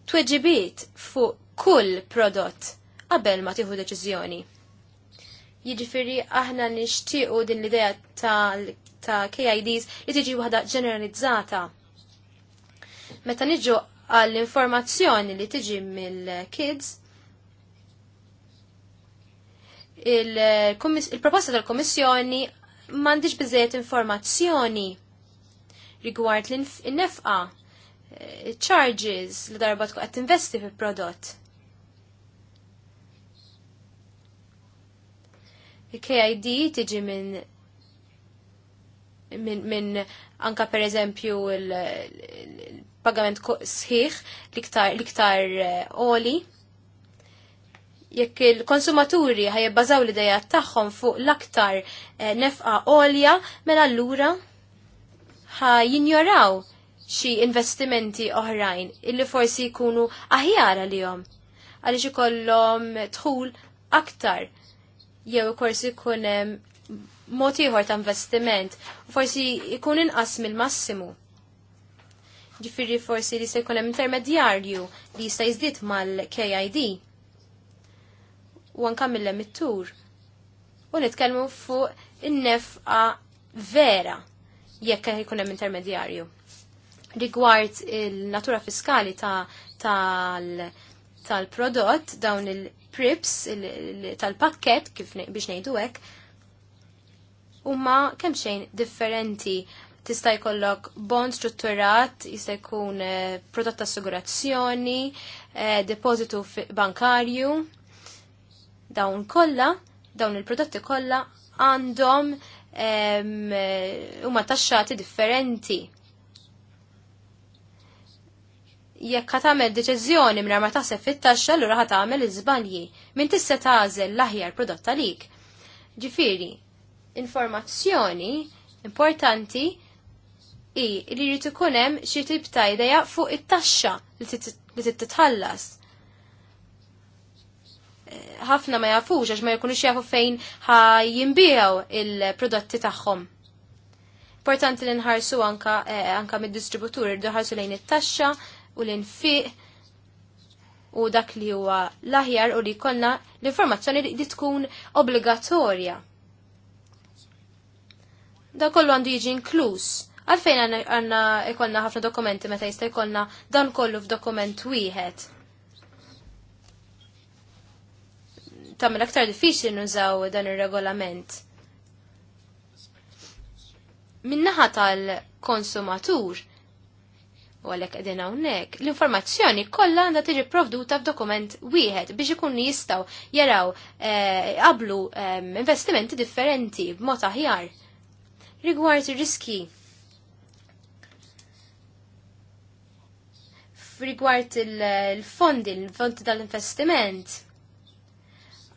Tweġibiet fuq kull prodott qabel ma tieħu deċiżjoni. Jiġifieri aħna nixtiequ din l-idea ta', ta KIDs li tiġi waħda ġeneralizzata. Meta niġu għall-informazzjoni li tiġi mill-kids, il-proposta il proposta tal komissjoni mandiġ bizziet informazzjoni rigward l-nefqa, eh, charges li darba tkun qed investi fil-prodott. Il-KID tiġi minn minn min, anka per eżempju il-pagament sħiħ liktar liktar eh, oli jekk il-konsumaturi ħajibbażaw l-ideja tagħhom fuq l-aktar eh, nefqa għolja, mela allura jinjoraw xi investimenti oħrajn illi forsi jkunu aħjar għalihom għaliex ikollhom dħul aktar jew ikorsi jkun mod ieħor ta' investiment u forsi jkun inqas mill-massimu. Ġifieri forsi li se jkun hemm intermedjarju li jista' jiżdied mal-KID u anka mill-emittur. U nitkellmu fuq in-nefqa vera jekk jkun hemm intermedjarju. Rigward il-natura fiskali tal-prodott, ta dawn il-prips il tal-pakket kif biex ngħidu hekk, huma kemm xejn differenti tista' jkollok bond strutturat, jista' jkun eh, prodott assigurazzjoni, eh, depożitu bankarju, Dawn kollha, dawn il-prodotti kollha għandhom huma taxxati differenti. Jekk tagħmel deċiżjoni minn ma taħseb fit-taxxa lura ħa tagħmel iż-żbalji min tista' tagħżel l-aħjar prodott għalik. Ġifieri, informazzjoni importanti i li jrid ikun hemm xi tip ta' idea fuq it-taxxa li titħallas ħafna ma jafux għax ma jkunux jafu fejn ħa jimbijaw il-prodotti tagħhom. Importanti li nħarsu anka, eh, anka mid-distributur, irdu ħarsu lejn it-taxxa u l-infiq u dak li huwa l-aħjar u li jkollna l-informazzjoni li tkun obbligatorja. Da kollu għandu jiġi inkluż. Għalfejn għanna ikonna ħafna dokumenti meta jista' jkollna dan kollu f'dokument wieħed tagħmel aktar diffiċli nużaw dan ir-regolament. Min-naħa tal-konsumatur, u għalhekk qegħdin hawnhekk, l-informazzjoni kollha għandha tiġi provduta f'dokument wieħed biex ikunu jistgħu jaraw eh, qablu e, e, investimenti differenti b'mod aħjar. Rigward ir-riski rigward il-fondi, il-fondi tal-investiment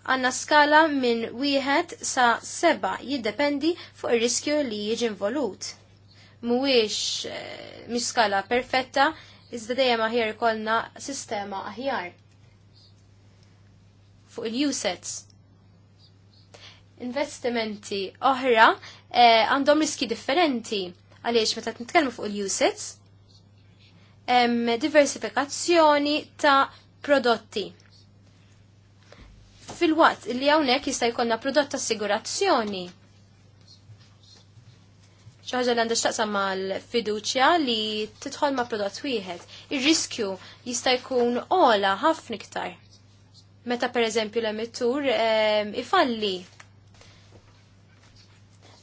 għanna skala minn wieħed sa seba jiddependi fuq ir-riskju li jiġi involut. Mhuwiex eh, mhix skala perfetta, iżda dejjem aħjar ikollna sistema aħjar. Fuq il-usets. Investimenti oħra eh, għandhom eh, riski differenti għaliex meta nitkellmu fuq il-usets, diversifikazzjoni ta' prodotti fil-waqt li hawnhekk jista' jkollna prodott assigurazzjoni. Xi ħaġa li għandha x'taqsam mal-fiduċja li tidħol ma' prodott wieħed. Ir-riskju jista' jkun ola ħafna iktar. Meta pereżempju l-emittur ehm, ifalli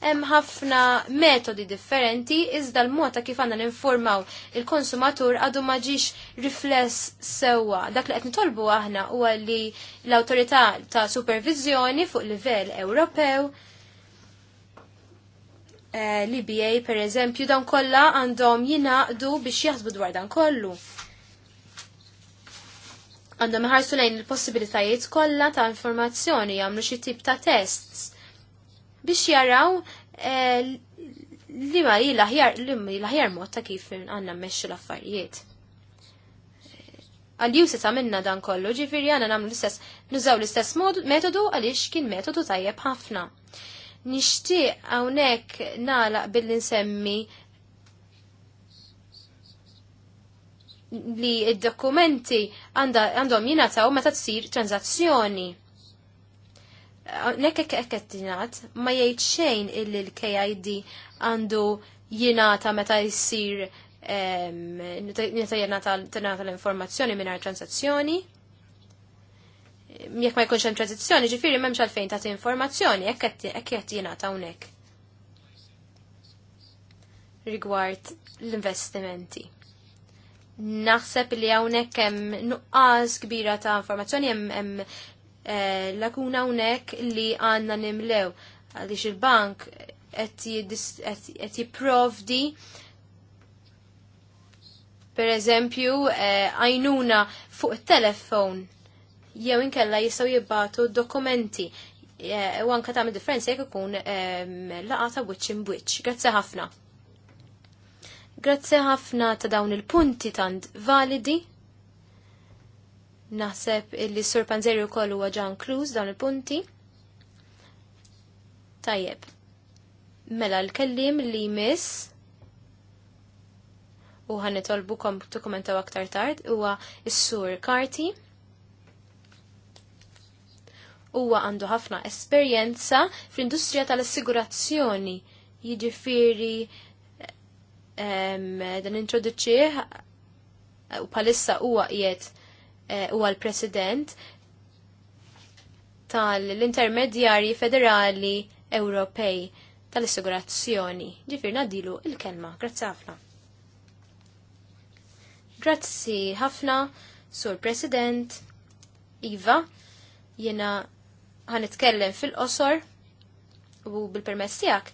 hemm ħafna metodi differenti iżda l-mod ta' kif għandna ninformaw il-konsumatur għadu ma ġiex rifless sewwa. Dak li qed nitolbu aħna huwa li l-awtorità ta' supervizjoni fuq livell Ewropew eh, l-IBA per eżempju dan kollha għandhom jinaqdu biex jaħsbu dwar dan kollu għandhom ħarsu lejn il-possibilitajiet kollha ta' informazzjoni jagħmlu xi tip ta' tests biex jaraw li ma l-aħjar mod ta' kif għanna mmexxu l-affarijiet. Għal-ju se minna dan kollu, ġifiri għanna namlu l-istess, nużaw l-istess metodu għalix kien metodu tajjeb ħafna. Nishti għawnek nala billi nsemmi li id-dokumenti għandhom jinataw meta tsir tranzazzjoni nekke hekk hekk ma jgħid xejn illi l-KID għandu jingħata meta jsir meta l-informazzjoni mingħajr transazzjoni. Jekk ma jkunx hemm tranzizzjoni, ġifieri m'hemmx għalfejn tagħti informazzjoni, hekk qed jingħata hawnhekk. Rigward l-investimenti. Naħseb li hawnhekk hemm nuqqas kbira ta' informazzjoni hemm Eh, lakuna unek li għanna nimlew għalix il-bank għet jiprovdi per eżempju eh, għajnuna fuq il-telefon jew inkella jistaw jibbatu dokumenti eh, u anka ta' differenza jek ikun laqata witch in witch. Grazzi ħafna. Grazzi ħafna ta' dawn il-punti tant validi. Naħseb illi Sur Panzeri u kollu għagħan kluż dawn il-punti. Tajjeb. Mela l-kellim li miss u itolbu kom dokumentaw aktar tard huwa s-sur Karti. Huwa għandu ħafna esperjenza fl-industrija tal-assigurazzjoni. Jiġifieri dan introduċih u palissa huwa qiegħed Eh, u għal president tal-Intermedjari Federali Ewropej tal-Assigurazzjoni. Ġifir nadilu il-kelma. Grazzi ħafna. Grazzi ħafna, Sur President, Iva, jena ħanitkellem fil-qosor u bil-permess tijak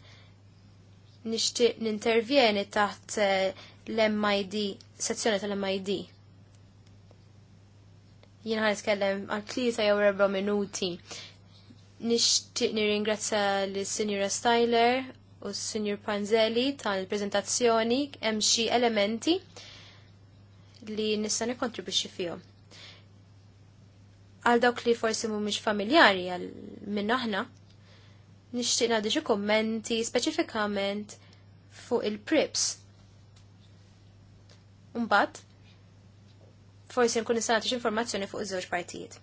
nishtiq nintervjeni taħt eh, l-MID, sezzjoni tal-MID. Jien ħan kellem għal tlieta jew erba' minuti. Nixtieq nirringrazzja lis-Sinjura Styler u s-Sinjur Panzelli tal-preżentazzjoni hemm xi elementi li nista' nikkontribwixxi fihom. Għal dawk li forsi mhumiex familjari għal minn aħna, nixtieq ngħaddi xi kummenti speċifikament fuq il-prips. Mbagħad, forsi nkun nistgħu informazzjoni fuq iż-żewġ partijiet.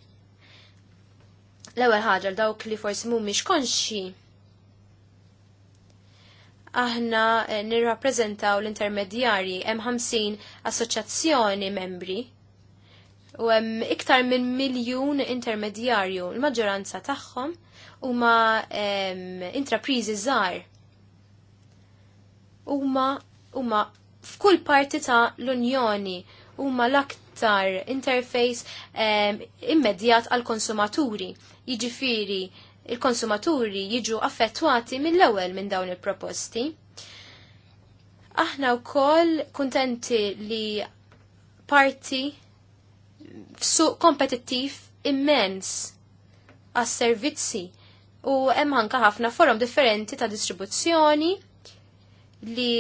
L-ewwel ħaġa dawk li forsi mhumiex konxi aħna eh, nirrappreżentaw l-intermedjarji hemm 50 assoċjazzjoni membri u hemm iktar minn miljun intermedjarju, l-maġġoranza tagħhom huma intrapriżi żgħar. Huma huma f'kull parti ta' l-Unjoni huma l-aktar iktar interface um, immedjat għal konsumaturi. Jiġifieri il-konsumaturi jiġu affettwati mill-ewwel minn dawn il-proposti. Aħna wkoll kuntenti li parti f'suq kompetittiv immens għas-servizzi u hemm anka ħafna forum differenti ta' distribuzzjoni li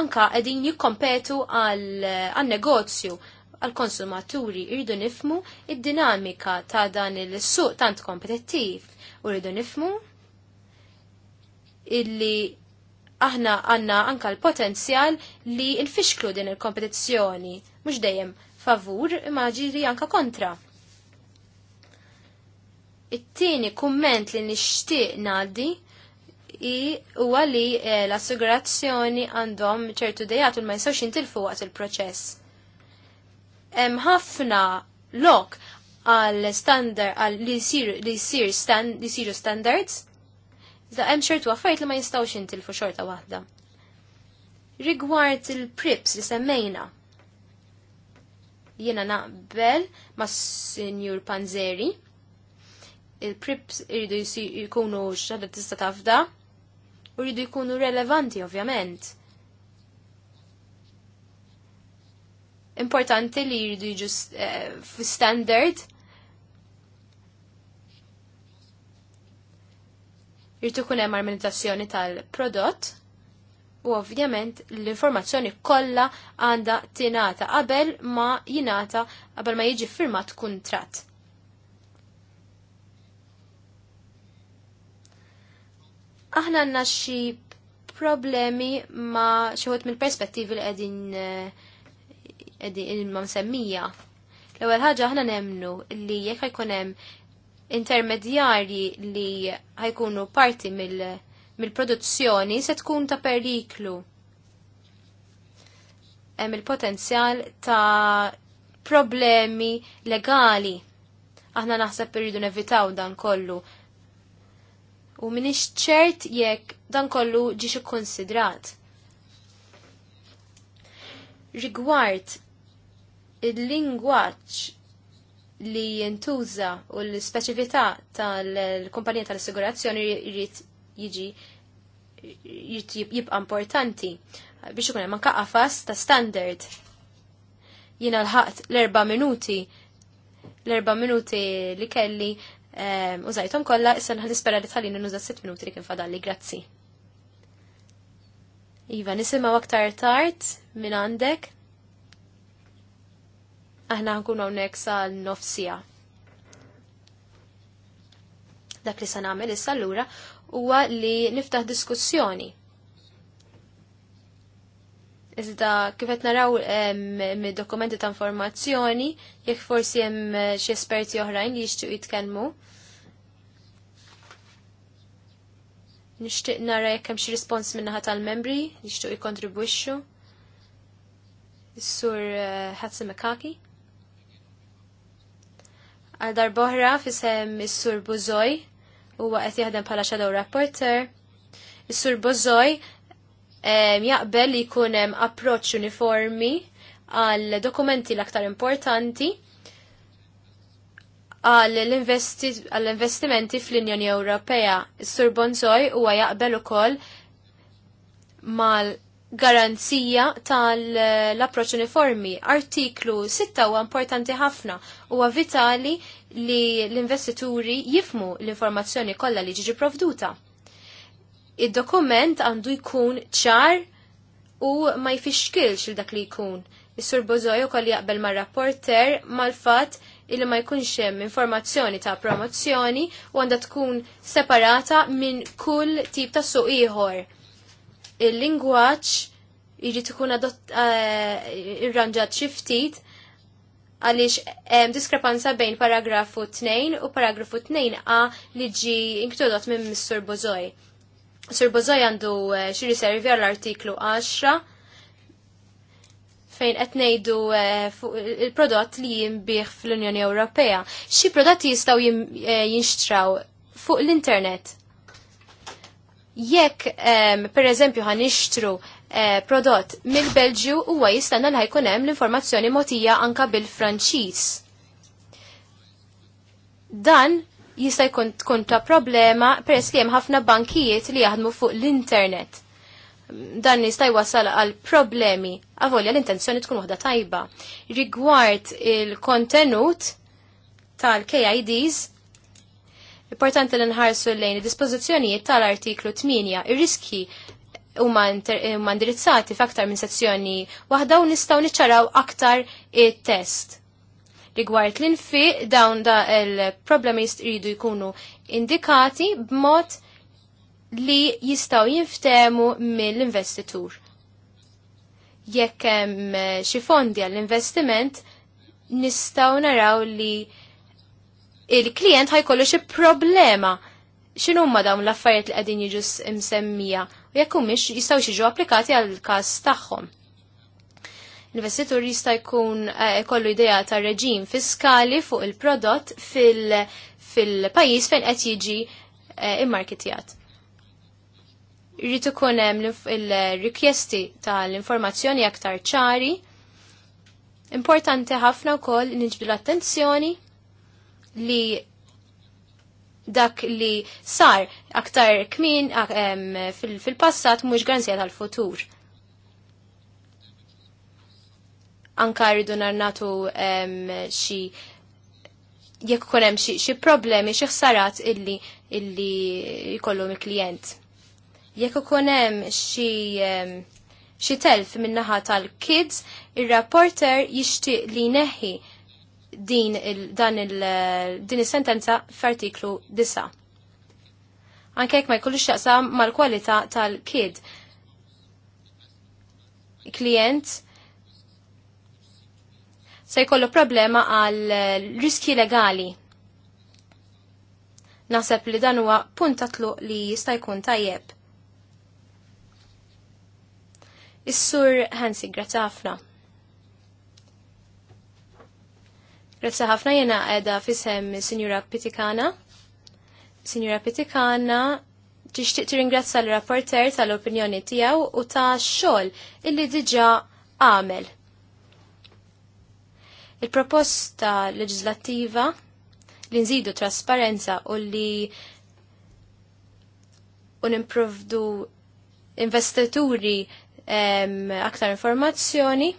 anka qegħdin jikkompetu għal negozju għal-konsumaturi jridu nifmu id-dinamika ta' dan il-suq tant kompetittiv u rridu nifmu illi aħna għanna anka l-potenzjal li nfixklu din il-kompetizzjoni, mux dejjem favur imma ġiri anka kontra. It-tieni kumment li nixtieq ngħaddi i huwa li eh, l-assigurazzjoni għandhom ċertu dejat u ma jistgħux jintilfu waqt il-proċess hemm ħafna lok għal standard għal li sir li sir stand li jsiru standards iżda hemm ċertu affarijiet li ma jistgħux intilfu xorta waħda. Rigward il-prips li semmejna jiena naqbel ma' Sinjur Panzeri il-prips irridu jkunu xaħda tista tafda u jridu jkunu relevanti ovvjament importanti li jridu jiġu uh, standard jirtu kunem armonizzazzjoni tal-prodott u ovvjament l-informazzjoni kollha għandha tingħata qabel ma jingħata qabel ma jiġi firmat kuntratt. Aħna għandna xi problemi ma xi mill-perspettivi li qegħdin eh, ma msemmija. L-ewwel ħaġa aħna nemnu li jekk ħajkunem hemm intermedjarji li ħajkunu parti mill-produzzjoni mil se tkun ta' periklu. Hemm il-potenzjal ta' problemi legali. Aħna naħseb irridu nevitaw dan kollu. U minix ċert jekk dan kollu ġiex ikkonsidrat. Rigward il-lingwaġġ li jintuża u l-speċifità tal-kumpanija tal-assigurazzjoni jrid jiġi jibqa' importanti biex ikun hemm qafas ta' standard. Jiena l-ħaqt l-erba' minuti l-erba' minuti li kelli ehm, użajthom kollha issa nispera li tħallini nuża sitt minuti li kien fadalli, grazzi. Iva, nisimgħu aktar tard minn għandek aħna nkun hawnhekk sal nofsija. Dak li se nagħmel issa allura huwa li niftaħ diskussjoni. Iżda kif qed naraw mid-dokumenti ta' informazzjoni, jekk forsi hemm xi esperti oħrajn li jixtiequ jitkellmu. Nixtieq nara jekk hemm xi rispons min-naħa tal-membri jixtiequ jikkontribwixxu. Is-sur eh, Hatsi Mekaki għal darboħra fisem is-sur Buzoj huwa qed jaħdem bħala shadow rapporter. Is-sur Buzoj jaqbel li jkun hemm approċċ uniformi għal dokumenti l-aktar importanti għal investimenti fl-Unjoni Ewropea. Is-sur u huwa jaqbel ukoll mal garanzija tal-approċ uniformi. Artiklu 6 huwa importanti ħafna huwa vitali li l-investituri jifmu l-informazzjoni kollha li ġiġi provduta. Id-dokument għandu jkun ċar u ma jfixkilx il dak li jkun. Is-sur Bożoj ukoll jaqbel mar-rapporter mal-fatt illi ma jkunx hemm informazzjoni ta' promozzjoni u għandha tkun separata minn kull tip ta' suq ieħor il-lingwaġġ jrid ikun eh, irranġat xi ftit għaliex hemm diskrepanza bejn paragrafu 2 u paragrafu 2a li ġi inktodot minn Mr. Bozoj. Sur Bozoj għandu eh, xi riservi għall-artiklu 10 fejn qed ngħidu eh, il-prodott li jinbih fl-Unjoni Ewropea. Xi prodotti jistgħu jinxtraw fuq l-internet jekk um, per eżempju ħan ixtru uh, eh, prodott mill-Belġju huwa jistenna li ħajkun hemm l-informazzjoni motija anka bil-Franċiż. Dan jista' jkun tkun ta' problema peress li hemm ħafna bankijiet li jaħdmu fuq l-internet. Dan jista' jwassal għal problemi avolja l-intenzjoni tkun waħda tajba. Rigward il-kontenut tal-KIDs Importanti li nħarsu lejn id-dispożizzjonijiet tal-artiklu 8 ir-riski huma indirizzati f'aktar minn sezzjoni waħda u nistgħu niċċaraw aktar it-test. Rigward l-infi dawn da il-problemi jridu jkunu indikati b'mod li jistaw jinftemu mill-investitur. Jekk hemm xi fondi għall-investiment, nistgħu naraw li il-klient ħajkollu xi problema X'in huma dawn l-affarijiet li qegħdin jiġu msemmija u jekk humiex jistgħu jiġu applikati għal każ tagħhom. Investitur jista' jkun eh, ikollu idea ta' reġim fiskali fuq il-prodott fil-pajjiż fejn qed jiġi eh, immarketjat. Irrid ikun hemm il-rikjesti tal-informazzjoni aktar ċari. Importanti ħafna wkoll niġbdu l-attenzjoni li dak li sar aktar kmin fil-passat fil mhux garanzija tal-futur. Anka rridu narnatu xi jekk ikun hemm xi problemi, xi ħsarat illi illi jkollhom il-klijent. Jekk ikun hemm xi xi telf min-naħa tal-kids, ir-rapporter jixtieq li jneħħi din il, dan il, din is-sentenza f'artiklu 9. Anke jekk ma jkollux xaqsam mal-kwalità tal-kid. Klient se jkollu problema għal riski legali. Naħseb li dan huwa punt li jista' jkun tajjeb. Is-sur Hansi, grazzi ħafna. Refsa ħafna jena għeda fisem Signora Pitikana. Signora Pitikana tixtieq tirringrazzja l-rapporter tal-opinjoni tiegħu u ta' xogħol illi diġà għamel. Il-proposta leġislattiva li nżidu trasparenza u li unimprovdu investituri aktar informazzjoni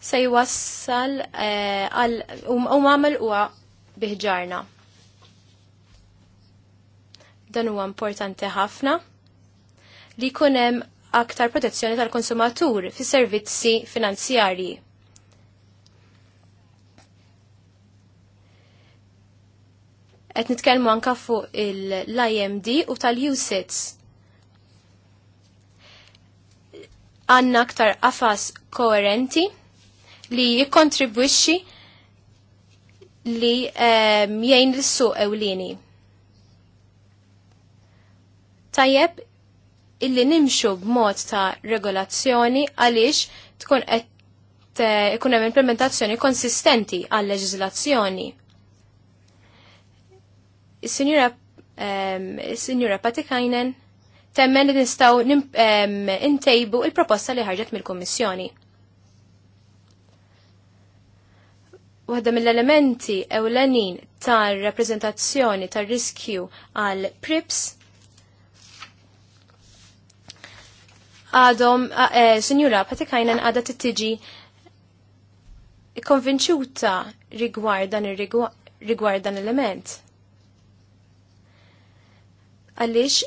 se jwassal eh, għal u um, um, għamil huwa biħġarna. Dan huwa importanti ħafna li kunem aktar protezzjoni tal-konsumatur fi servizzi finanzjarji. Qed nitkellmu anka fuq l-IMD u tal-USITS għanna aktar qafas koerenti li jikkontribwixxi li ehm, jgħin l-suq ewlieni. Tajjeb illi nimxu b'mod ta' regolazzjoni għaliex tkun qed eh, ikun hemm implementazzjoni konsistenti għal leġiżlazzjoni. Is-Sinjura ehm, Sinjura Patikajnen temmen li nistgħu ehm, intejbu il-proposta li ħarġet mill-Kummissjoni. Waħda mill-elementi ewlenin tar reprezentazzjoni tar-riskju għal PRIPS għadhom, e, sinjura, patikajnen għadha tittiġi konvinċuta rigward dan rigward element. Għaliex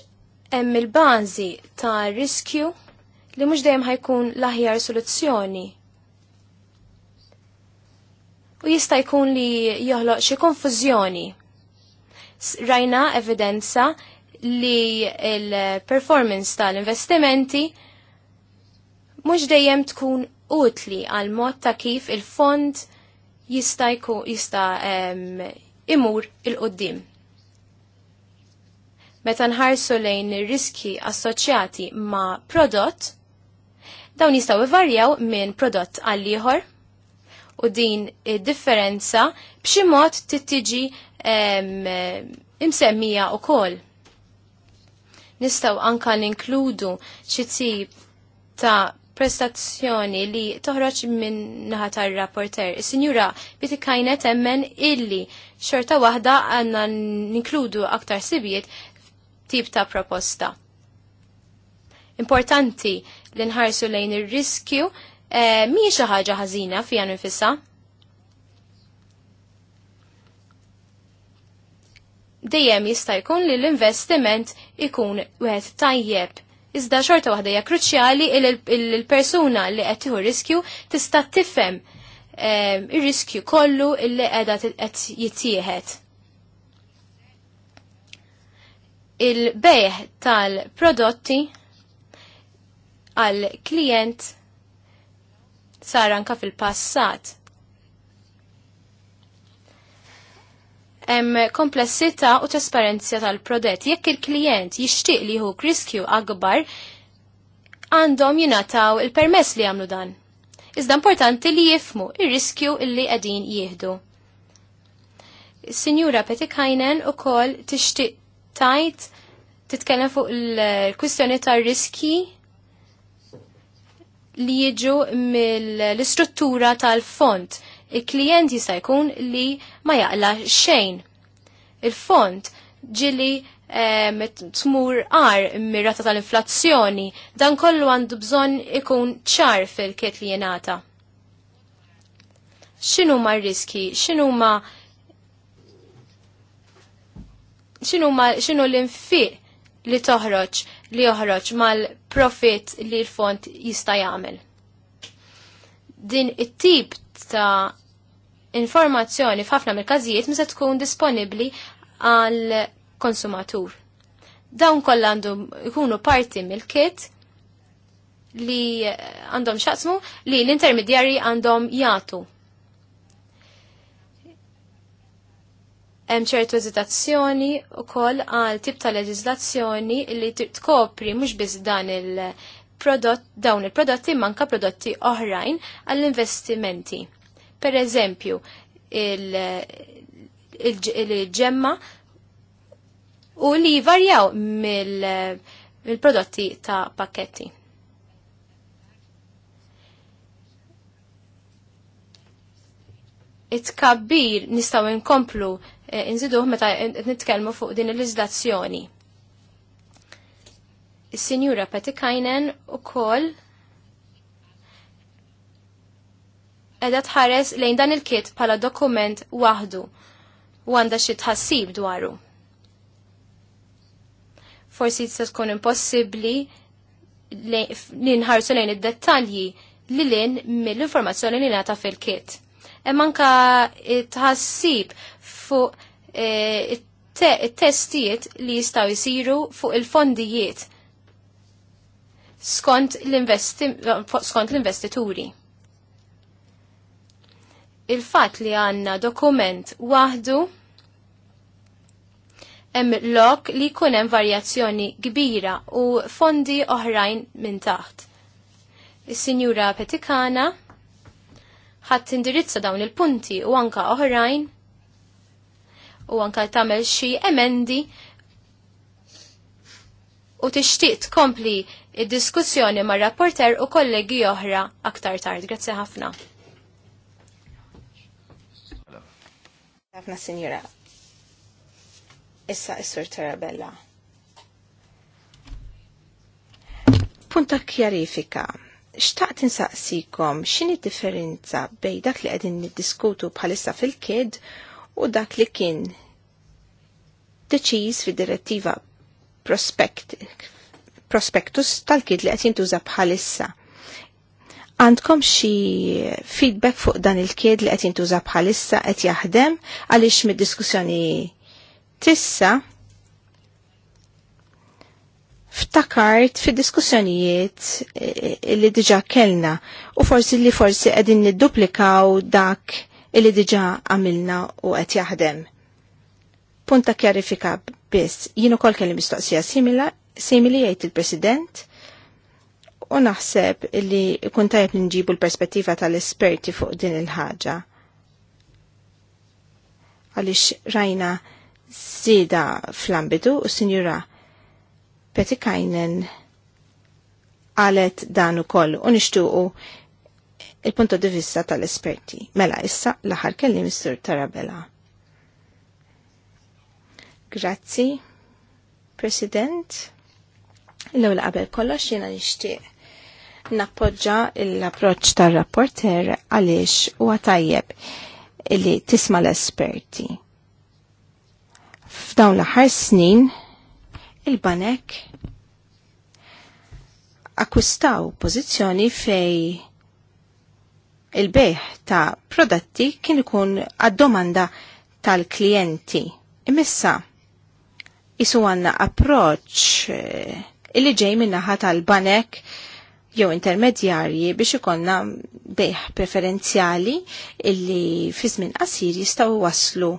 hemm il-bażi ta' riskju li mhux dejjem ħajkun l-aħjar soluzzjoni u jista' jkun li joħloq xi konfużjoni. Rajna evidenza li il-performance tal-investimenti mhux dejjem tkun utli għal mod ta' kif il-fond jista' jista' imur il-qoddim. Meta nħarsu lejn ir-riski assoċjati ma' prodott, dawn jistgħu ivarjaw minn prodott għal ieħor u din eh, differenza b'xi mod tittiġi eh, imsemmija u kol. Nistaw anka ninkludu xi ta' prestazzjoni li toħroġ minn naħa tar-rapporter. Is-sinjura biti kajnet emmen illi xorta waħda għanna ninkludu aktar sibiet tip ta' proposta. Importanti li nħarsu lejn ir-riskju Eh, mhijiex xi ħaġa ħażina fiha nifisha. Dejjem jista' jkun li l-investiment ikun wieħed tajjeb. Iżda xorta waħda hija kruċjali il-persuna li qed tieħu riskju tista' tifhem eh, ir-riskju kollu illi qiegħda qed jittieħed. Il-bejħ tal-prodotti għal klient sar anka fil-passat. Hemm komplessità u trasparenzja tal-prodett. Jekk il-klient jixtieq li hu riskju akbar, għandhom jingħataw il-permess li jagħmlu dan. Iżda importanti li jifmu ir-riskju li illi qegħdin jieħdu. Sinjura Petikajnen u kol tixtiq tajt titkellem fuq il-kwistjoni tar riski li jiġu mill-istruttura tal-font. Il-klient jista' jkun li ma jaqla xejn. Il-font ġili tmur għar mirata tal-inflazzjoni, dan kollu għandu bżon ikun ċar fil-kiet li jenata. Xinu ma riski, xinu ma xinu ma xinu l-infiq li toħroġ li joħroġ mal-profit li l-fond jista' jagħmel. Din it-tip ta' informazzjoni f'ħafna mill-każijiet misa tkun disponibbli għal konsumatur. Dawn kollha għandhom ikunu parti mill-kit li għandhom xaqsmu li l-intermedjari għandhom jagħtu hemm ċertu eżitazzjoni wkoll għal tip ta' leġiżlazzjoni li tkopri mhux biss dan il-prodott dawn il-prodotti manka prodotti oħrajn għall-investimenti. Per eżempju, il-ġemma u li varjaw mill-prodotti ta' pakketti. it-kabbir nistaw inkomplu Eh, inżiduh meta nitkellmu fuq din il-leġislazzjoni. Is-Sinjura Petikajnen ukoll edha tħares lejn dan il-kit pala dokument waħdu u għanda xi tħassib dwaru. Forsi tista' tkun impossibbli li nħarsu lejn id-dettalji li lin mill-informazzjoni li nata fil-kit. Hemm anka tħassib fuq eh, it-testijiet li jistaw jisiru fuq il-fondijiet skont l-investituri. Il-fat li għanna dokument wahdu hemm lok li jkun hemm varjazzjoni kbira u fondi oħrajn minn taħt. Is-Sinjura Petikana ħadd indirizza dawn il-punti u anka oħrajn u anka tagħmel xi emendi u tixtieq tkompli id-diskussjoni mar rapporter u kollegi oħra aktar tard. Grazzi ħafna. Ħafna sinjura. Issa is-Sur Tarabella. Punta kjarifika xtaqt insaqsikom xini differenza bej dak li għedin niddiskutu bħalissa fil-kid u dak li kien deċiż fid-direttiva prospect, prospektus tal-kid li qed jintuża bħalissa. Għandkom xi feedback fuq dan il-kied li qed jintuża bħalissa qed jaħdem għaliex mid-diskussjoni tissa ftakart fi diskussjonijiet eh, eh, li diġa kellna u forsi li forsi qegħdin nidduplikaw dak illi diġa għamilna u qed jaħdem. Punta kjarifika biss, jien ukoll kelli mistoqsija simili jgħid il-President u naħseb li kun tajb nġibu l-perspettiva tal-esperti fuq din il-ħaġa. Għalix rajna zida fl u sinjura Petikajnen għalet dan u koll u nishtuqu il-punto di vista tal-esperti. Mela, issa l ħar kelli Mr. Tarabella. Grazzi, President. L-ewwel qabel kollox jiena nixtieq nappoġġa l-approċċ tar-rapporter għaliex huwa tajjeb li tisma' l-esperti. F'dawn l-aħħar snin il-banek akustaw pożizzjoni fej il-beħ ta' prodotti kien ikun għad-domanda tal-klijenti. Imissa, jisu għanna approċ eh, illi ġej minnaħa tal-banek jew intermedjarji biex ikonna beħ preferenzjali illi fi żmien qasir jistgħu waslu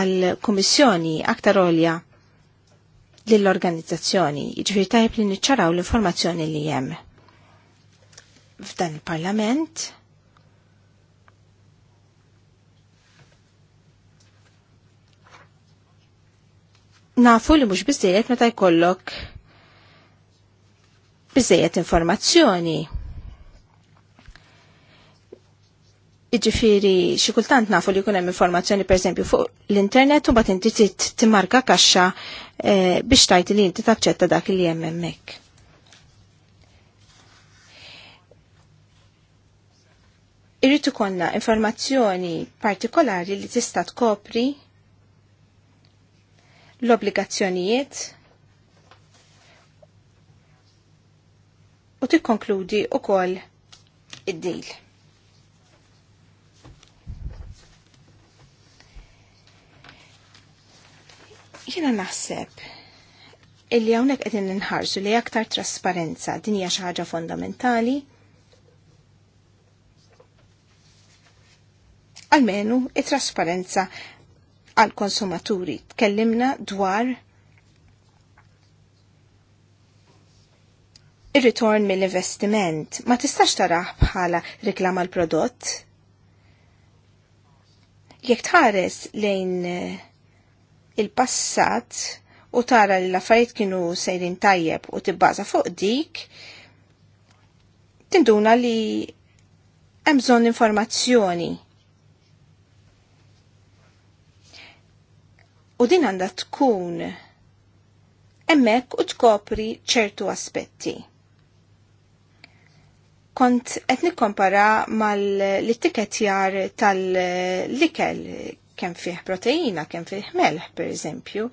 għal kummissjoni aktar olja lill-organizzazzjoni, jiġifieri tajb li niċċaraw l-informazzjoni li hemm. F'dan il-Parlament nafu li mhux bizzejet meta jkollok bizzejet informazzjoni. Iġifiri, xi kultant nafu li jkun hemm informazzjoni esempio fuq l-internet u mbagħad inti trid timmarka kaxxa eh, biex tajt li inti taċċetta dak li jemmemmek. hemmhekk. konna ikollna informazzjoni partikolari li tista' tkopri l-obbligazzjonijiet u tikkonkludi koll id-dil. Jiena naħseb illi hawnhekk għedin nħarżu li aktar trasparenza din hija xi ħaġa fondamentali almenu it-trasparenza għal-konsumaturi. Tkellimna dwar ir-ritorn mill-investiment. Ma tistax taraħ bħala reklama l-prodott. Jekk tħares lejn eh, il-passat u tara li l-affarijiet kienu sejrin tajjeb u tibbaża fuq dik, tinduna li hemm bżonn informazzjoni u din għandha tkun emmek u tkopri ċertu aspetti. Kont qed nikkompara mal-ittiketjar tal-likel kemm fih proteina, kemm fih melħ, per eżempju.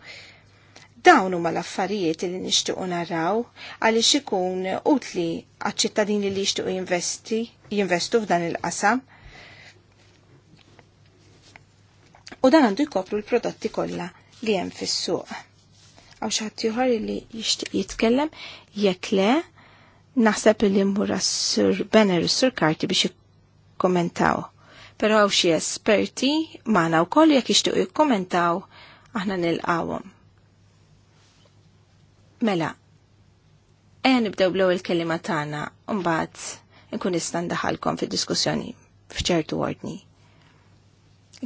Dawn huma l-affarijiet li nixtiequ naraw għaliex ikun utli għaċ-ċittadini li jixtiequ jinvesti, jinvestu f'dan il-qasam. U dan għandu jkopru l-prodotti kollha li hemm fis-suq. Għaw xaħt juħar li jishtiq jitkellem, jekk le, naħseb li mura s-sur Benner s-sur Karti biex jikkommentaw. Pero għaw xie esperti maħna u koll jek jishtiq jikkommentaw, aħna nil-qawom. Mela, eja nibdew blow il kelima tagħna u mbagħad nkun nista' ndaħalkom fid-diskussjoni f'ċertu ordni.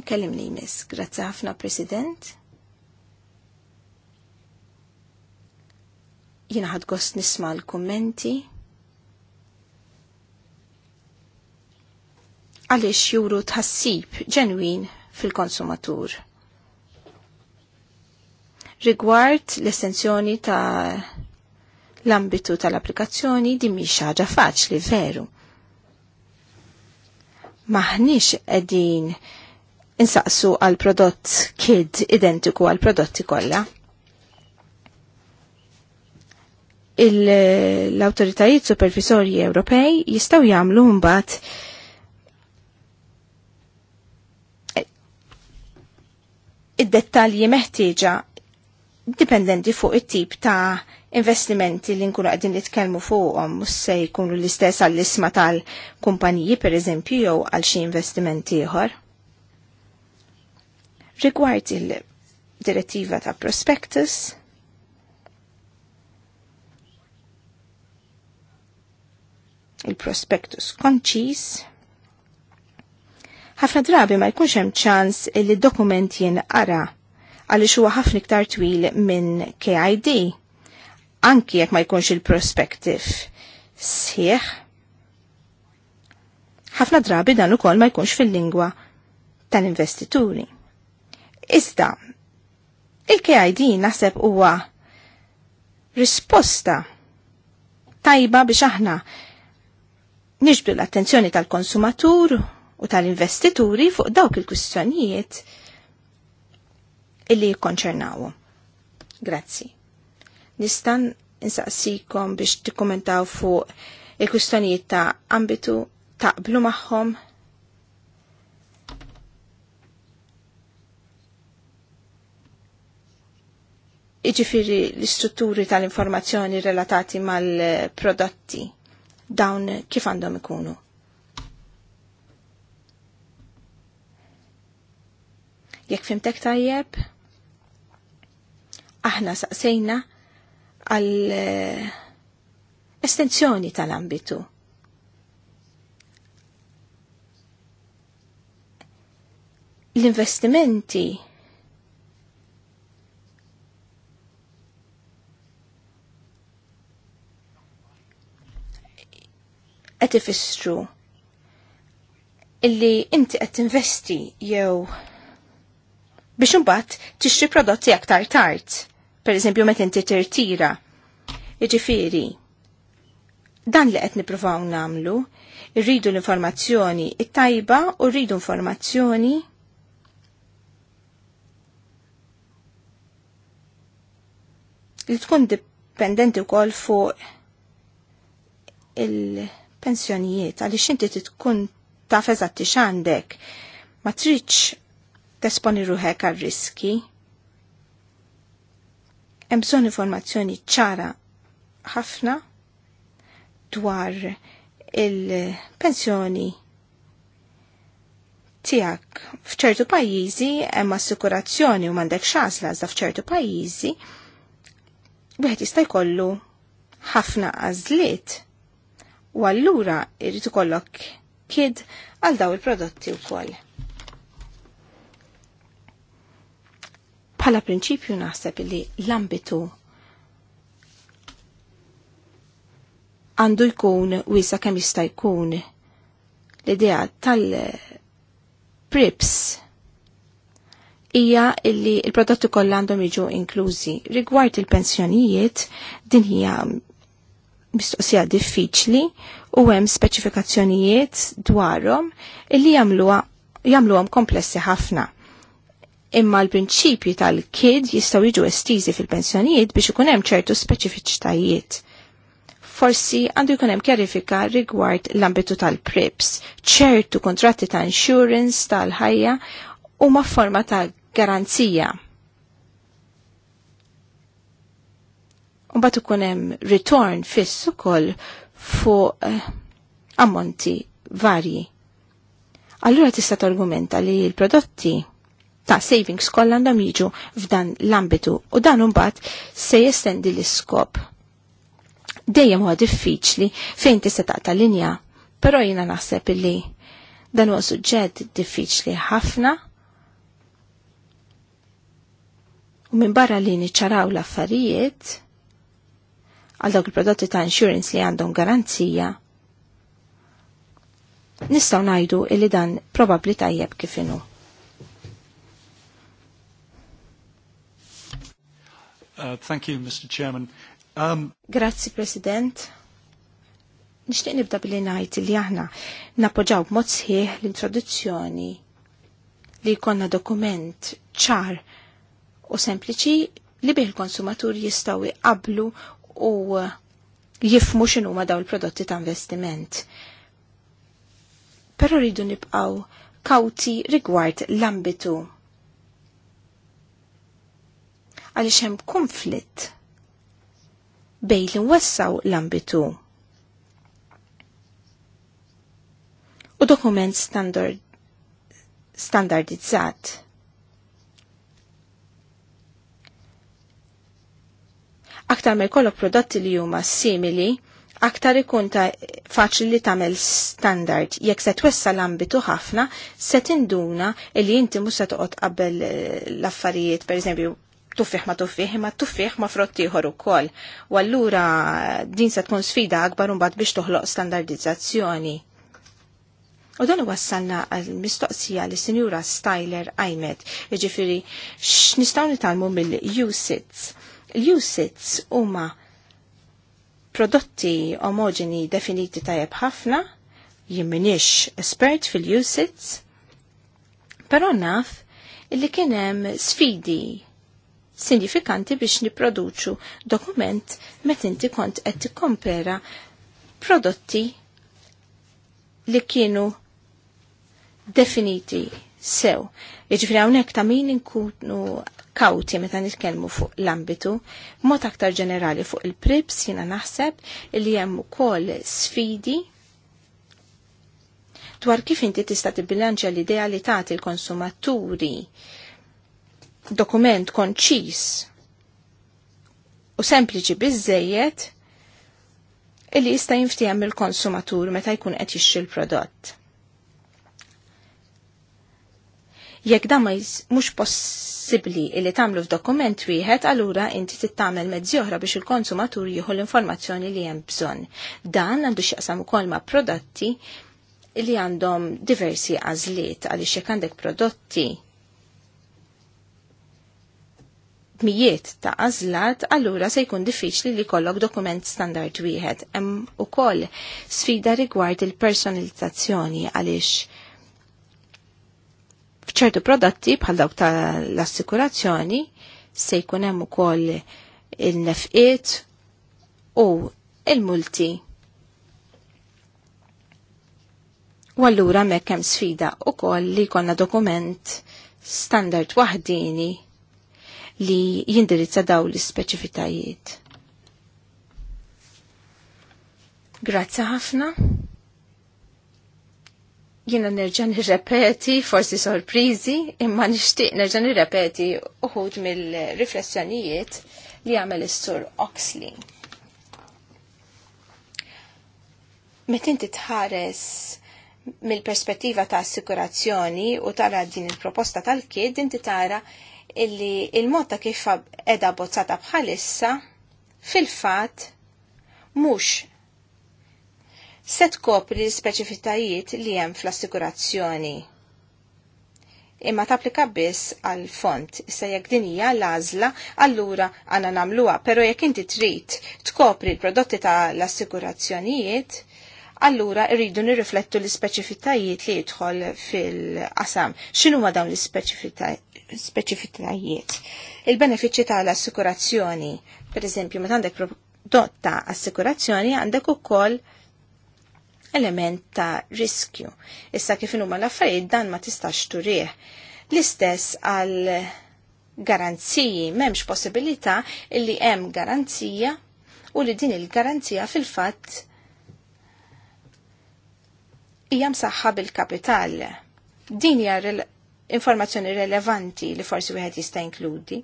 Kellimni miss, grazzi ħafna President. Jina ħad gost nisma l-kommenti. Għalix juru tħassib ġenwin fil-konsumatur. Rigward l-estensjoni ta' l-ambitu tal-applikazzjoni di mhix ħaġa faċli veru. Maħniex qegħdin insaqsu għal prodott kid identiku għal prodotti kollha. l-autoritajiet supervisorji Ewropej jistaw jagħmlu mbagħad id-dettalji meħtieġa dipendenti fuq it-tip ta' investimenti li nkunu qegħdin nitkellmu fuqhom mhux se jkunu l-istess għall-isma tal-kumpaniji pereżempju jew għal xi investimenti ieħor. Rigward il-direttiva ta' prospectus, il-prospektus konċis. Ħafna drabi ma jkunx hemm ċans li dokument jinqara għaliex huwa ħafna iktar twil minn KID. Anki jekk ma jkunx il-prospektiv sħiħ. Ħafna drabi dan ukoll ma jkunx fil-lingwa tal-investituri. Iżda, il-KID naħseb huwa risposta tajba biex aħna nixbdu l-attenzjoni tal-konsumatur u tal-investituri fuq dawk il-kwistjonijiet illi jikkonċernawu. Grazzi. Nistan insaqsikom biex tikkommentaw fuq il-kwistjonijiet ta' ambitu taqblu magħhom iġifiri l-istrutturi tal-informazzjoni relatati mal-prodotti dawn kif għandhom ikunu. Jekk fimtek tajjeb, aħna saqsejna għal eh, estensjoni tal-ambitu. L-investimenti qed ifissru illi inti qed tinvesti jew biex imbagħad tixtri prodotti aktar tard, pereżempju meta inti tirtira. Jiġifieri, dan li qed nippruvaw nagħmlu, irridu l-informazzjoni it-tajba u rridu informazzjoni li tkun dipendenti wkoll fuq il- pensjonijiet għaliex inti tkun taf eżatti xandek, ma tridx tesponi ruħek għal riski. Hemm bżonn informazzjoni ċara ħafna dwar il-pensjoni tijak fċertu pajizi hemm assikurazzjoni u m'għandek xasla za fċertu pajizi wieħed jista' jkollu ħafna għażliet U allura irrid ikollok kid għal daw il-prodotti wkoll. Bħala prinċipju naħseb li l-ambitu għandu jkun wisa kemm jista' jkun l-idea tal-prips hija illi il-prodotti kollha għandhom jiġu inklużi. Rigward il-pensjonijiet, din hija mistoqsija diffiċli u hemm speċifikazzjonijiet dwarhom illi jagħmluha jagħmluhom komplessi ħafna. Imma l-prinċipji tal-kid jistgħu jiġu estiżi fil-pensjonijiet biex ikun hemm ċertu speċifiċtajiet. Forsi għandu jkun hemm kjarifika rigward l-ambitu tal-prips, ċertu kontratti ta' insurance tal-ħajja u ma' forma ta' garanzija Unbat ikun hemm return fiss ukoll fuq uh, ammonti varji. Allura tista' torgumenta li l-prodotti ta' savings kollha għandhom jiġu f'dan l-ambitu u dan imbagħad se jestendi l-iskop. Dejjem huwa diffiċli fejn tista' taqta' linja, però jiena naħseb illi dan huwa suġġett diffiċli ħafna u minn barra li niċċaraw l-affarijiet għal dawk il-prodotti ta' insurance li għandhom garanzija, nistaw najdu illi dan probabli tajjeb kifinu. Uh, thank you, Mr. Chairman. Um... Grazzi, President. Nishtiq nibda billi najt li aħna napoġaw b'mod sħiħ l-introduzzjoni li jkollna dokument ċar u sempliċi li bih il-konsumatur jistaw iqablu u jifmu ma daw il-prodotti ta' investiment. Però rridu nibqgħu kawti rigward l-ambitu. Għaliex hemm konflitt bejn li nwessaw l-ambitu. U dokument standard standardizzat. Aktar ma jkollok prodotti li huma simili, aktar ikun ta' faċli li tagħmel standard. Jekk se twessa l-ambitu ħafna, se tinduna li inti mhux se toqgħod qabel eh, l-affarijiet, pereżempju tuffiħ ma tuffiħ, imma tuffiħ ma frottiħor ukoll. U allura din se tkun sfida akbar mbagħad biex toħloq standardizzazzjoni. U dan wassalna għal-mistoqsija li sinjura Styler Ajmed, ġifiri, x'nistgħu nitalmu mill-USITS l-usits huma prodotti omogeni definiti tajab ħafna, jimminix espert fil-usits, pero naf illi kienem sfidi sinifikanti biex niproduċu dokument met inti kont qed tikkompera prodotti li kienu definiti sew. Iġifri hawnhekk ta' min inkunu kawti meta nitkellmu fuq l-ambitu, mod aktar ġenerali fuq il-prips jina naħseb li hemm ukoll sfidi dwar kif inti tista' tibbilanċja l-idea li tagħti l-konsumaturi dokument konċis u sempliċi biżejjed illi jista' jinftiehem il-konsumatur meta jkun qed jixxi l-prodott. Jekk da mhux possibbli li tagħmlu f'dokument wieħed, allura inti tittamel mezzi oħra biex il-konsumatur jieħu l-informazzjoni li hemm bżonn. Dan għandu x'jaqsam ukoll ma' prodotti li għandhom diversi għażliet għaliex jekk għandek prodotti mijiet ta' għażlat, allura se jkun diffiċli li kollok dokument standard wieħed. Hemm ukoll sfida rigward il-personalizzazzjoni għaliex f'ċertu prodotti bħal dawk tal-assikurazzjoni se jkun hemm ukoll il-nefqiet u il-multi. U allura mekk hemm sfida ukoll li jkollna dokument standard waħdini li jindirizza daw l-ispeċifitajiet. Grazzi ħafna. Jiena nerġan nirrepeti, forsi sorpriżi, imma nixtieq nerġan nirrepeti uħud mill-riflessjonijiet li għamel is-sur Oxley. Met inti tħares mill-perspettiva ta' assikurazzjoni u tara din il-proposta tal-kid, inti tara illi il-mod ta' kif edha bozzata bħalissa fil-fat mhux se tkopri l-speċifitajiet li hemm fl-assigurazzjoni. Imma tapplika biss għal font issa jekk din hija l-għażla, allura għandna nagħmluha, però jekk inti trid tkopri l-prodotti tal assigurazzjonijiet allura rridu nirriflettu l-ispeċifitajiet li jidħol fil-qasam. X'inhu ma dawn l-ispeċifitajiet? Il-benefiċċji tal-assikurazzjoni, per eżempju, meta għandek prodotta assikurazzjoni għandek ukoll element ta' riskju. Issa kif huma l-affarijiet dan ma tistax turih. L-istess għal garanziji m'hemmx possibilità illi hemm garanzija u li din il-garanzija fil-fatt hija msaħħa bil-kapital. Din hija informazzjoni rilevanti li forsi wieħed jista' inkludi.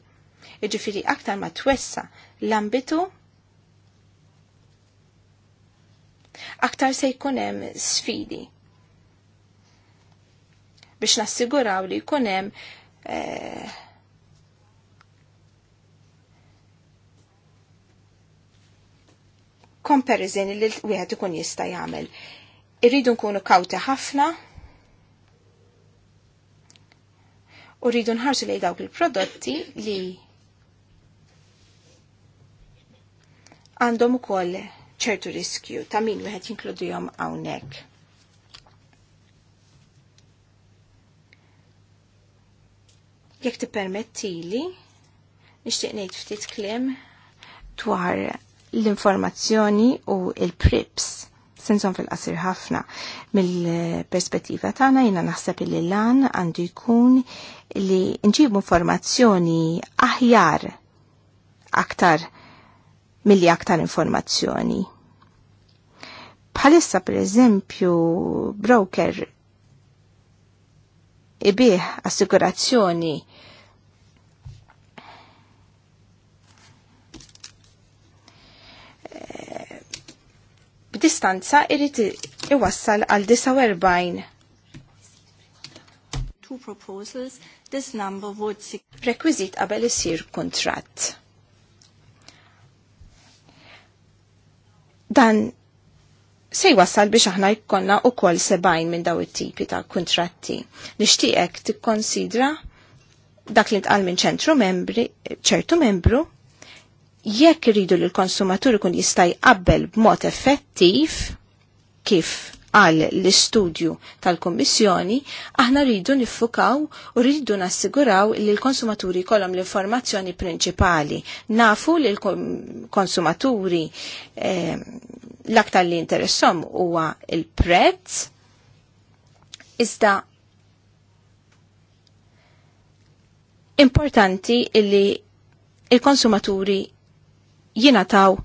Jiġifieri aktar ma twessa l-ambitu aktar se jkun hemm sfidi biex nassiguraw li jkun hemm eh, comparison li wieħed ikun jista' jagħmel. Irridu nkunu kawti ħafna u rridu nħarsu lejn dawk il-prodotti li għandhom ukoll ċertu riskju ta' min wieħed għawnek. hawnhekk. Jekk tippermettili, nixtieq ngħid ftit klim dwar l-informazzjoni u il-prips sensom fil-qasir ħafna mill-perspettiva tagħna jiena naħseb li lan għandu jkun li nġibu informazzjoni aħjar aktar milli aktar informazzjoni. Bħalissa per eżempju broker ibieħ assikurazzjoni eh, b'distanza irrit iwassal għal 49. Two proposals, this number would Requisit qabel isir kontratt. Dan se jwassal biex aħna jkonna u kol sebajn minn daw it-tipi ta' kontratti. Nishtiqek tikkonsidra dak li tqal minn ċentru membri, ċertu membru, jekk iridu li l-konsumatur ikun jista' jqabbel b'mod effettiv kif għal l-istudju tal-Kommissjoni, aħna rridu niffukaw u rridu nassiguraw li l-konsumaturi kolom l-informazzjoni prinċipali. Nafu li l-konsumaturi eh, l-aktar li interessom huwa il-prezz, iżda importanti li il-konsumaturi jinataw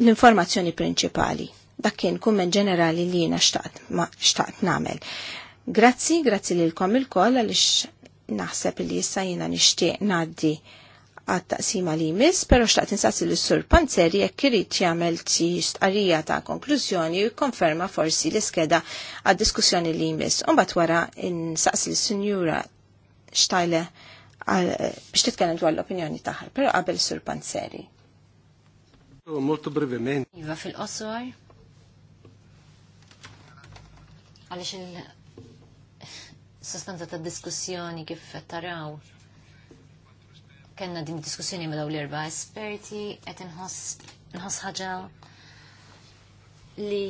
l-informazzjoni prinċipali dak kien kumment ġenerali li jiena xtaqt, namel. Grazzi, grazzi lilkom il-koll għaliex naħseb li jissa jina nixtieq ngħaddi għat taqsima li jmiss, pero xtaqt insassi s sur Panzeri jekk irid jagħmel jistqarija ta' konklużjoni u jikkonferma forsi l-iskeda għad diskussjoni li jmiss. Imbagħad wara li s sinjura xtajle biex titkellem dwar l-opinjoni tagħha, però qabel sur Panzeri. Molto brevemente. Iva fil-qosor għaliex il-sostanza ta' diskussjoni kif taraw kena din diskussjoni ma' daw l-erba esperti qed inħoss ħaġa li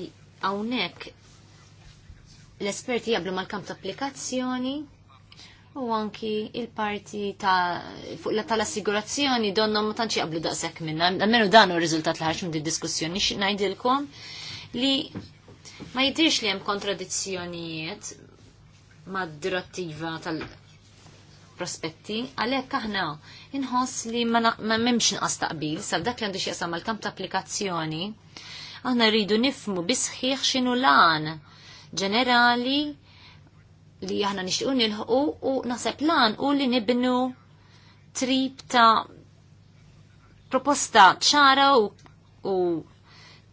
hawnhekk l-esperti jablu mal-kamp ta' applikazzjoni u anki il-parti ta' fuq la tal-assigurazzjoni donna ma tantx jaqblu daqshekk minna, almenu dan hu r l li ħarġ diskussjoni xinajdilkom li Ma jidirx li hemm kontradizzjonijiet mad drattiva tal-prospetti, għalhekk aħna inħoss li ma memx inqas taqbil sal dak li għandu xie samal kam ta' applikazzjoni. Aħna rridu nifmu bisħiħ xinu lan ġenerali li aħna nixtiequ nilħu u naħseb lan u li nibnu trib ta' proposta ċara u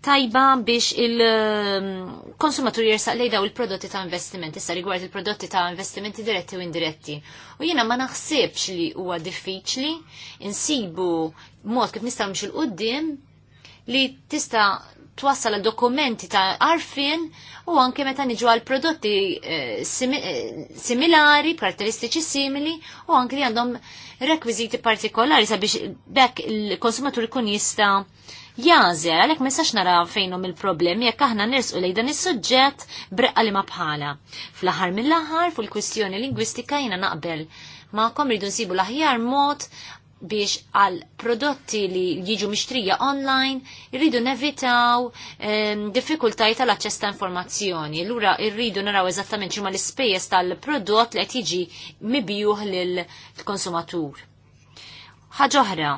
tajba biex il-konsumatur ehm, jersaq lejn daw il-prodotti ta' investiment, issa rigward il-prodotti ta' investimenti diretti u indiretti. U jiena ma naħsibx li huwa diffiċli insibu mod kif nistgħu mhux il-qudiem li tista' twassal dokumenti ta' arfin u anke meta niġu għal prodotti eh, eh, similari, karatteristiċi simili u anke li għandhom rekwiziti partikolari sabiex bekk il-konsumatur ikun jista' jażel għalhekk ma nara fejnhom il-problemi jekk aħna nersqu lejn dan is-suġġett breqqa li ma bħala. Fl-aħħar mill-aħħar fuq il-kwistjoni lingwistika jiena naqbel ma'kom rridu nsibu l-aħjar mod biex għal prodotti li jiġu mixtrija online irridu nevitaw um, ehm, diffikultaj tal-aċċess ta' informazzjoni. Lura irridu naraw eżattament x'ma l-ispejjeż tal-prodott li qed jiġi mibjuh lill-konsumatur. Ħaġa oħra,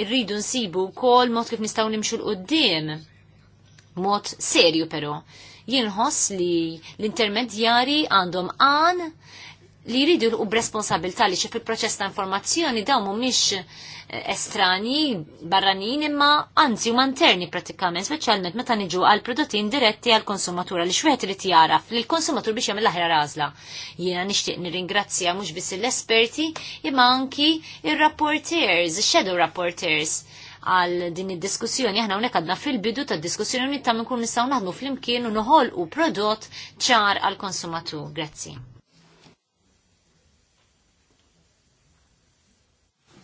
irridu nsibu wkoll mod kif nistgħu nimxu l qudiem mod serju però. Jien ħoss li l-intermedjari għandhom għan li jridu u b'responsabilità li fil proċess ta' informazzjoni dawn mhumiex eh, estrani, barranin imma anzi huma interni prattikament, speċjalment meta niġu għal prodotti indiretti għal konsumatura li xwieħed irid jaraf li l-konsumatur biex jagħmel aħjar għażla. Jiena nixtieq nirringrazzja mhux biss l-esperti imma anki ir-rapporters, ix-shadow rapporters għal din id-diskussjoni. Aħna hawnhekk għadna fil-bidu tad-diskussjoni ta' nkun nistgħu naħdmu flimkien u noħolqu prodott ċar għal konsumatur. Grazzi.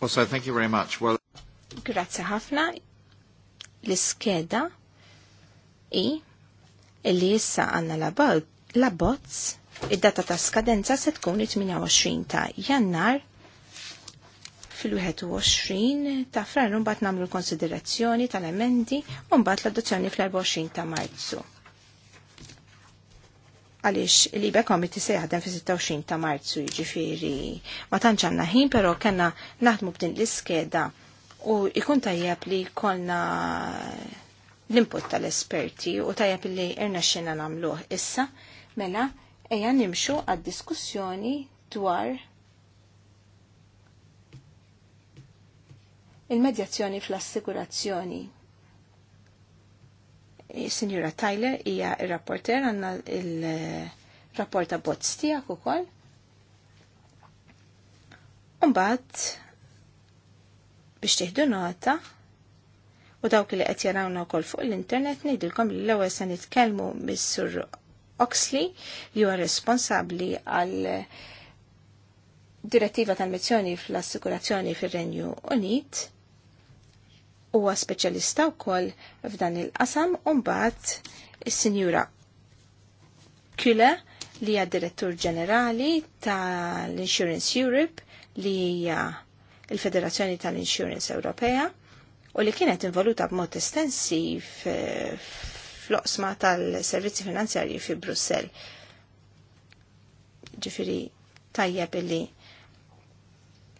Also, thank you very much. Well... Grazie ħafna. L-iskeda i li jissa għanna la bozz id-data ta' skadenza se tkun 28 ta' jannar fil-21 ta' frar un-bat nagħmlu l-konsiderazzjoni tal-emendi u mbagħad l-adozzjoni fl-24 ta' Marzu għalix il-Libe Committee se jaħdem fi 26 ta' marzu ġifiri. Ma tanċanna ħin, pero kena naħdmu b'din l-iskeda u ikun tajjeb li kolna l-input tal-esperti u tajjeb li irna xena namluħ issa, mela eja nimxu għad-diskussjoni dwar il-medjazzjoni fl-assigurazzjoni. Signora Tyler hija il-rapporter għanna il-rapport ta' tijak tiegħek ukoll. Mbagħad biex tieħdu nota u dawk li qed jarawna wkoll fuq l-internet ngħidilkom li l-ewwel se nitkellmu mis-sur Oxley li huwa responsabbli għal direttiva tal-mizzjoni fl-assikurazzjoni fir-Renju Unit huwa speċjalista wkoll f'dan il-qasam u mbagħad is-Sinjura Kule li hija Direttur Ġenerali tal-Insurance Europe li hija il-Federazzjoni tal-Insurance Ewropea u li kienet involuta b'mod estensiv eh, fl-oqsma tal-servizzi finanzjarji fi Brussell. Ġifiri tajjeb li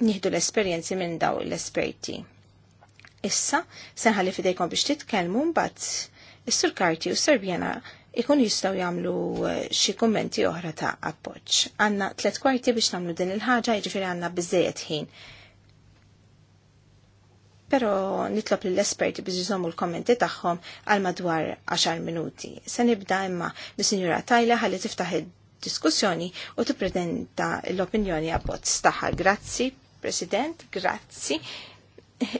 nieħdu l-esperjenzi minn daw l-esperti. Issa, senħalli fidejkom biex titkellmu mbagħad is-Sur Karti u Serbjana ikun jistaw jamlu eh, xi kummenti oħra ta' appoġġ. Għandna tliet kwarti biex nagħmlu din il-ħaġa, jiġifieri għandna bizzejet ħin. Pero nitlob lill-esperti biex jizomu l-kommenti tagħhom għal madwar 10 minuti. Se nibda imma bis-Sinjura Tajla ħalli tiftaħ id-diskussjoni u tippreżenta l-opinjoni appoċ tagħha. Grazzi, President, grazzi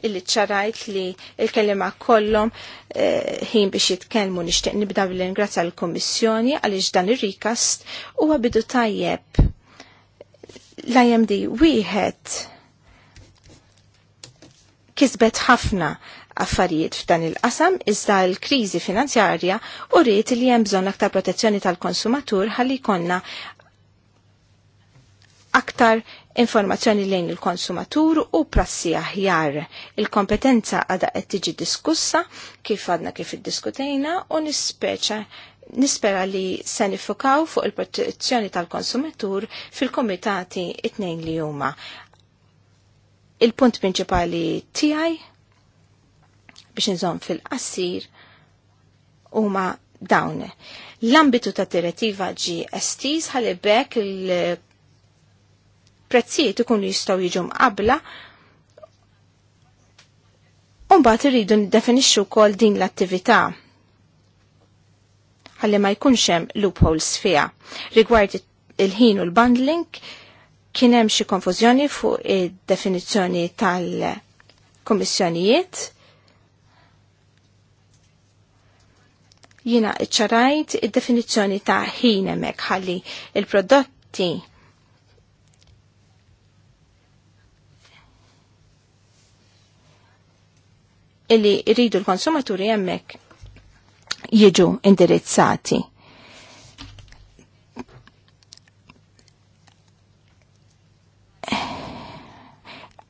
illi ċarajt li il-kelima kollom eh, ħin biex jitkellmu nixtieq nibda bil-ingrazzja l-Kommissjoni għaliex dan ir-rikast huwa bidu tajjeb l-IMD wieħed kisbet ħafna affarijiet f'dan il-qasam iżda l-kriżi finanzjarja u rrit li hemm bżonn aktar protezzjoni tal-konsumatur ħalli jkollna aktar informazzjoni lejn il-konsumatur u prassi aħjar. Il-kompetenza għada qed tiġi diskussa kif għadna kif iddiskutejna u nispeċa nispera li se nifukaw fuq il-protezzjoni tal-konsumatur fil-komitati it-nejn li huma. Il-punt prinċipali tiegħi biex nżomm fil-qassir huma dawn. L-ambitu ta' direttiva ġi estiż il il-prezzijiet ikunu jistgħu jiġu mqabla Umbat irridu niddefinixxu wkoll din l-attività ħalli ma jkunx hemm loopholes fiha. Rigward il-ħin u l-bundling kien hemm xi konfużjoni fuq id-definizzjoni tal-kummissjonijiet. Jiena iċċarajt id-definizzjoni ta' ħin hemmhekk ħalli il-prodotti illi rridu l-konsumaturi hemmhekk jiġu indirizzati.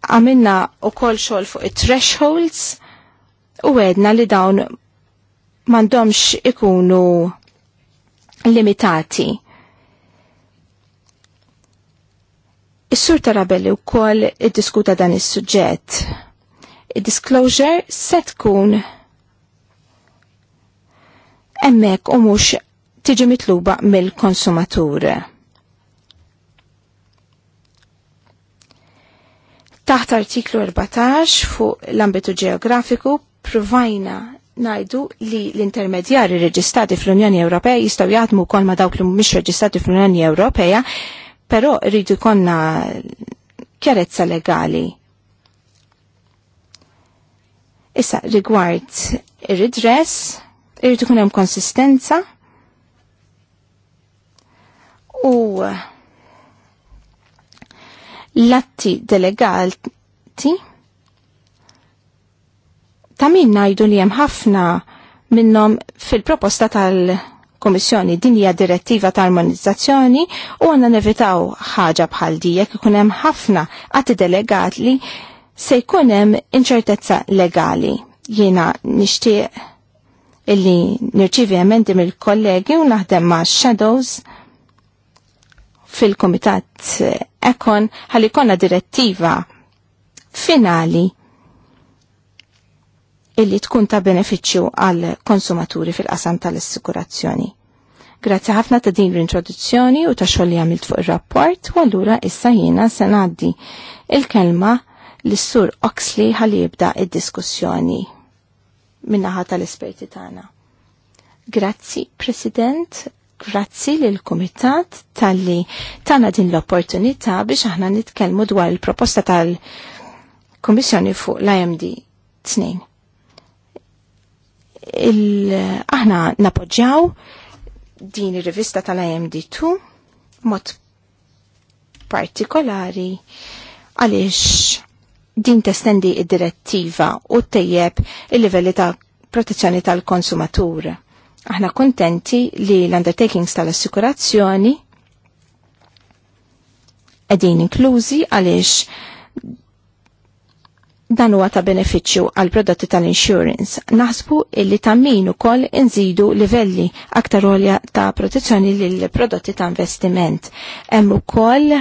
Għamilna u kol xol fuq it-thresholds u għedna li dawn mandomx ikunu limitati. Is-sur Tarabelli u kol id-diskuta dan is-suġġett disclosure se tkun emmek u mux tiġi mitluba mill-konsumatur. Taħt artiklu 14 fuq l-ambitu ġeografiku provajna najdu li l-intermedjari reġistrati fl-Unjoni Ewropea jistaw jgħatmu kol ma dawk li mhumiex reġistrati fl-Unjoni Ewropea, però rridu konna ċarezza legali Issa rigward ir-redress, irritu ikun hemm konsistenza u l-atti delegati ta' min najdu li hemm ħafna minnhom fil-proposta tal-Komissjoni din hija direttiva ta' armonizzazzjoni u għanna nevitaw ħaġa bħal dijek ikun hemm ħafna atti delegati se jkun hemm inċertezza legali. Jiena nixtieq illi nirċivi emendi mill-kollegi u naħdem ma' shadows fil-komitat ekon ħalli konna direttiva finali illi tkun ta' beneficju għal konsumaturi fil-qasam tal-assikurazzjoni. Grazzi ħafna ta' din l-introduzzjoni u ta' xogħol li għamilt fuq ir-rapport u allura issa jiena se ngħaddi il-kelma l-sur Oxley ħalli jibda id-diskussjoni minnaħat tal-esperti tagħna. Grazzi, President, grazzi l kumitat tal-li tana din l-opportunità biex aħna nitkellmu dwar il-proposta tal-Kummissjoni fuq l-IMD 2. aħna napoġġjaw din ir-rivista tal-IMD 2 mod partikolari għaliex din testendi id-direttiva u tejjeb il-livelli ta' protezzjoni tal-konsumatur. Aħna kontenti li l-undertakings tal-assikurazzjoni edin inklużi għaliex dan huwa ta' beneficju għal prodotti tal-insurance. Naħsbu illi ta' min ukoll inżidu livelli aktar għolja ta' protezzjoni lill prodotti ta' investiment. Hemm ukoll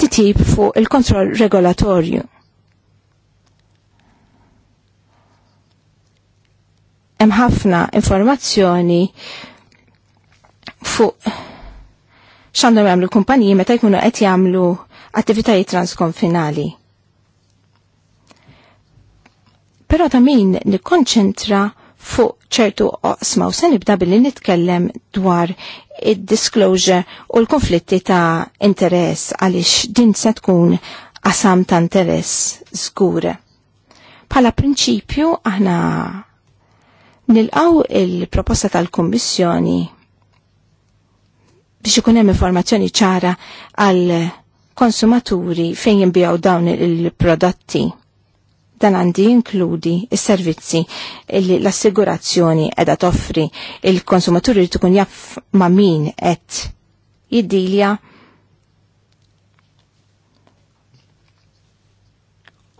titib fuq il-kontroll regolatorju. Hemm ħafna informazzjoni fuq x'għandhom jagħmlu l-kumpaniji meta jkunu qed jagħmlu attivitajiet transkonfinali. Però ta' min nikkonċentra fuq ċertu oqsma u se nibda billi nitkellem dwar id-disclosure u l-konflitti ta' interess għaliex din se tkun qasam ta' interess żgur. Pala prinċipju aħna nilqaw il-proposta tal-Kummissjoni biex ikun hemm informazzjoni ċara għal konsumaturi fejn jinbijaw dawn il-prodotti dan għandi inkludi is-servizzi li l-assigurazzjoni edha toffri il-konsumaturi li tkun jaff ma' min qed jiddilja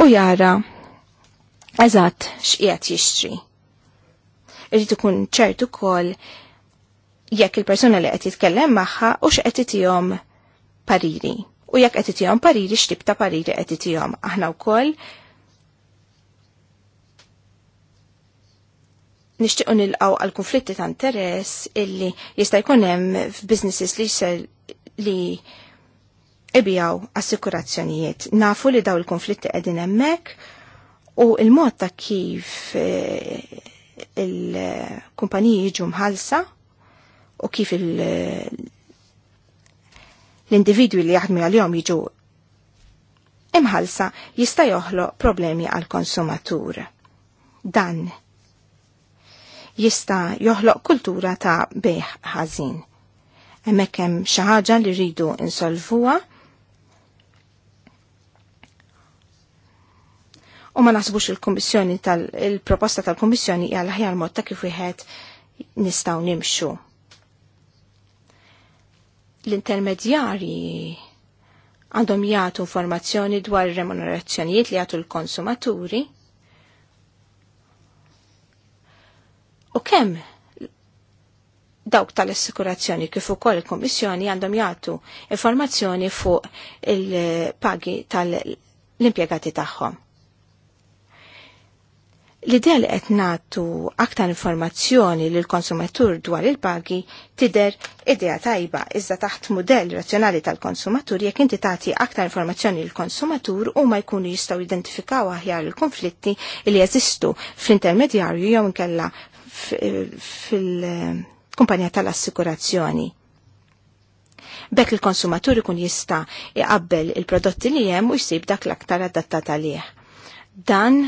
u jara eżatt x'qiegħed jixtri. Irid ikun ċertu kol jekk il-persuna li qed jitkellem magħha u x'qed itihom pariri. U jekk qed itihom pariri x'tib ta' pariri qed itihom. Aħna wkoll nixtiequ nilqgħu għal konflitti ta' interess illi jista' jkun hemm f'businesses li jsel li ibijaw assikurazzjonijiet. Nafu li daw il-konflitti qegħdin hemmhekk u il-mod ta' kif eh, il-kumpaniji jiġu mħalsa u kif l-individwi li jaħdmu għal-jom jiġu imħalsa jista' joħloq problemi għal-konsumatur. Dan jista' joħloq kultura ta' beħ ħażin. Hemmhekk hemm xi ħaġa li rridu insolvuha u ma naħsbux il-Kummissjoni tal-proposta tal-Kummissjoni hija l-aħjar mod ta' kif wieħed nistgħu nimxu. L-intermedjarji għandhom jagħtu informazzjoni dwar remunerazzjonijiet li jagħtu l-konsumaturi U kemm dawk tal-assikurazzjoni kif ukoll il-Kommissjoni għandhom jagħtu informazzjoni fuq il-pagi tal-impjegati tagħhom. L-idea li qed nagħtu aktar informazzjoni lil konsumatur dwar il-pagi tider idea tajba iżda taħt mudell razzjonali tal-konsumatur jekk inti tagħti aktar informazzjoni lil konsumatur huma jkunu jistgħu jidentifikaw aħjar il-konflitti li jeżistu fl-intermedjarju jew inkella fil-kumpanija tal-assikurazzjoni. Bekk il-konsumatur ikun jista iqabbel il-prodotti li hemm u jisib dak l-aktar adattat għalih. Dan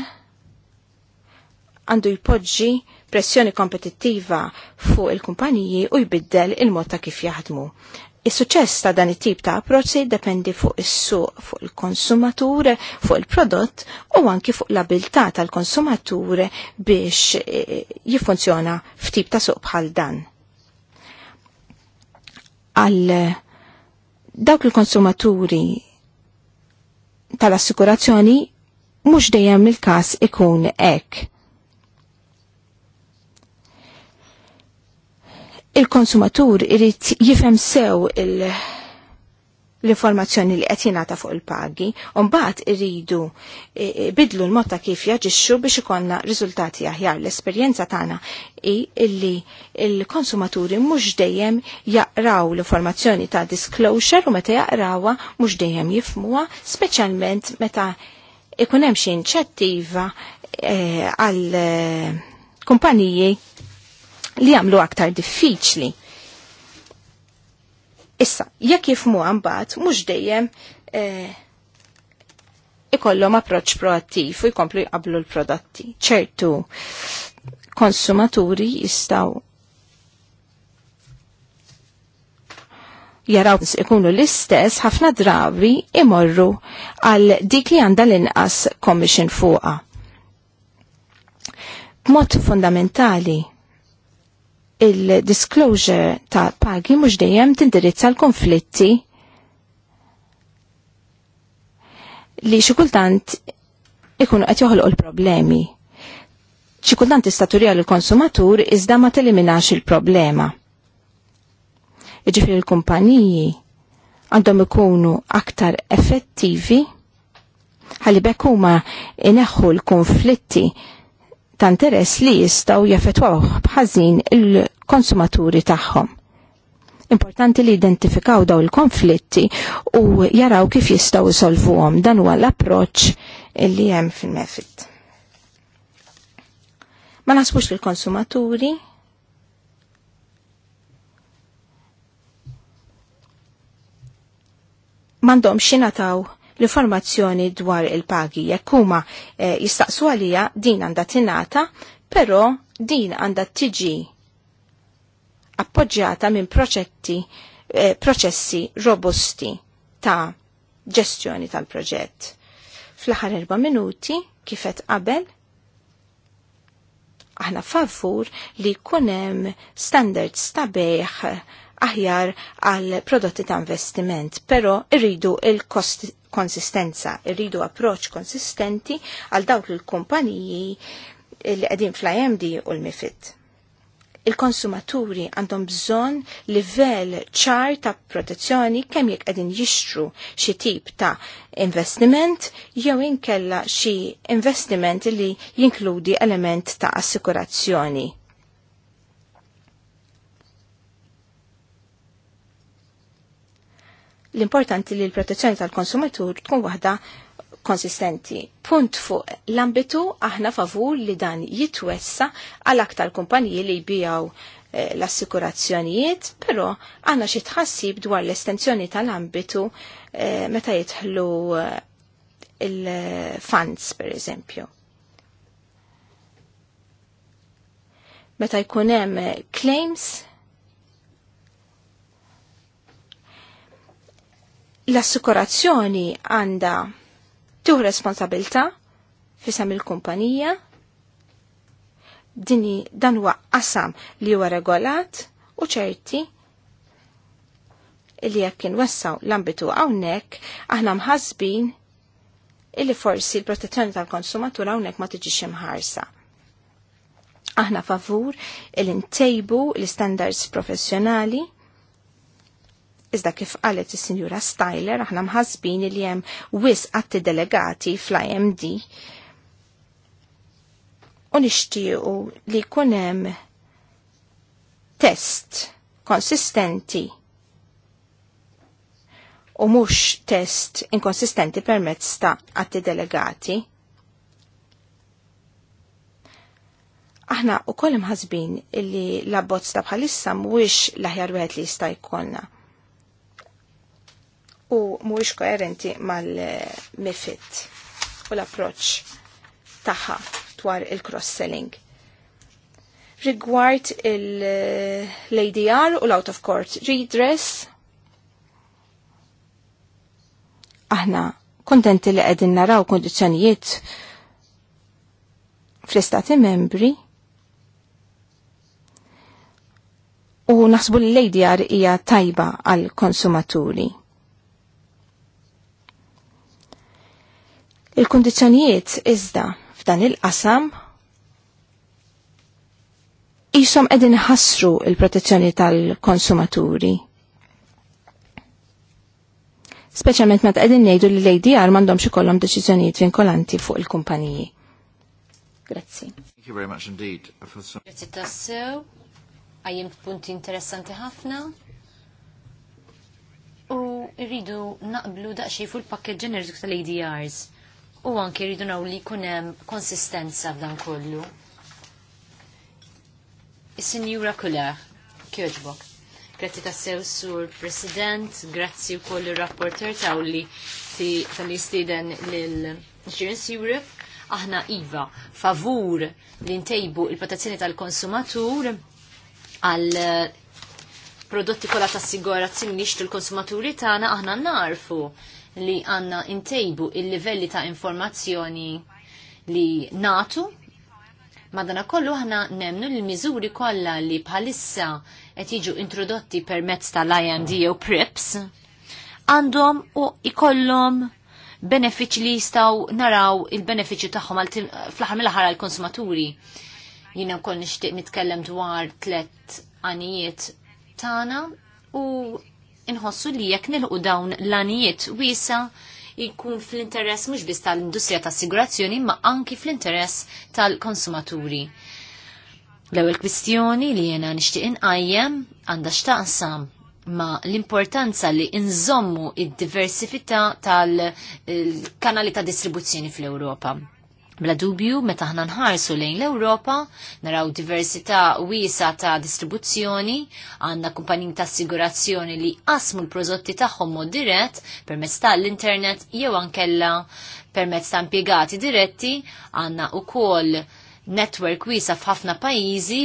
għandu jpoġġi pressjoni kompetittiva fuq il-kumpaniji u jbiddel il-mod ta' kif jaħdmu. Is-suċess ta' dan it-tip ta' approċċi dependi fuq is-suq, fuq il-konsumatur, fuq il-prodott u anki fuq l-abilità tal-konsumatur biex e, jiffunzjona f'tip ta' suq bħal dan. Għal dawk il-konsumaturi tal-assikurazzjoni mhux dejjem il-każ ikun hekk. il-konsumatur irrit jifem sew il- l-informazzjoni li qed jingħata fuq il-pagi, un mbagħad iridu e, e, bidlu l motta kif jaġixxu biex ikonna riżultati aħjar. L-esperjenza tagħna hi illi l-konsumaturi mhux dejjem jaqraw l-informazzjoni ta' disclosure u meta jaqrawha mhux dejjem jifmuha, speċjalment meta ikun hemm xi inċettiva e, għal kumpaniji li għamlu aktar diffiċli. Issa, jekk jifmu għambat, mux dejjem eh, ikollhom approċ proattiv u jkomplu jqablu l-prodotti. ċertu, konsumaturi jistaw jaraw ikunu l-istess ħafna drabi imorru għal dik li għandha l-inqas commission fuqa. B'mod fundamentali il-disclosure ta' pagi mhux dejjem tindirizza l-konflitti li xi kultant ikunu qed joħolqu l-problemi. Xi kultant tista' turija il konsumatur iżda ma teliminax il-problema. Jiġifieri l-kumpaniji għandhom ikunu aktar effettivi ħalli bekk huma ineħħu l-konflitti ta' interess li jistgħu jaffetwaw bħażin il-konsumaturi tagħhom. Importanti li identifikaw daw il-konflitti u jaraw kif jistgħu jsolvuhom dan huwa l-approċċ li hemm fil-mefit. Ma naħsbux li l-konsumaturi mandom xinataw l-informazzjoni dwar il-pagi. Jekk huma e, jistaqsu għalija din għandha tingħata, però din għandha tiġi appoġġjata minn proċetti e, eh, proċessi robusti ta' ġestjoni tal-proġett. Fl-aħħar erba' minuti kifet qabel aħna favur li kunem standards ta' aħjar għal prodotti ta' investiment, pero irridu il-kost konsistenza. Irridu approċ konsistenti għal dawk il-kumpaniji li qegħdin fl-IMD u l-MIFID. Il-konsumaturi għandhom bżonn livell ċar ta' protezzjoni kemm jekk qegħdin jixtru xi tip ta' investiment jew inkella xi investiment li jinkludi element ta' assikurazzjoni L-importanti li l-protezzjoni tal-konsumatur tkun waħda konsistenti. Punt fuq l-ambitu aħna favur li dan jitwessa għal aktar kumpaniji li jbijaw eh, l-assikurazzjonijiet, pero għanna xi tħassib dwar l-estensjoni tal-ambitu eh, meta jitħlu eh, il-funds, per eżempju. Meta jkun hemm claims l-assikurazzjoni għanda tuħ responsabilta fisam il-kumpanija dini dan huwa qasam li huwa regolat u ċerti li jekk inwessaw l-ambitu hawnhekk aħna mħasbin illi forsi l-protezzjoni tal-konsumatur hawnhekk ma tiġix imħarsa. Aħna favur il-intejbu l-standards professjonali Iżda kif qalet is-Sinjura Styler, aħna mħazbin li hemm wis atti delegati fl-IMD u nixtiequ li jkun hemm test konsistenti u mhux test inkonsistenti permezz ta' atti delegati. Aħna u koll ħazbin illi l ta' bħalissa mhuwiex l-aħjar wieħed li jista' jkollna u mhuwiex koerenti mal-mifit u l-approċ tagħha dwar il-cross-selling. Rigward il-ADR u l-out of court redress, aħna kontenti li qegħdin naraw kundizzjonijiet fl-istati membri u naħsbu li l-ADR hija tajba għal konsumaturi. Il-kondizjonijiet iżda f'dan il-qasam jisom edin ħassru il-protezzjoni tal-konsumaturi. Speċjalment meta qegħdin ngħidu li l-ADR m'għandhomx ikollhom deċiżjonijiet vinkolanti fuq il-kumpaniji. Grazzi. Thank you very much indeed. Grazie tassew. Għajjem punti interessanti ħafna. U rridu naqblu daqsxejn fuq il-pakket ġeneriku tal-ADRs u anke rridu naw li kunem konsistenza f'dan kollu. Is-Sinjura Kula, kjoġbok. Grazzi ta' sew sur President, grazzi u kollu rapporter ta' li tal-li stiden l-Insurance Europe. Aħna Iva, favur li ntejbu il-protezzjoni tal-konsumatur għal eh, prodotti kolla ta' sigurazzjoni li l-konsumaturi tagħna aħna narfu li għanna intejbu il-livelli ta' informazzjoni li natu Madana kollu ħna nemnu l mizuri kollha li bħalissa qed jiġu introdotti permezz tal-IMD u PRIPS għandhom u ikollhom benefiċ li jistaw naraw il-benefiċi tagħhom fl-aħħar mill-aħħar għall-konsumaturi. Jiena wkoll nixtieq nitkellem dwar tlet għanijiet tagħna u inħossu li jekk nilqu dawn l-anijiet wisa jkun fl-interess mhux biss tal-industrija tas-sigurazzjoni ma anki fl-interess tal-konsumaturi. L-ewwel kwistjoni li jiena nixtieq inqajjem għandha x'taqsam ma l-importanza li nżommu id diversifita tal-kanali eh, ta' distribuzzjoni fl-Ewropa. Bla dubju, meta ħna nħarsu lejn l-Ewropa, naraw diversità wiesa ta' distribuzzjoni, għandna kumpanin ta' assigurazzjoni li qasmu l-prodotti tagħhom mod dirett permezz tal-internet jew ankella permezz ta' impjegati diretti, għandna ukoll network wiesa f'ħafna pajjiżi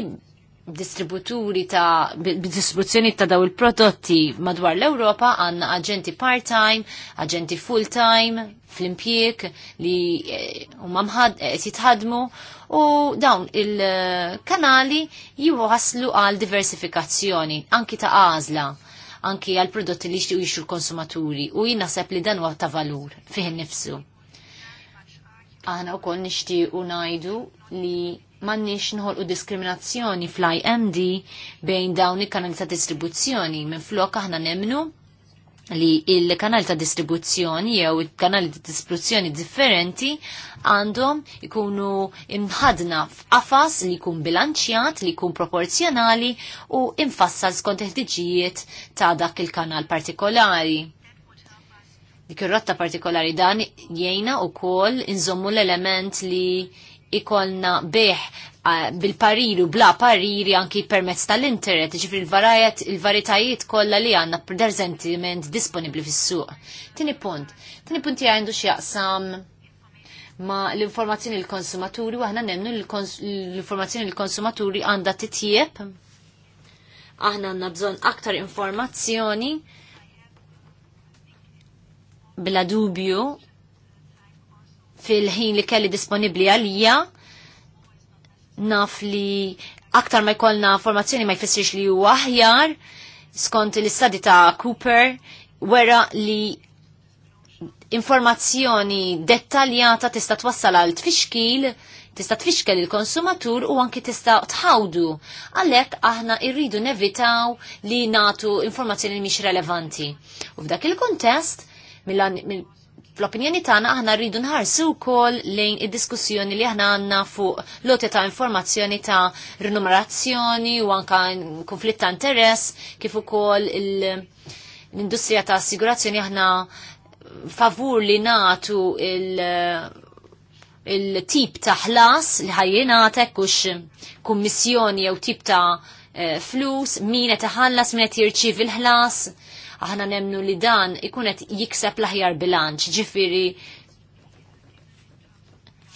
distributuri ta' distribuzzjoni ta' daw il-prodotti madwar l-Europa għanna agenti part-time, agenti full-time, fl-impjek li eh, huma eh, jitħadmu u dawn il-kanali jiwaslu għal diversifikazzjoni anki ta' għażla anki għal prodotti li jixtiju jixtru l-konsumaturi u sepp li dan huwa ta' valur fih nifsu. Aħna wkoll nixtiequ ngħidu li mannix nħolqu diskriminazzjoni fl-IMD bejn dawn il-kanali ta' distribuzzjoni. Minn flok aħna nemnu li il-kanali ta' distribuzzjoni jew il-kanali ta' distribuzzjoni differenti għandhom ikunu imħadna f'qafas li jkun bilanċjat, li jkun proporzjonali u infassal skont il-ħdiġijiet ta' dak il-kanal partikolari dik ir-rotta partikolari dan jgħina u kol inżommu l-element li ikolna beħ bil-pariri u bla pariri anki permezz tal-internet, ġifri il-varajet, il-varitajiet kolla li għanna preżentiment disponibli fis-suq. Tini punt, tini punti għandu xjaqsam ma l-informazzjoni l-konsumaturi u għahna nemnu l-informazzjoni l-konsumaturi għanda titjieb. Aħna għanna bżon aktar informazzjoni bla dubju fil-ħin li kelli disponibli għalija naf li aktar ma jkollna formazzjoni ma jfissirx li huwa aħjar skont l-istadi ta' Cooper wera li informazzjoni dettaljata tista' twassal għal tfixkil, tista' tfixkel il-konsumatur u anki tista' tħawdu. Għalhekk aħna rridu nevitaw li natu informazzjoni li mhix relevanti. U f'dak il-kuntest, mill fl-opinjoni tagħna aħna rridu nħarsu wkoll lejn id-diskussjoni li aħna għandna fuq loti ta' informazzjoni ta' rinumerazzjoni u anka konflitt ta' interess kif ukoll l-industrija ta' assigurazzjoni aħna favur li natu il-tip ta' ħlas li ħajjenatek u kummissjoni jew tip ta' eh, flus, min qed iħallas, min qed jirċievi ħlas Aħna nemnu li dan ikun qed jikseb l-aħjar bilanċ, ġifiri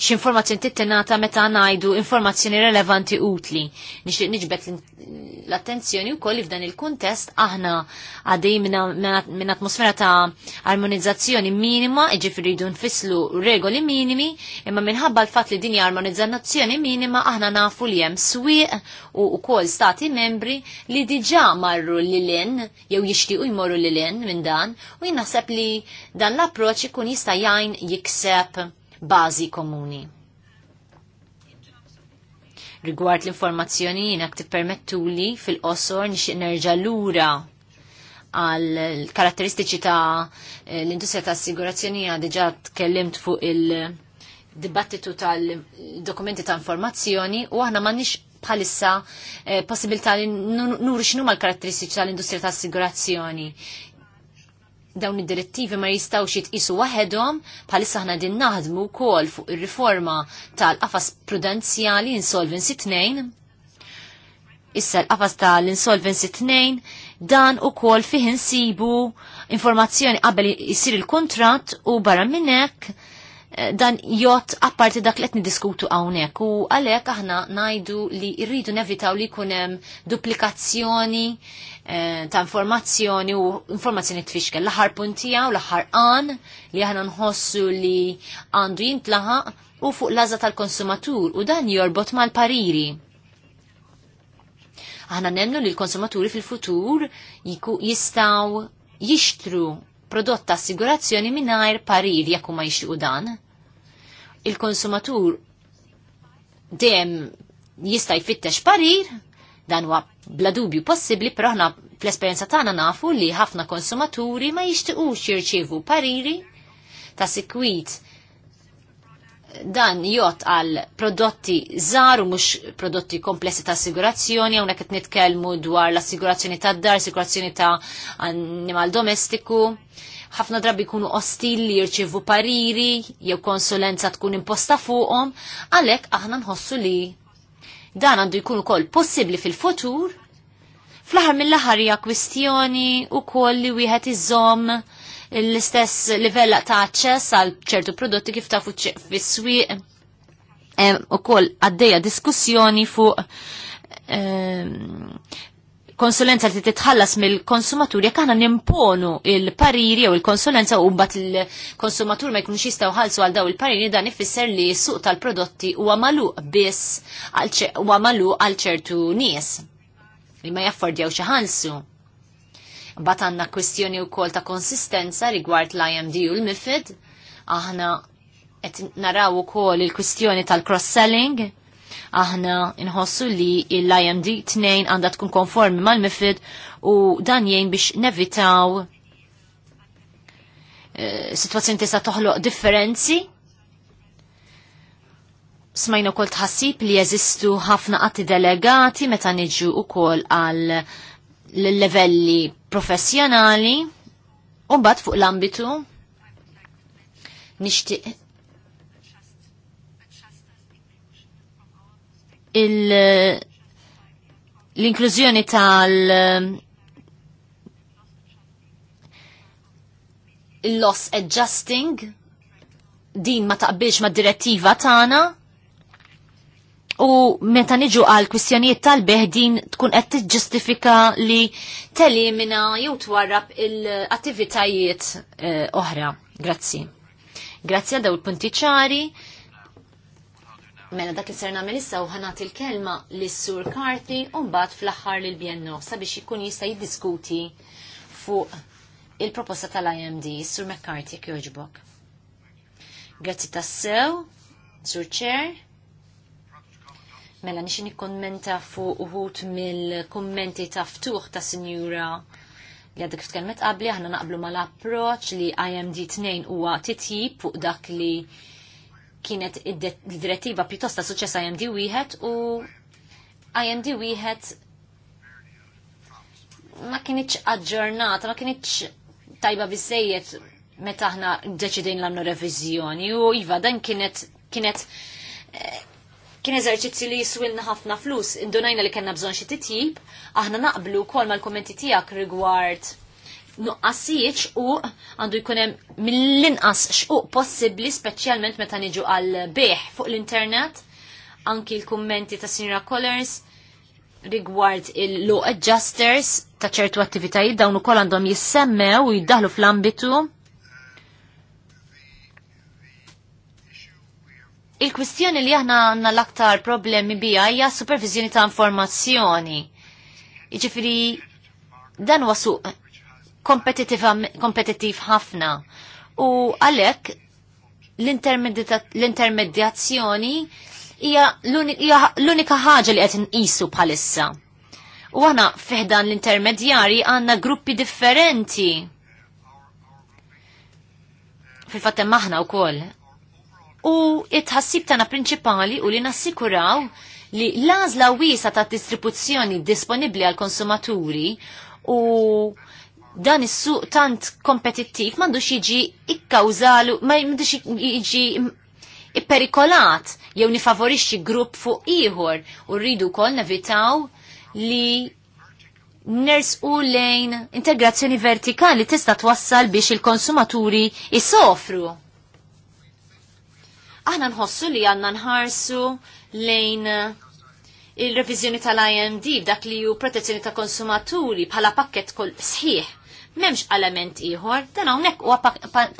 x'informazzjoni tittenata meta ngħidu informazzjoni relevanti utli. Nixtieq niġbed l-attenzjoni wkoll f'dan il-kuntest aħna għadej minn atmosfera ta' armonizzazzjoni minima, jiġifieri jridu nfisslu regoli minimi, imma minħabba l-fatt li din armonizzazzjoni minima aħna nafu li hemm swieq u wkoll stati membri li diġà marru lilin jew jixtiequ jmorru lilin minn dan u jnaħseb li dan l-approċċ ikun jista' jgħin jikseb bażi komuni. Rigward l-informazzjoni jinak li fil-qosor nix nerġa' lura għal karatteristiċi ta' l-industrija ta' assigurazzjoni diġa tkellimt fuq il-dibattitu tal-dokumenti ta' informazzjoni u aħna m'għandniex bħalissa eh, possibilità li nuru x'inhuma l-karatteristiċi tal-industrija ta' assigurazzjoni dawn id-direttivi ma jistawx jitqisu waħedhom bħalissa ħna din naħdmu wkoll fuq ir-riforma tal-qafas prudenzjali Insolvency 2. Issa l-qafas tal-Insolvency 2 dan ukoll fih insibu informazzjoni qabel jisir il-kuntratt u barra minn hekk dan jott apparti dak li qed diskutu hawnhekk u għalhekk aħna ngħidu li rridu nevitaw li jkun hemm duplikazzjoni eh, ta' informazzjoni u informazzjoni tfixkel. L-aħħar puntija u l-aħħar qan li aħna nħossu li għandu jintlaħaq u fuq l-għażla tal-konsumatur u dan jorbot mal-pariri. Aħna nemnu li l-konsumaturi fil-futur jistaw jixtru prodott ta' assigurazzjoni mingħajr parir jekk ma jixtiequ dan. Il-konsumatur dem jista' jfittex parir, dan huwa bla dubju possibbli, però aħna fl-esperjenza tagħna nafu li ħafna konsumaturi ma jixtiequx jirċievu pariri ta' sikwit dan jot għal prodotti żgħar u mhux prodotti komplessi ta' assigurazzjoni, hawnhekk qed nitkellmu dwar l-assigurazzjoni tad dar, assigurazzjoni ta' animal domestiku. Ħafna drabi jkunu ostili jirċievu pariri, jew konsulenza tkun imposta fuqhom, għalhekk aħna nħossu li dan għandu jkun ukoll possibbli fil-futur. Fl-aħħar mill ħar hija kwistjoni wkoll li wieħed iżomm l-istess livella ta' aċċess għal ċertu prodotti kif ta' fis-swieq u koll għaddeja diskussjoni fuq konsulenza li titħallas mill-konsumatur jekk aħna nimponu il-pariri jew il-konsulenza u mbagħad il-konsumatur ma jkunx jistgħu ħalsu għal daw il-pariri dan ifisser li s-suq tal-prodotti huwa magħluq biss huwa magħluq għal ċertu nies li ma jaffordjaw xi ħalsu. Bat għandna kwestjoni wkoll ta' konsistenza rigward l-IMD u l-MIFID. Aħna qed naraw ukoll il kwestjoni tal tal-cross-selling. Aħna nħossu li l-IMD tnejn għandha tkun konformi mal-MIFID u dan jgħin biex nevitaw eh, situazzjoni tista' toħloq differenzi smajna kol tħassib li jeżistu ħafna qatti delegati meta niġu u kol għal l-levelli professjonali u bat fuq l-ambitu nishtiq l-inklużjoni tal il-loss adjusting din ma taqbilx ma direttiva tagħna U meta niġu għal kwistjonijiet tal-beħdin tkun qed tiġġustifika li telimina jew twarrab il-attivitajiet eh, oħra. Grazzi. Grazzi għal daw il-punti ċari. Mela dak is ser nagħmel issa u ħanat il-kelma lis sur Karti u mbagħad fl-aħħar lil bjenno sabiex ikun jista' jiddiskuti fuq il-proposta tal-IMD, Sur McCarthy kjoġbok. Grazzi tassew, Sur Chair. Mela nixin ikkommenta fuq uħut mill-kommenti ta' ftuħ ta' sinjura li għadek f'tkelmet qabli aħna naqblu mal-approċ li IMD 2 huwa titjib fuq dak li kienet id-direttiva pjuttost ta' suċċess IMD wieħed u IMD wieħed ma kienieċ aġġornata, ma kienieċ tajba biżejjed meta aħna deċidejn l-għamlu revizjoni u iva dan kienet kienet Kien eżerċizzju li jiswilna ħafna flus, indunajna li kena bżon xi titjib, aħna naqblu kol mal-kommenti tiegħek rigward nuqqasijiet xquq għandu jkun hemm mill-inqas xquq possibbli speċjalment meta niġu għal beħ fuq l-internet, anki l-kummenti ta' Sinra Colors rigward il-law adjusters ta' ċertu attivitajiet dawn ukoll għandhom jissemmew u jiddaħlu fl-ambitu Il-kwistjoni li aħna għanna l-aktar problemi bija hija supervizjoni ta' informazzjoni. Iġifiri, dan wasu kompetitiv ħafna. U għalek, l-intermedjazzjoni hija l-unika ħaġa li qed nqisu bħalissa. U għana fiħdan l-intermedjari għanna gruppi differenti. Fil-fatem maħna u koll, U it-ħassib tana prinċipali u li nassikuraw li lażla wiesa ta' distribuzzjoni disponibli għal konsumaturi u dan is-suq tant kompetittiv m'għandux jiġi ikkawżalu, ma m'għandux jiġi ipperikolat jew nifavorixxi grupp fuq ieħor u rridu wkoll nevitaw li nersqu lejn integrazzjoni vertikali tista' twassal biex il-konsumaturi isofru. Aħna nħossu li għanna nħarsu lejn eh, il-revizjoni tal-IMD dak li ju protezzjoni ta' konsumaturi bħala pakket kol sħiħ. Memx element iħor, dan hawnhekk huwa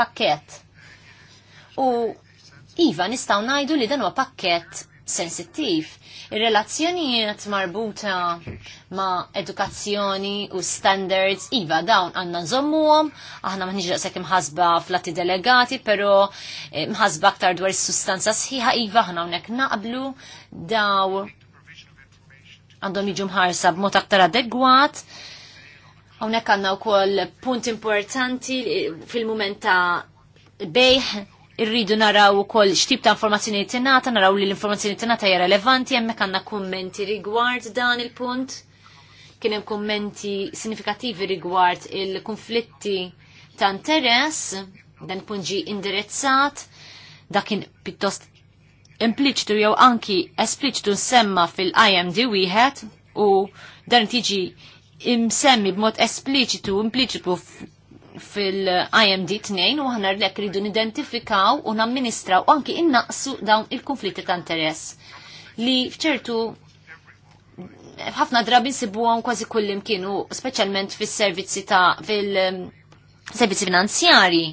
pakket. U Iva, nistaw najdu li dan huwa pakket sensittiv. Ir-relazzjonijiet marbuta ma' edukazzjoni u standards, iva dawn għanna nżommuhom, aħna ma nġiġa sekk imħasba flati delegati, pero eh, mħasba aktar dwar is-sustanza sħiħa, iva aħna hawnhekk naqblu daw għandhom jiġu mħarsa b'mod aktar adegwat. Hawnhekk għandna wkoll punt importanti eh, fil-mument ta' bejħ irridu naraw ukoll x'tip ta' informazzjoni tingħata, naraw li l-informazzjoni tingħata hija relevanti, hemmhekk għandna kummenti rigward dan il-punt. Kien hemm kummenti sinifikattivi rigward il-konflitti ta' interess, dan punt ġi indirizzat, dakin pittost impliċtu jew anki espliċtu nsemma fil-IMD wieħed u dan tiġi imsemmi b'mod espliċitu impliċitu fil-IMD 2 u ħanar lek ridu nidentifikaw u namministraw anki innaqsu dawn il-konflitti ta' interess li fċertu ħafna drabi nsibu għon kważi kullim kienu specialment fil-servizzi ta' fil-servizzi finanzjari.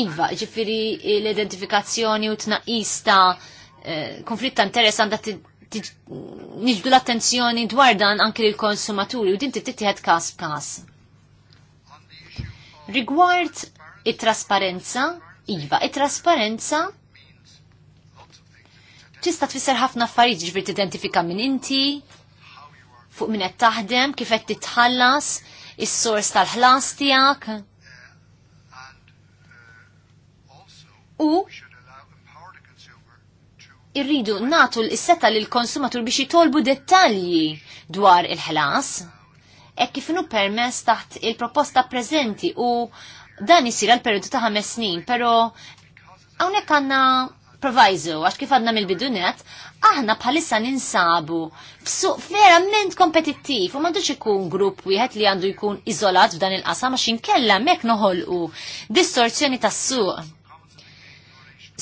Iva, ġifiri l-identifikazzjoni u tnaqis ta' konflitt ta' interess għanda niġdu l-attenzjoni dwar dan anki l-konsumaturi u din tittieħed kas b'każ. Rigward it-trasparenza, iva, it-trasparenza tista' tfisser ħafna affarijiet t tidentifika minn inti, fuq minn qed taħdem, kif qed titħallas, is-sors tal-ħlas tiegħek. U irridu natu l-issetta lil konsumatur biex jitolbu dettalji dwar il-ħlas hekk kif inhu permess taħt il-proposta preżenti u dan isir għal periodu ta' ħames snin, pero hawnhekk għandna proviso, għax kif għadna mill-bidunet, aħna bħalissa ninsabu f'suq verament kompetittiv u m'għandux ikun grupp wieħed li għandu jkun iżolat f'dan il-qasam għax inkella mek noħolqu distorzjoni tas-suq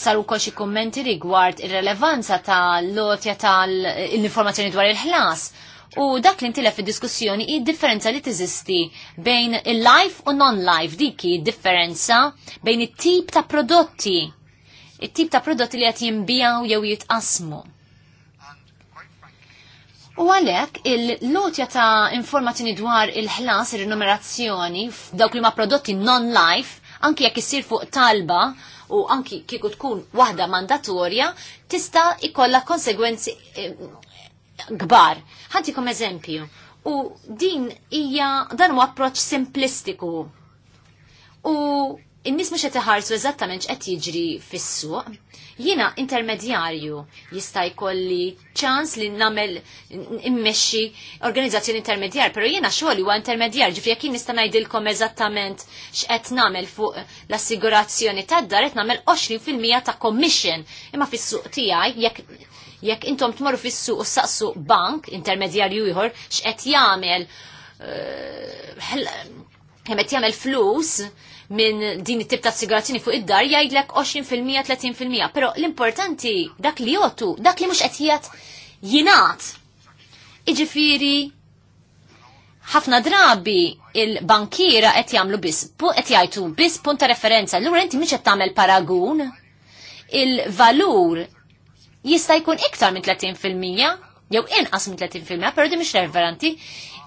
saru kol xi kummenti rigward ir-relevanza tal-lotja tal-informazzjoni dwar il-ħlas U dak li ntilef il diskussjoni i differenza li tiżisti bejn il-life u non-life diki differenza bejn it-tip ta' prodotti. It-tip ta' prodotti li qed jinbijaw jew jitqasmu. U għalek, il-lotja ta' informazzjoni dwar il-ħlas, il-renumerazzjoni, f'dawk li ma' prodotti non-life, anki jekk issir fuq talba, u anki kieku tkun waħda mandatorja, tista' ikolla konsegwenzi eh, kbar. Ħantikom eżempju. U din hija dan huwa approċċ simplistiku. U in-nies mhux qed iħarsu eżattament x'qed jiġri fis-suq. Jiena intermedjarju jista' jkolli ċans li nagħmel immexxi organizzazzjoni intermedjar, però jiena xogħol huwa intermedjar, ġifri jekk nista' ngħidilkom eżattament x'qed nagħmel fuq l-assigurazzjoni tad-dar qed nagħmel 20% ta' commission, imma fis-suq tiegħi jekk jekk intom tmorru fissu u saqsu bank intermedjarju ieħor x'qed jagħmel qed eh, jagħmel flus minn din it-tip ta' assigurazzjoni fuq id-dar jgħidlek 20% 30%, però l-importanti dak li jotu, dak li mhux qed jgħid jingħat. Iġifieri ħafna drabi il-bankira qed jagħmlu biss qed jgħidu biss punta ta' referenza. ura inti mhux qed tagħmel paragun il-valur jista' jkun iktar minn 30% jew inqas minn 30% però di mhix reveranti.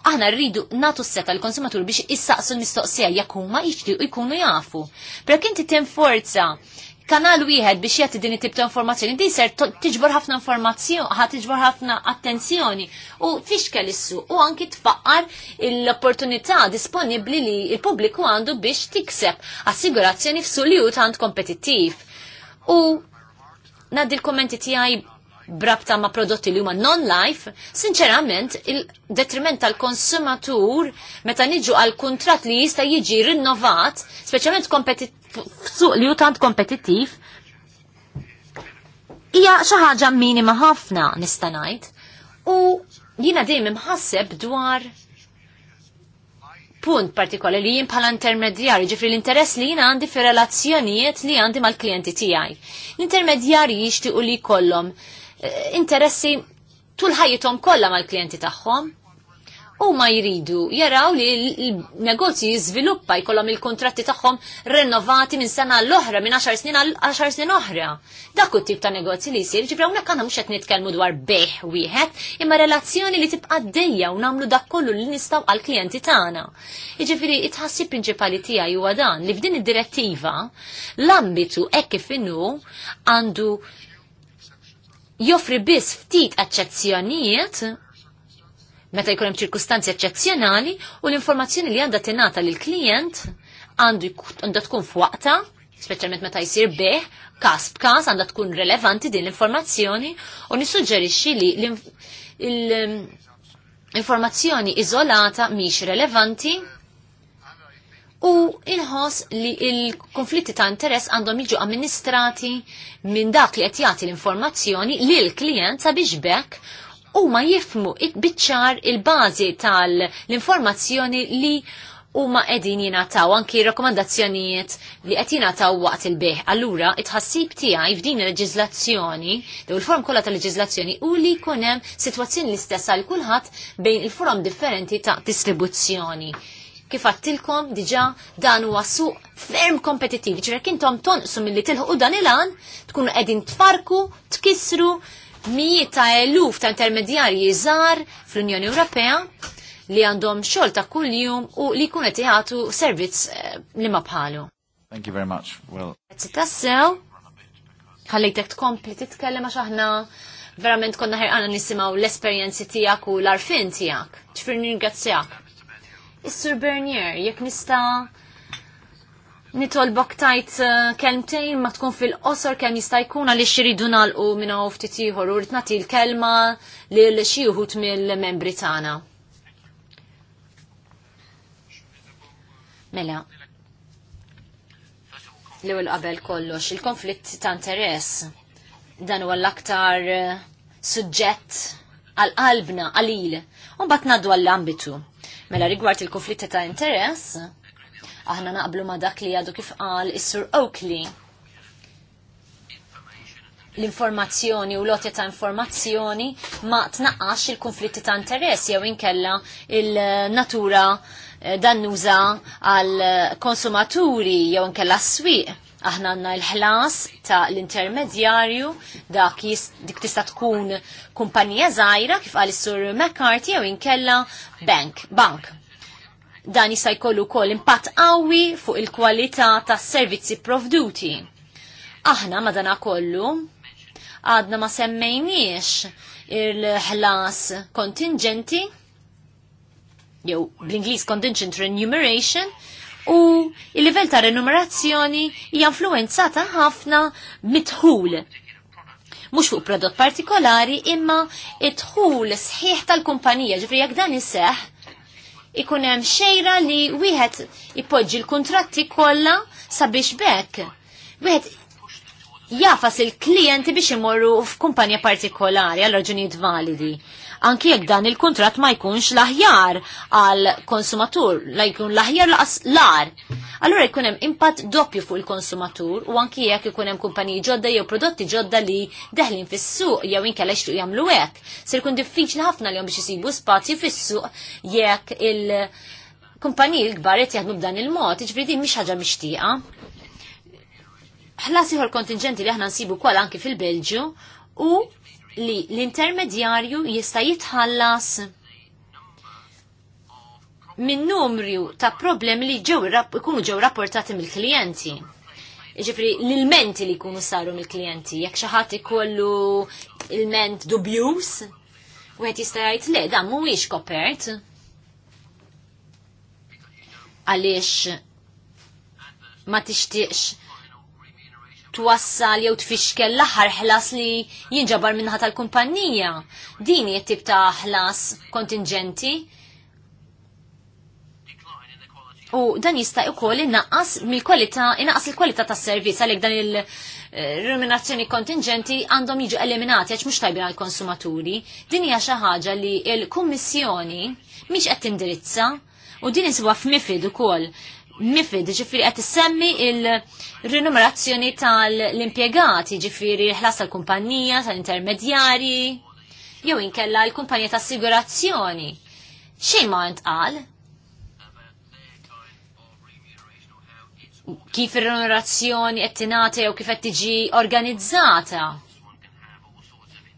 Aħna rridu natu s-seta l-konsumatur biex issaqsu l-mistoqsija jekk huma u jkunu jafu. Però kien titem forza kanal wieħed biex jagħti din it-tip ta' informazzjoni, din ser tiġbor ħafna informazzjoni, ħa tiġbor ħafna attenzjoni u fixkel issu u anki tfaqqar l-opportunità disponibbli li l-pubbliku għandu biex tikseb assigurazzjoni f'sulju tant kompetittiv. U naddi l-kommenti tijaj brabta ma' prodotti li huma non-life, sinċerament il-detriment tal-konsumatur meta niġu għal kontrat li jista' jiġi rinnovat, speċjalment f'suq li tant kompetittiv, hija xi ħaġa minima ħafna nista' ngħid. U jiena dejjem imħasseb dwar punt partikolari li jien bħala intermedjari, ġifri l-interess li jien għandi fi relazzjonijiet li għandi mal-klijenti tiegħi. L-intermedjari jixtiequ li jkollhom eh, interessi tul ħajjithom kollha mal-klijenti tagħhom u ma jridu jaraw li l-negozji jizviluppa jkollhom il-kontratti tagħhom renovati minn sena l-oħra minn 10 snin għal 10 snin oħra. Dak tip ta' negozji li jsir, ġibraw hawnhekk għandna mhux qed nitkellmu dwar beħ wieħed, imma relazzjoni li tibqa' dejja u nagħmlu dak kollu li nistgħu għal klijenti tagħna. Jiġifieri it-ħassib prinċipali tiegħi huwa dan li f'din id-direttiva l-ambitu hekk kif għandu joffri biss ftit eċċezzjonijiet meta jkun hemm ċirkustanzi eċċezzjonali u l-informazzjoni li għandha tingħata lil klijent għandha tkun f'waqta, speċjalment meta jsir beh, każ b'każ għandha tkun relevanti din l-informazzjoni u nissuġġerixxi li l-informazzjoni um, iżolata mhix relevanti u inħoss li l konflitti ta' interess għandhom jiġu amministrati minn dak li qed jagħti l-informazzjoni lil klijent sabiex bekk huma jifmu biċċar il-bażi tal-informazzjoni li huma qegħdin jingħataw anki rakkomandazzjonijiet li qed jingħataw waqt il-beħ. Allura it-ħassib tiegħi f'din il-leġiżlazzjoni, jew il-form kollha tal-leġiżlazzjoni u li jkun hemm sitwazzjoni l-istess għal kulħadd bejn il-forom differenti ta' distribuzzjoni. Kif għattilkom diġa dan huwa suq ferm kompetittiv, ġifier intom tonqsu milli tilħu dan il-għan tkunu qegħdin tfarku, tkissru, mijiet ta' eluf ta' intermedjarji żgħar fl-Unjoni Ewropea li għandhom xogħol ta' kuljum u li jkun qed jagħtu servizz eh, li ma bħalu. Thank you very much. Well. Grazzi tassew. Ħallejtek tkompli titkellem għax aħna verament konna ħerqana nisimgħu l-esperjenzi tiegħek u l-arfin tiegħek. Tfirni nirgrazzjak. Is-Sur Bernier, jekk nista' nitolbok tajt eh, kelmtejn ma tkun fil-qosor kemm jista' jkun għaliex iridu nagħlqu minn hawn ftit ieħor u rid l-kelma lil xi wħud mill-membri tagħna. Mela, l-ewwel qabel kollox, il-konflitt ta' interess dan huwa l-aktar eh, suġġett għal qalbna U mbagħad naddu għall-ambitu. Mela rigward il-konflitt ta' interess, Aħna naqblu ma dak li għadu kif qal is-Sur Oakley. L-informazzjoni u l-otja ta' informazzjoni ma tnaqqax il-konflitti ta' interess jew inkella il-natura eh, dannuża għal konsumaturi jew inkella s-swieq aħna għanna l-ħlas ta' l-intermedjarju dak dik tista' tkun kumpanija żgħira kif għal is-sur McCarthy jew inkella bank. bank. Dan jista' jkollu wkoll impatt qawwi fuq il-kwalità tas-servizzi provduti. Aħna madana kollu għadna ma semmejniex il-ħlas kontingenti jew bl-Ingliż contingent remuneration u il-livell ta' renumerazzjoni hija influenzata ħafna mitħul mux fuq prodott partikolari imma it-ħul sħiħ tal-kumpanija ġifri jekk dan isseħ ikun hemm xejra li wieħed ipoġġi l-kuntratti kollha sabiex bekk. Wieħed jafas il-klijenti biex imorru f'kumpanja partikolari għal raġunijiet validi. Anki jekk dan il-kontrat ma jkunx laħjar għal konsumatur, la jkun laħjar laqas lar. Allora jkun hemm impatt doppju fuq il-konsumatur u anki jekk ikun hemm kumpaniji ġodda jew prodotti ġodda li deħlin fis-suq jew inkella jixtiequ jagħmlu hekk. Se jkun diffiċli ħafna li biex isibu spazji fis-suq jekk il-kumpaniji l-kbar qed jaħdmu b'dan il-mod, jiġifieri din mhix ħaġa mixtieqa ħlas l kontingenti li aħna nsibu kwal anki fil-Belġu u li l-intermedjarju jista' jitħallas minn numru ta' problemi li ġew ikunu ġew rapportati mill-klijenti. Ġifri, l-menti li jkunu saru mill-klijenti, jekk xi ħadd ikollu il-ment dubjus, u għet jista' jgħid le, dan mhuwiex kopert. Għalix, ma tixtieqx twassal jew tfixkel l-aħħar ħlas li jinġabar minnaħa tal-kumpanija. Din hija tip ta' ħlas kontingenti. U dan jista' ukoll innaqqas mill-kwalità inaqas il-kwalità tas-servizz għalhekk dan il-ruminazzjoni kontingenti għandhom jiġu eliminati għax mhux tajbin għall-konsumaturi. Din hija xi ħaġa li l-Kummissjoni mhix qed tindirizza u din insibuha f'mifid ukoll mifid, ġifiri għet semmi il-rinumerazzjoni tal-impiegati, ġifiri ħlas tal-kumpanija, tal-intermedjari, jew inkella l-kumpanija ta' assigurazzjoni. Xejn ma għal? Kif il-rinumerazzjoni qed tingħati jew kif qed tiġi organizzata?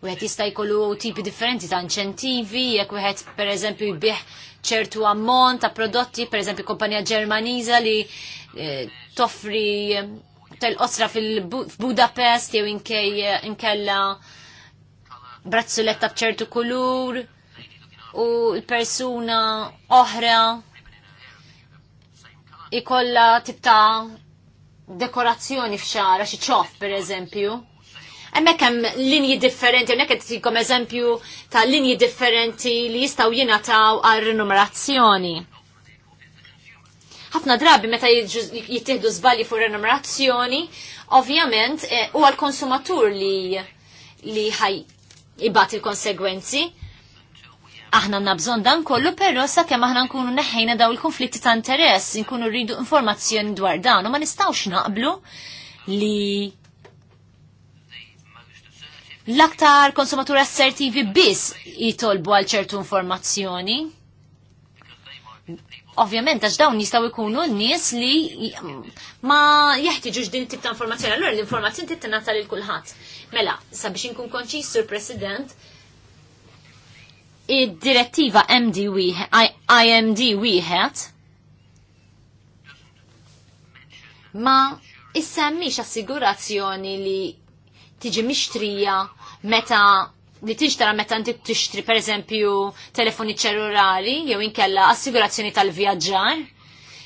Wieħed jista' jkollu tipi differenti ta' inċentivi, jekk wieħed pereżempju jbih ċertu ammont ta' prodotti, per eżempju kompanija Ġermaniża li eh, toffri tal-osra fil-Budapest jew inkella brazzuletta bċertu kulur u l-persuna oħra ikolla tip ta' dekorazzjoni f'xara, xi ċof per eżempju. Hemmhekk hemm linji differenti, hemmhekk qed tikom eżempju ta' linji differenti li jistgħu jingħataw għal renumerazzjoni. Ħafna drabi meta jittieħdu żbalji fuq renumerazzjoni, ovvjament eh, huwa l-konsumatur li li ħaj ibat il-konsegwenzi. Aħna nabżon dan kollu, pero sa aħna nkunu neħħejna daw il-konflitti ta' interess, nkunu rridu informazzjoni dwar dan, u ma nistawx naqblu li L-aktar konsumaturi assertivi biss jitolbu għal ċertu informazzjoni. Ovvjament, għax dawn jistaw ikunu n-nies li ma jeħtiġux din tip ta' informazzjoni. għallur l-informazzjoni tittinata lil kulħadd. Mela, sabiex inkun konċis, Sur President, id-direttiva MD IMD wieħed ma issemmix assigurazzjoni li tiġi mixtrija meta li tixtara meta inti tixtri per eżempju telefoni ċellulari jew inkella assigurazzjoni tal-vjaġġar.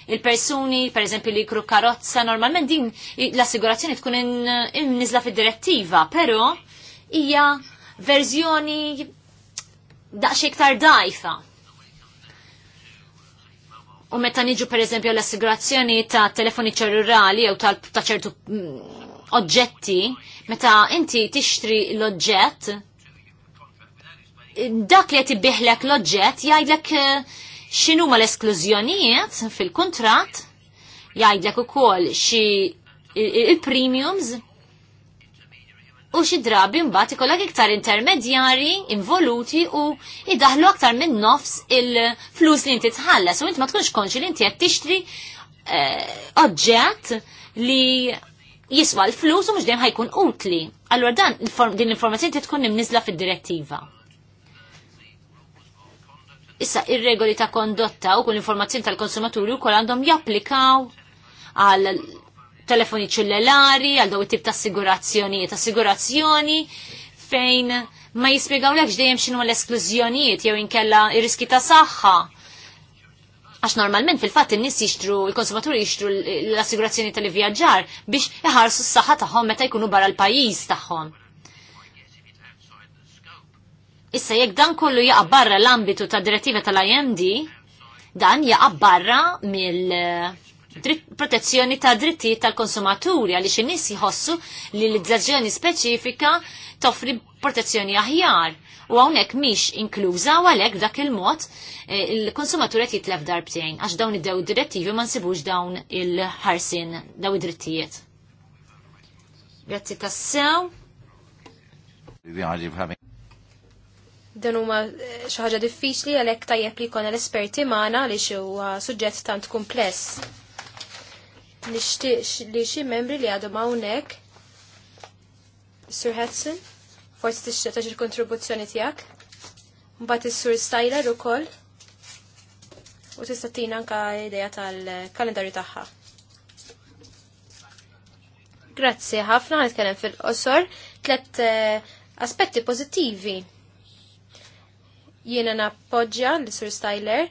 Il-persuni, per eżempju, li jkru karozza, normalment din l-assigurazzjoni tkun nizla fid-direttiva, però hija verżjoni daqxie iktar dajfa. U meta niġu per eżempju l-assigurazzjoni ta' telefoni ċellurali jew ta' ċertu mm, oġġetti, meta inti tixtri l-oġġett, dak li jtibiħlek l-oġġett jgħidlek eh, xinu ma l-esklużjonijiet fil-kontrat, jgħidlek u kol xie il-premiums, u xi drabi mbagħad ikollok iktar intermedjari involuti u idaħlu aktar minn nofs il-flus li inti tħallas u int ma tkunx konxi li inti qed tixtri eh, oġġett li jiswa l-flus u mux dem ħajkun utli. Allora dan din l-informazzjoni tkun nimnizla fid-direttiva. Issa ir-regoli ta' kondotta u kull informazzjoni tal-konsumaturi u kol għandhom japplikaw għal telefoni ċellulari, għal daw tip ta' assigurazzjoni, ta' assigurazzjoni fejn ma jispiegaw l dejjem xinu l-esklużjonijiet jew inkella ir-riski ta' saħħa Għax normalment fil-fatt in-nies jixtru, il-konsumaturi jishtru l-assigurazzjoni tal-ivvjaġġar biex iħarsu s-saħħa tagħhom meta jkunu barra l-pajjiż tagħhom. Issa jekk dan kollu jaqa' barra l-ambitu ta' direttiva tal-IMD, dan jaqa' barra mill eh, protezzjoni ta' drittijiet tal-konsumaturi għaliex in-nies jħossu li l-leġazzjoni speċifika toffri protezzjoni aħjar u hawnhekk mhix inkluża u għalhekk dak il-mod eh, il-konsumatur qed jitlef darbtejn għax dawn id-dew direttivi ma nsibux dawn il-ħarsin daw id-drittijiet. Grazzi tassew. Dan huma eh, xi ħaġa diffiċli għalhekk tajjeb li jkollna l-esperti magħna li huwa suġġett tant kumpless. Nixtieq li xi membri li għadhom hawnhekk Sir Hudson? forsi tixtieq taġi l-kontribuzzjoni tiegħek. Mbagħad is-Sur Styler ukoll u tista' tina anke idea tal-kalendarju tagħha. Grazzi ħafna nitkellem fil-qosor Tlet eh, aspetti pożittivi. Jiena nappoġġja l-Sur Styler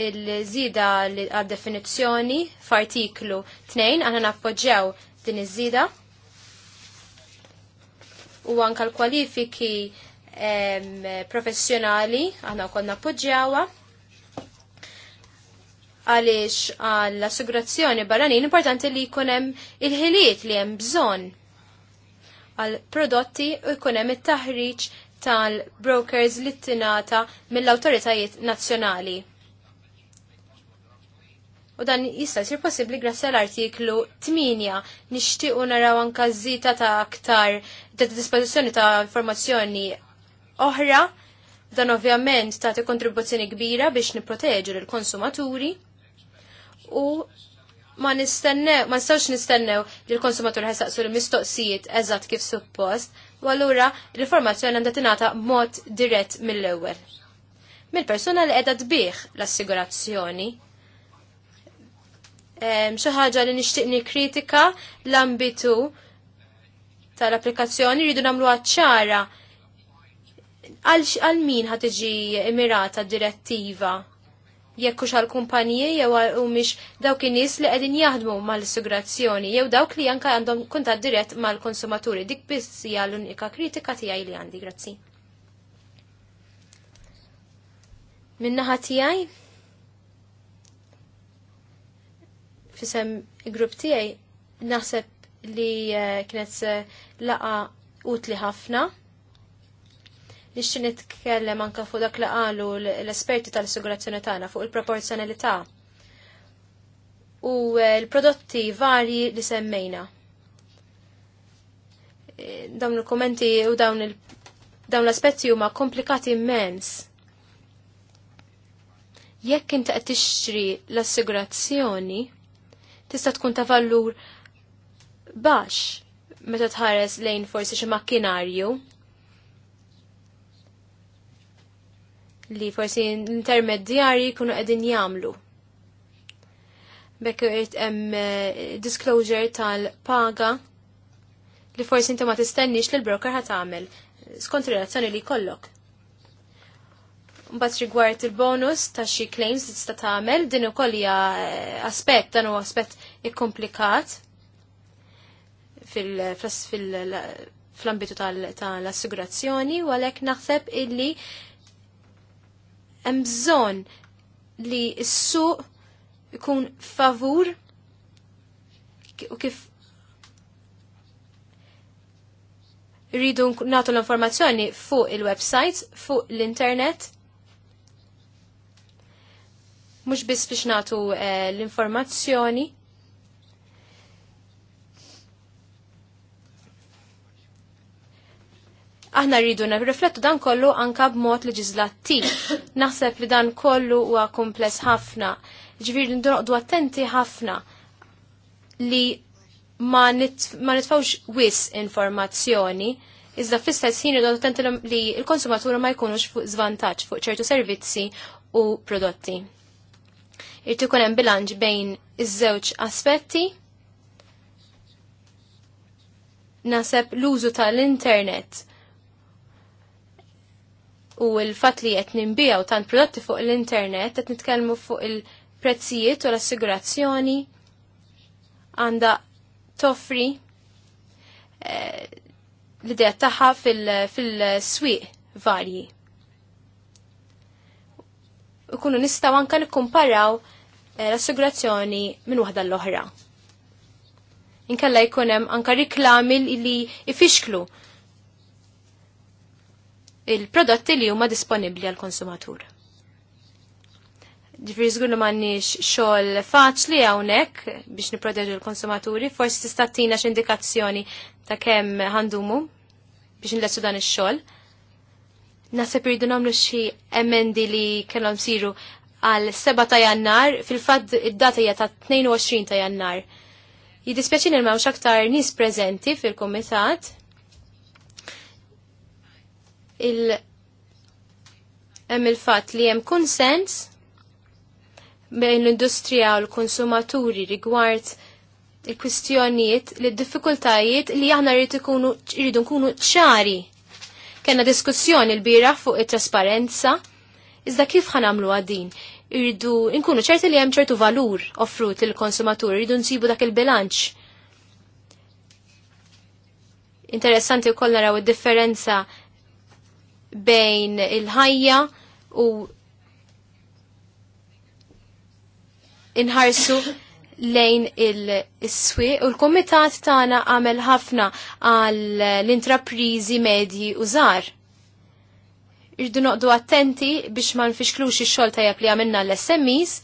il-żida għal definizzjoni f'artiklu 2 aħna nappoġġjaw din iż-żida u anka l-kwalifiki professjonali għana konna poġġjawa għaliex għall-assigurazzjoni barranin importanti li jkunem il-ħiliet li hemm bżonn għal-prodotti u jkunem it-taħriġ tal-brokers li t-tinata mill-autoritajiet nazzjonali u dan jista' jsir possibbli grazzi għall artiklu 8 nixtiequ naraw anka żita ta' aktar ta' dispożizzjoni ta' informazzjoni oħra dan ovvjament tagħti kontribuzzjoni kbira biex nipproteġu lill konsumaturi u ma nistennew, ma nistawx nistennew li l-konsumatur ħesaqsu l-mistoqsijiet eżatt kif suppost, u allura l-informazzjoni għandha tingħata mod dirett mill-ewwel. Mill-persuna li qiegħda tbih l-assigurazzjoni xi ħaġa li nixtieqni kritika l-ambitu tal-applikazzjoni rridu nagħmlu ċara għal min ħad tiġi emirata direttiva jekk hux għall-kumpaniji jew humiex dawk in-nies li qegħdin jaħdmu mal-assigurazzjoni jew dawk li anke għandhom kuntat dirett mal-konsumaturi. Dik biss hija l-unika kritika tiegħi li għandi, grazzi. Min-naħa tiegħi? fisem il-grupp tiegħi naħseb li eh, kienet eh, laqa utli ħafna. Nixċi nitkellem anka fuq dak li qalu l-esperti tal-assigurazzjoni tagħna fuq il-proporzjonalità u eh, l-prodotti varji li semmejna. Dawn il-kommenti u dawn il dawn l-aspetti huma komplikati immens. Jekk inti qed tixtri l-assigurazzjoni, tista' tkun ta' valur baxx meta tħares lejn forsi xi makkinarju li forsi l-intermedjari kunu qegħdin jagħmlu. Bekk irid hemm eh, disclosure tal-paga li forsi inti ma tistenniex li l-broker ħat tagħmel skont ir-relazzjoni li jkollok. Mbagħad rigward il-bonus ta' xi claims li tista' tagħmel din ukoll hija eh, aspett dan huwa aspett ikkomplikat fil-ambitu tal-assigurazzjoni u għalhekk naħseb illi hemm bżonn li s-suq ikun favur u kif rridu nagħtu l-informazzjoni fuq il-website, fuq l-internet, mhux biss biex nagħtu eh, l-informazzjoni. Aħna rridu nirriflettu dan kollu anka b'mod leġislattiv. Naħseb li dan kollu huwa kumpless ħafna. Ġifieri ndoqdu attenti ħafna li ma, nit, ma nitfawx wis informazzjoni iżda fl-istess ħin irridu attenti li l-konsumaturi ma jkunux fuq zvantaġġ fuq ċertu servizzi u prodotti. Irti kunem hemm bilanċ bejn iż-żewġ aspetti. Naseb l-użu tal-internet u l-fat li qed nimbijaw tant prodotti fuq l-internet qed nitkellmu fuq il-prezzijiet u l-assigurazzjoni għandha toffri eh, l-idea tagħha fil-swieq varji ikunu nistaw anka nikkumparaw eh, l-assigurazzjoni minn waħda l-oħra. Inkella jkunem anka riklami li ifixklu il-prodotti li huma disponibli għal konsumatur. Ġifir żgur li m'għandniex xogħol faċli hawnhekk biex nipproteġu l-konsumaturi, forsi tista' tina x'indikazzjoni ta' kemm ħandumu biex nlessu dan ix-xogħol. Nasib rridu namlu xi emendi li kellhom siru għal 7 ta' jannar, fil-fatt id-data hija ta' 22 ta' jannar. Jiddispjaċin il mawx aktar nis preżenti fil-komitat. Il hemm il-fatt li hemm konsens bejn l-industrija u l-konsumaturi rigward il-kwistjonijiet li d-diffikultajiet li aħna rridu nkunu ċari kena diskussjoni l-bira fuq it-trasparenza, iżda kif ħanamlu għadin? Irridu nkunu ċerti li hemm ċertu valur offrut il-konsumatur, irridu nsibu dak il-bilanċ. Interessanti wkoll naraw id-differenza bejn il-ħajja u inħarsu lejn il-swi u l-komitat tana għamel ħafna għal l-intraprizi medji u zar. Irdu noqdu attenti biex ma nfixklux ix-xogħol tajjeb li għamilna l-SMEs.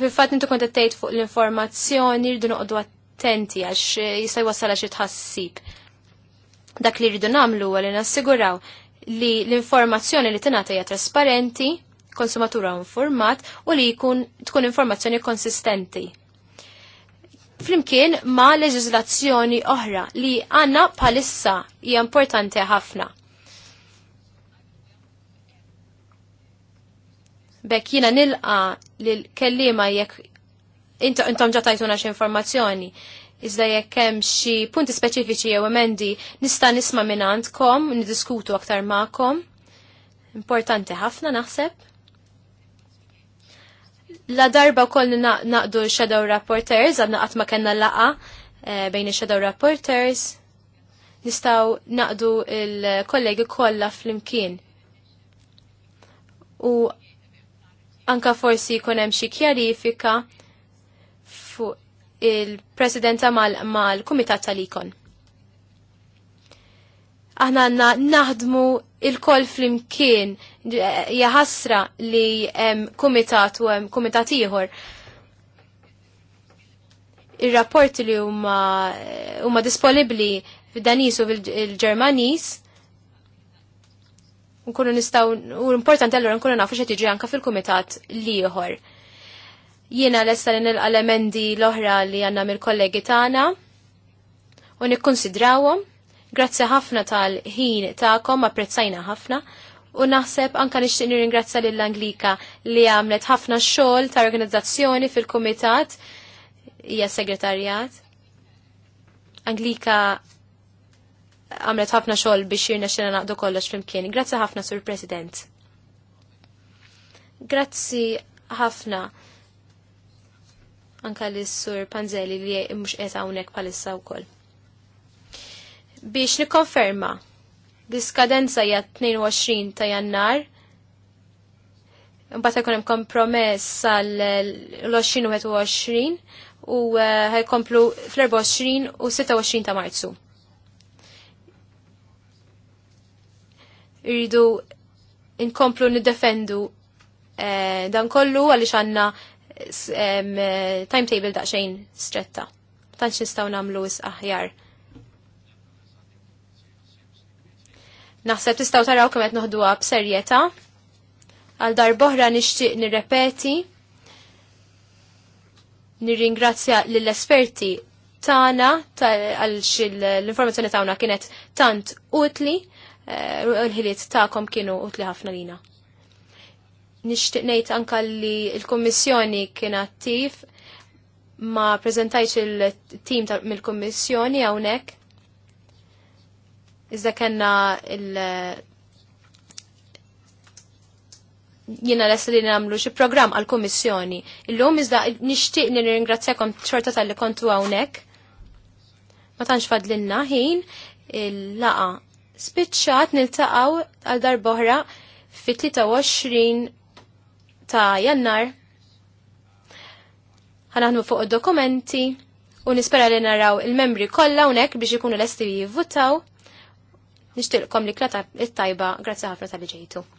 Fil-fatt intu kont tgħid fuq l-informazzjoni irdu noqdu attenti għax jista' wasala xi tħassib. Dak li rridu nagħmlu huwa nassiguraw li l-informazzjoni li tingħata hija trasparenti konsumatura informat u li jkun tkun informazzjoni konsistenti. Flimkien ma leġiżlazzjoni oħra li għanna palissa hija importanti ħafna. Bekk jina nilqa l-kellima jekk intom ġatajtuna xi informazzjoni iżda jekk hemm xi punti speċifiċi jew emendi nista' nisma' minn għandkom, niddiskutu aktar ma'kom. Importanti ħafna naħseb. La darba koll naqdu shadow rapporters, għadna għatma kena laqa eh, bejn shadow rapporters, nistaw naqdu il-kollegi kolla fl-imkien. U anka forsi konem xie kjarifika fuq il-presidenta mal-komitat mal tal-ikon. Aħna naħdmu il-koll fl-imkien jahasra li hemm kumitat u hemm kumitat ieħor. Ir-rapporti li huma huma disponibbli f'Danis u fil-Ġermanis nkunu nistaw, u importanti allura nkunu nafu xed jiġi anka fil-kumitat ieħor. Jiena lesta li nilqa l-emendi l-oħra li għanna mill-kollegi tagħna u nikkonsidrawhom. Grazzi ħafna tal-ħin tagħkom, apprezzajna ħafna u naħseb anka nixtieq nirringrazzja lill anglika li għamlet ħafna xogħol ta' organizzazzjoni fil-kumitat hija segretarjat. Anglika għamlet ħafna xogħol biex jirna xena naqdu kollox flimkien. Grazzi ħafna, Sur President. Grazzi ħafna anka li sur Panzeli li mhux qed hawnhekk bħalissa wkoll. Biex nikkonferma Diskadenza hija 22 ta' jannar. Mbagħad ikun hemm kompromess sal l-20 u eh, ħajkomplu fl-24 u 26 ta' Marzu. Irridu inkomplu niddefendu eh, dan kollu għaliex għandna eh, timetable daqsxejn stretta. Tantx nistgħu nagħmlu is aħjar. Naħseb tistaw taraw kemm qed noħduha b'serjetà. Għal darboħra nixtieq nirrepeti nirringrazzja lill-esperti tagħna għalx l-informazzjoni tagħna kienet tant utli eh, l-ħiliet tagħkom kienu utli ħafna lina. Nixtieq ngħid anke li l-Kummissjoni kien attiv ma prezentajx il-tim mill-Kommissjoni hawnhekk Iżda kena il- jina l li namlu xie program għal-komissjoni. Illum iżda nishtiq li ringrazzjakom xorta tal-li kontu għawnek. Ma tanx fadlinna ħin il-laqa spiċċat nil-taqaw għal darboħra fit-23 ta' jannar. Għanaħnu fuq dokumenti u nispera li naraw il-membri kollha hawnhekk biex ikunu lesti jivvutaw. Nishtilkom li klata it-tajba, grazzi ħafna tal-ġejtu.